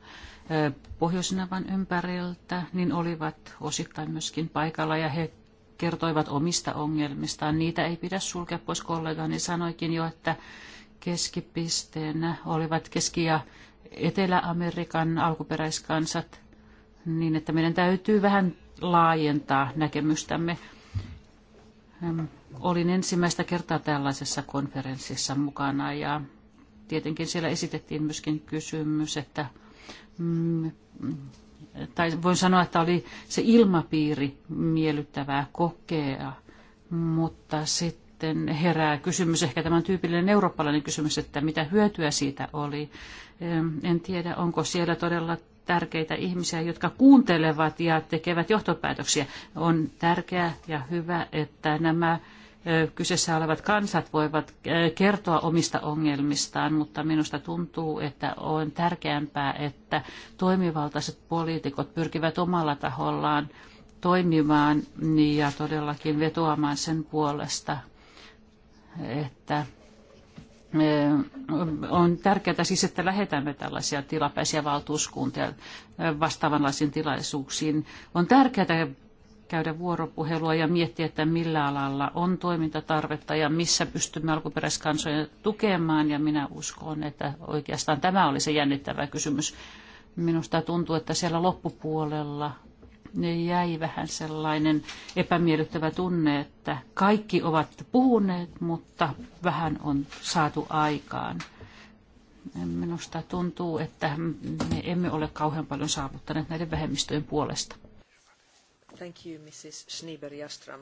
Pohjoisnavan ympäriltä, niin olivat osittain myöskin paikalla ja he kertoivat omista ongelmistaan. Niitä ei pidä sulkea pois Niin Sanoikin jo, että keskipisteenä olivat Keski- ja Etelä-Amerikan alkuperäiskansat, niin että meidän täytyy vähän laajentaa näkemystämme. Olin ensimmäistä kertaa tällaisessa konferenssissa mukana ja tietenkin siellä esitettiin myöskin kysymys, että mm, tai voin sanoa, että oli se ilmapiiri miellyttävää kokea, mutta sitten herää kysymys, ehkä tämän tyypillinen eurooppalainen kysymys, että mitä hyötyä siitä oli. En tiedä, onko siellä todella tärkeitä ihmisiä, jotka kuuntelevat ja tekevät johtopäätöksiä. On tärkeää ja hyvä, että nämä kyseessä olevat kansat voivat kertoa omista ongelmistaan, mutta minusta tuntuu, että on tärkeämpää, että toimivaltaiset poliitikot pyrkivät omalla tahollaan toimimaan ja todellakin vetoamaan sen puolesta, että on tärkeää siis, että lähetämme tällaisia tilapäisiä valtuuskuntia vastaavanlaisiin tilaisuuksiin. On tärkeää käydä vuoropuhelua ja miettiä, että millä alalla on toimintatarvetta ja missä pystymme alkuperäiskansoja tukemaan. Ja minä uskon, että oikeastaan tämä oli se jännittävä kysymys. Minusta tuntuu, että siellä loppupuolella jäi vähän sellainen epämiellyttävä tunne, että kaikki ovat puhuneet, mutta vähän on saatu aikaan. Minusta tuntuu, että me emme ole kauhean paljon saavuttaneet näiden vähemmistöjen puolesta. Thank you, Mrs. Schnieber-Jastram.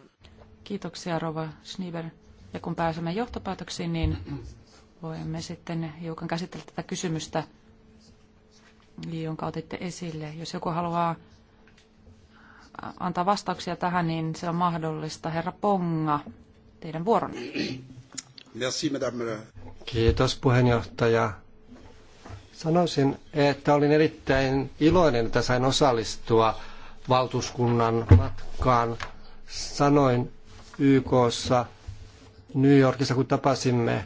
Kiitoksia, Rova Schneeber. Ja kun pääsemme johtopäätöksiin, niin voimme sitten hiukan käsitellä tätä kysymystä, jonka otitte esille. Jos joku haluaa antaa vastauksia tähän, niin se on mahdollista. Herra Ponga, teidän vuoronne. Merci, madame. Kiitos puheenjohtaja. Sanoisin, että olin erittäin iloinen, että sain osallistua valtuuskunnan matkaan. Sanoin YKssa New Yorkissa, kun tapasimme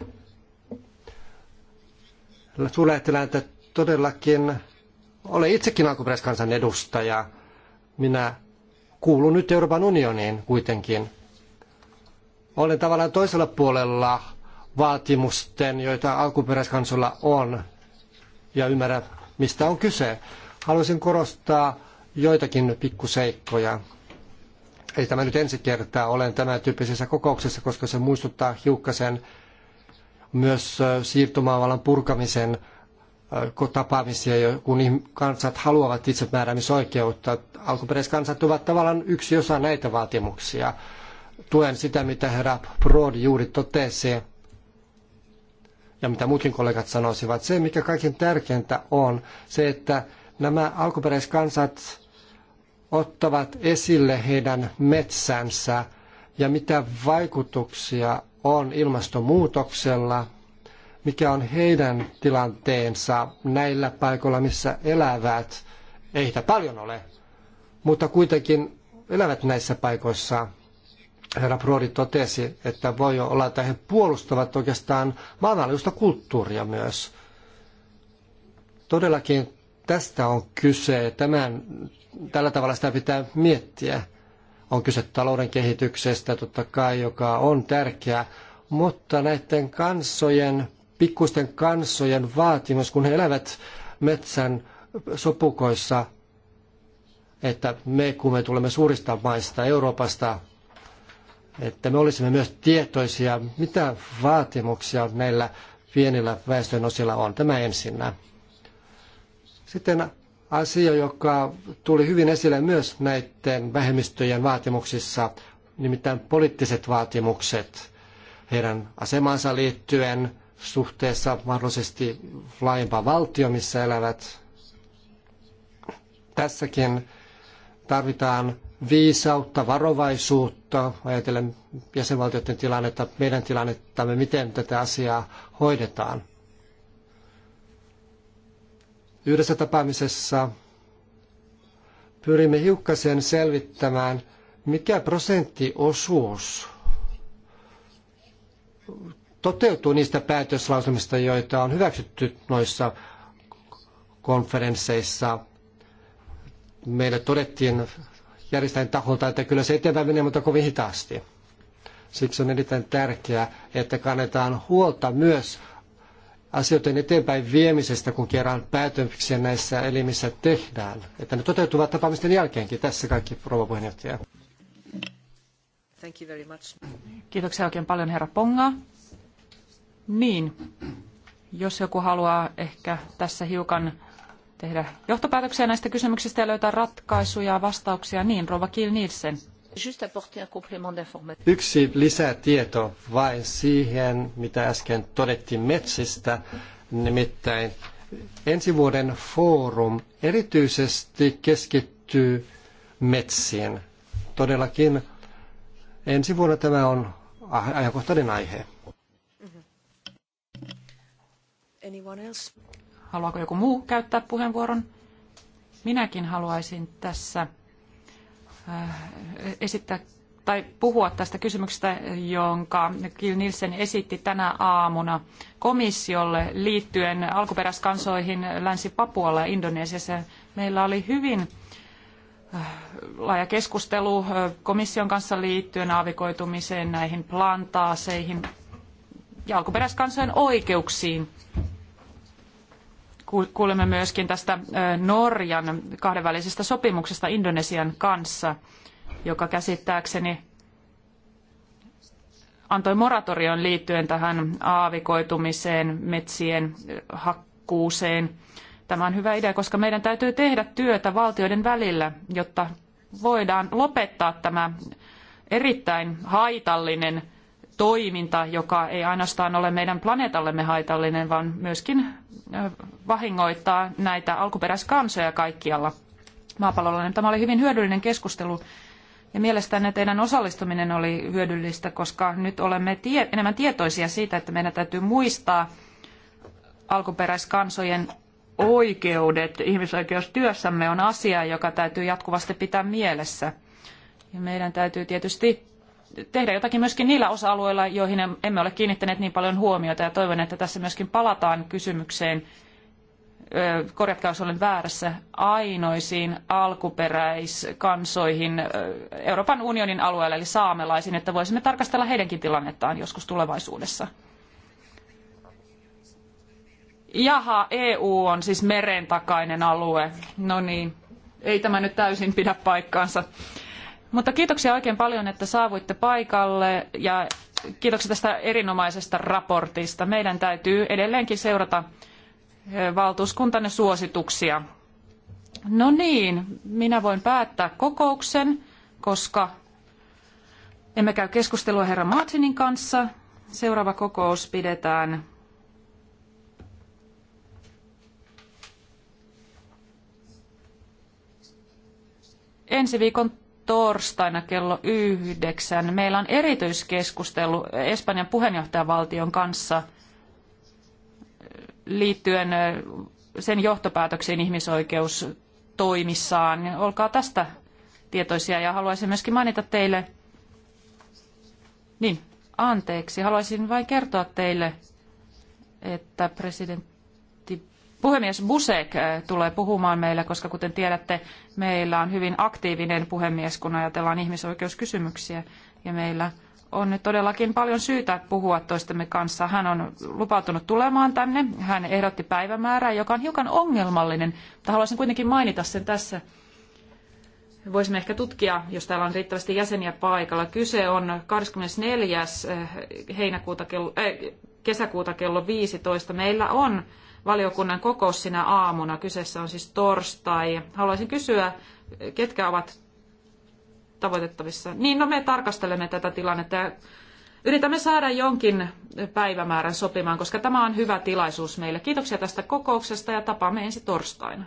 suurlähettilään, että todellakin olen itsekin alkuperäiskansan edustaja. Minä kuuluu nyt Euroopan unioniin kuitenkin. Olen tavallaan toisella puolella vaatimusten, joita alkuperäiskansolla on, ja ymmärrän, mistä on kyse. Haluaisin korostaa joitakin pikkuseikkoja. Ei tämä nyt ensi kertaa olen tämän tyyppisessä kokouksessa, koska se muistuttaa hiukkasen myös siirtomaavallan purkamisen Äh, tapaamisia, kun kansat haluavat itsemääräämisoikeutta. Alkuperäiskansat ovat tavallaan yksi osa näitä vaatimuksia. Tuen sitä, mitä herra Brod juuri totesi ja mitä muutkin kollegat sanoisivat. Se, mikä kaiken tärkeintä on, se, että nämä alkuperäiskansat ottavat esille heidän metsänsä ja mitä vaikutuksia on ilmastonmuutoksella – mikä on heidän tilanteensa näillä paikoilla, missä elävät. Ei heitä paljon ole, mutta kuitenkin elävät näissä paikoissa. Herra Prodi totesi, että voi olla, että he puolustavat oikeastaan maailmanlaajuista kulttuuria myös. Todellakin tästä on kyse. Tämän, tällä tavalla sitä pitää miettiä. On kyse talouden kehityksestä totta kai, joka on tärkeää, mutta näiden kansojen pikkuisten kansojen vaatimus, kun he elävät metsän sopukoissa, että me, kun me tulemme suurista maista Euroopasta, että me olisimme myös tietoisia, mitä vaatimuksia näillä pienillä väestön osilla on. Tämä ensinnä. Sitten asia, joka tuli hyvin esille myös näiden vähemmistöjen vaatimuksissa, nimittäin poliittiset vaatimukset heidän asemansa liittyen – suhteessa mahdollisesti laajempaan valtioon, missä elävät. Tässäkin tarvitaan viisautta, varovaisuutta, ajatellen jäsenvaltioiden tilannetta, meidän tilannettamme, miten tätä asiaa hoidetaan. Yhdessä tapaamisessa pyrimme hiukkasen selvittämään, mikä prosenttiosuus toteutuu niistä päätöslauselmista, joita on hyväksytty noissa konferensseissa. Meille todettiin järjestäjän taholta, että kyllä se eteenpäin menee, mutta kovin hitaasti. Siksi on erittäin tärkeää, että kannetaan huolta myös asioiden eteenpäin viemisestä, kun kerran päätöksiä näissä elimissä tehdään. Että ne toteutuvat tapaamisten jälkeenkin. Tässä kaikki, rouva puheenjohtaja. Thank you very much. Kiitoksia oikein paljon, herra Ponga. Niin, jos joku haluaa ehkä tässä hiukan tehdä johtopäätöksiä näistä kysymyksistä ja löytää ratkaisuja ja vastauksia, niin Rova Kiel Nielsen. Yksi lisätieto vain siihen, mitä äsken todettiin metsistä, nimittäin ensi vuoden foorum erityisesti keskittyy metsiin. Todellakin ensi vuonna tämä on ajankohtainen aihe. Anyone else? Haluaako joku muu käyttää puheenvuoron? Minäkin haluaisin tässä äh, esittää tai puhua tästä kysymyksestä, jonka Kill Nielsen esitti tänä aamuna komissiolle liittyen alkuperäiskansoihin Länsi-Papualla ja Indonesiassa. Meillä oli hyvin äh, laaja keskustelu äh, komission kanssa liittyen aavikoitumiseen, näihin plantaaseihin ja alkuperäiskansojen oikeuksiin. Kuulemme myöskin tästä Norjan kahdenvälisestä sopimuksesta Indonesian kanssa, joka käsittääkseni antoi moratorion liittyen tähän aavikoitumiseen, metsien hakkuuseen. Tämä on hyvä idea, koska meidän täytyy tehdä työtä valtioiden välillä, jotta voidaan lopettaa tämä erittäin haitallinen toiminta, joka ei ainoastaan ole meidän planeetallemme haitallinen, vaan myöskin vahingoittaa näitä alkuperäiskansoja kaikkialla maapallolla. Tämä oli hyvin hyödyllinen keskustelu ja mielestäni teidän osallistuminen oli hyödyllistä, koska nyt olemme tie enemmän tietoisia siitä, että meidän täytyy muistaa alkuperäiskansojen oikeudet ihmisoikeustyössämme on asia, joka täytyy jatkuvasti pitää mielessä. Ja meidän täytyy tietysti tehdä jotakin myöskin niillä osa-alueilla, joihin emme ole kiinnittäneet niin paljon huomiota ja toivon, että tässä myöskin palataan kysymykseen, korjatkaa jos olen väärässä, ainoisiin alkuperäiskansoihin Euroopan unionin alueella, eli saamelaisiin, että voisimme tarkastella heidänkin tilannettaan joskus tulevaisuudessa. Jaha, EU on siis meren takainen alue. No niin, ei tämä nyt täysin pidä paikkaansa. Mutta kiitoksia oikein paljon, että saavuitte paikalle ja kiitoksia tästä erinomaisesta raportista. Meidän täytyy edelleenkin seurata eh, valtuuskuntanne suosituksia. No niin, minä voin päättää kokouksen, koska emme käy keskustelua herra Martinin kanssa. Seuraava kokous pidetään ensi viikon torstaina kello yhdeksän. Meillä on erityiskeskustelu Espanjan puheenjohtajavaltion kanssa liittyen sen johtopäätöksiin ihmisoikeustoimissaan. Olkaa tästä tietoisia ja haluaisin myöskin mainita teille, niin anteeksi, haluaisin vain kertoa teille, että presidentti. Puhemies Busek eh, tulee puhumaan meille, koska kuten tiedätte, meillä on hyvin aktiivinen puhemies, kun ajatellaan ihmisoikeuskysymyksiä. Ja meillä on nyt todellakin paljon syytä puhua toistemme kanssa. Hän on lupautunut tulemaan tänne. Hän ehdotti päivämäärää, joka on hiukan ongelmallinen, mutta haluaisin kuitenkin mainita sen tässä. Voisimme ehkä tutkia, jos täällä on riittävästi jäseniä paikalla. Kyse on 24. Eh, heinäkuuta kello, äh, kesäkuuta kello 15. Meillä on valiokunnan kokous sinä aamuna. Kyseessä on siis torstai. Haluaisin kysyä, ketkä ovat tavoitettavissa. Niin, no me tarkastelemme tätä tilannetta ja yritämme saada jonkin päivämäärän sopimaan, koska tämä on hyvä tilaisuus meille. Kiitoksia tästä kokouksesta ja tapaamme ensi torstaina.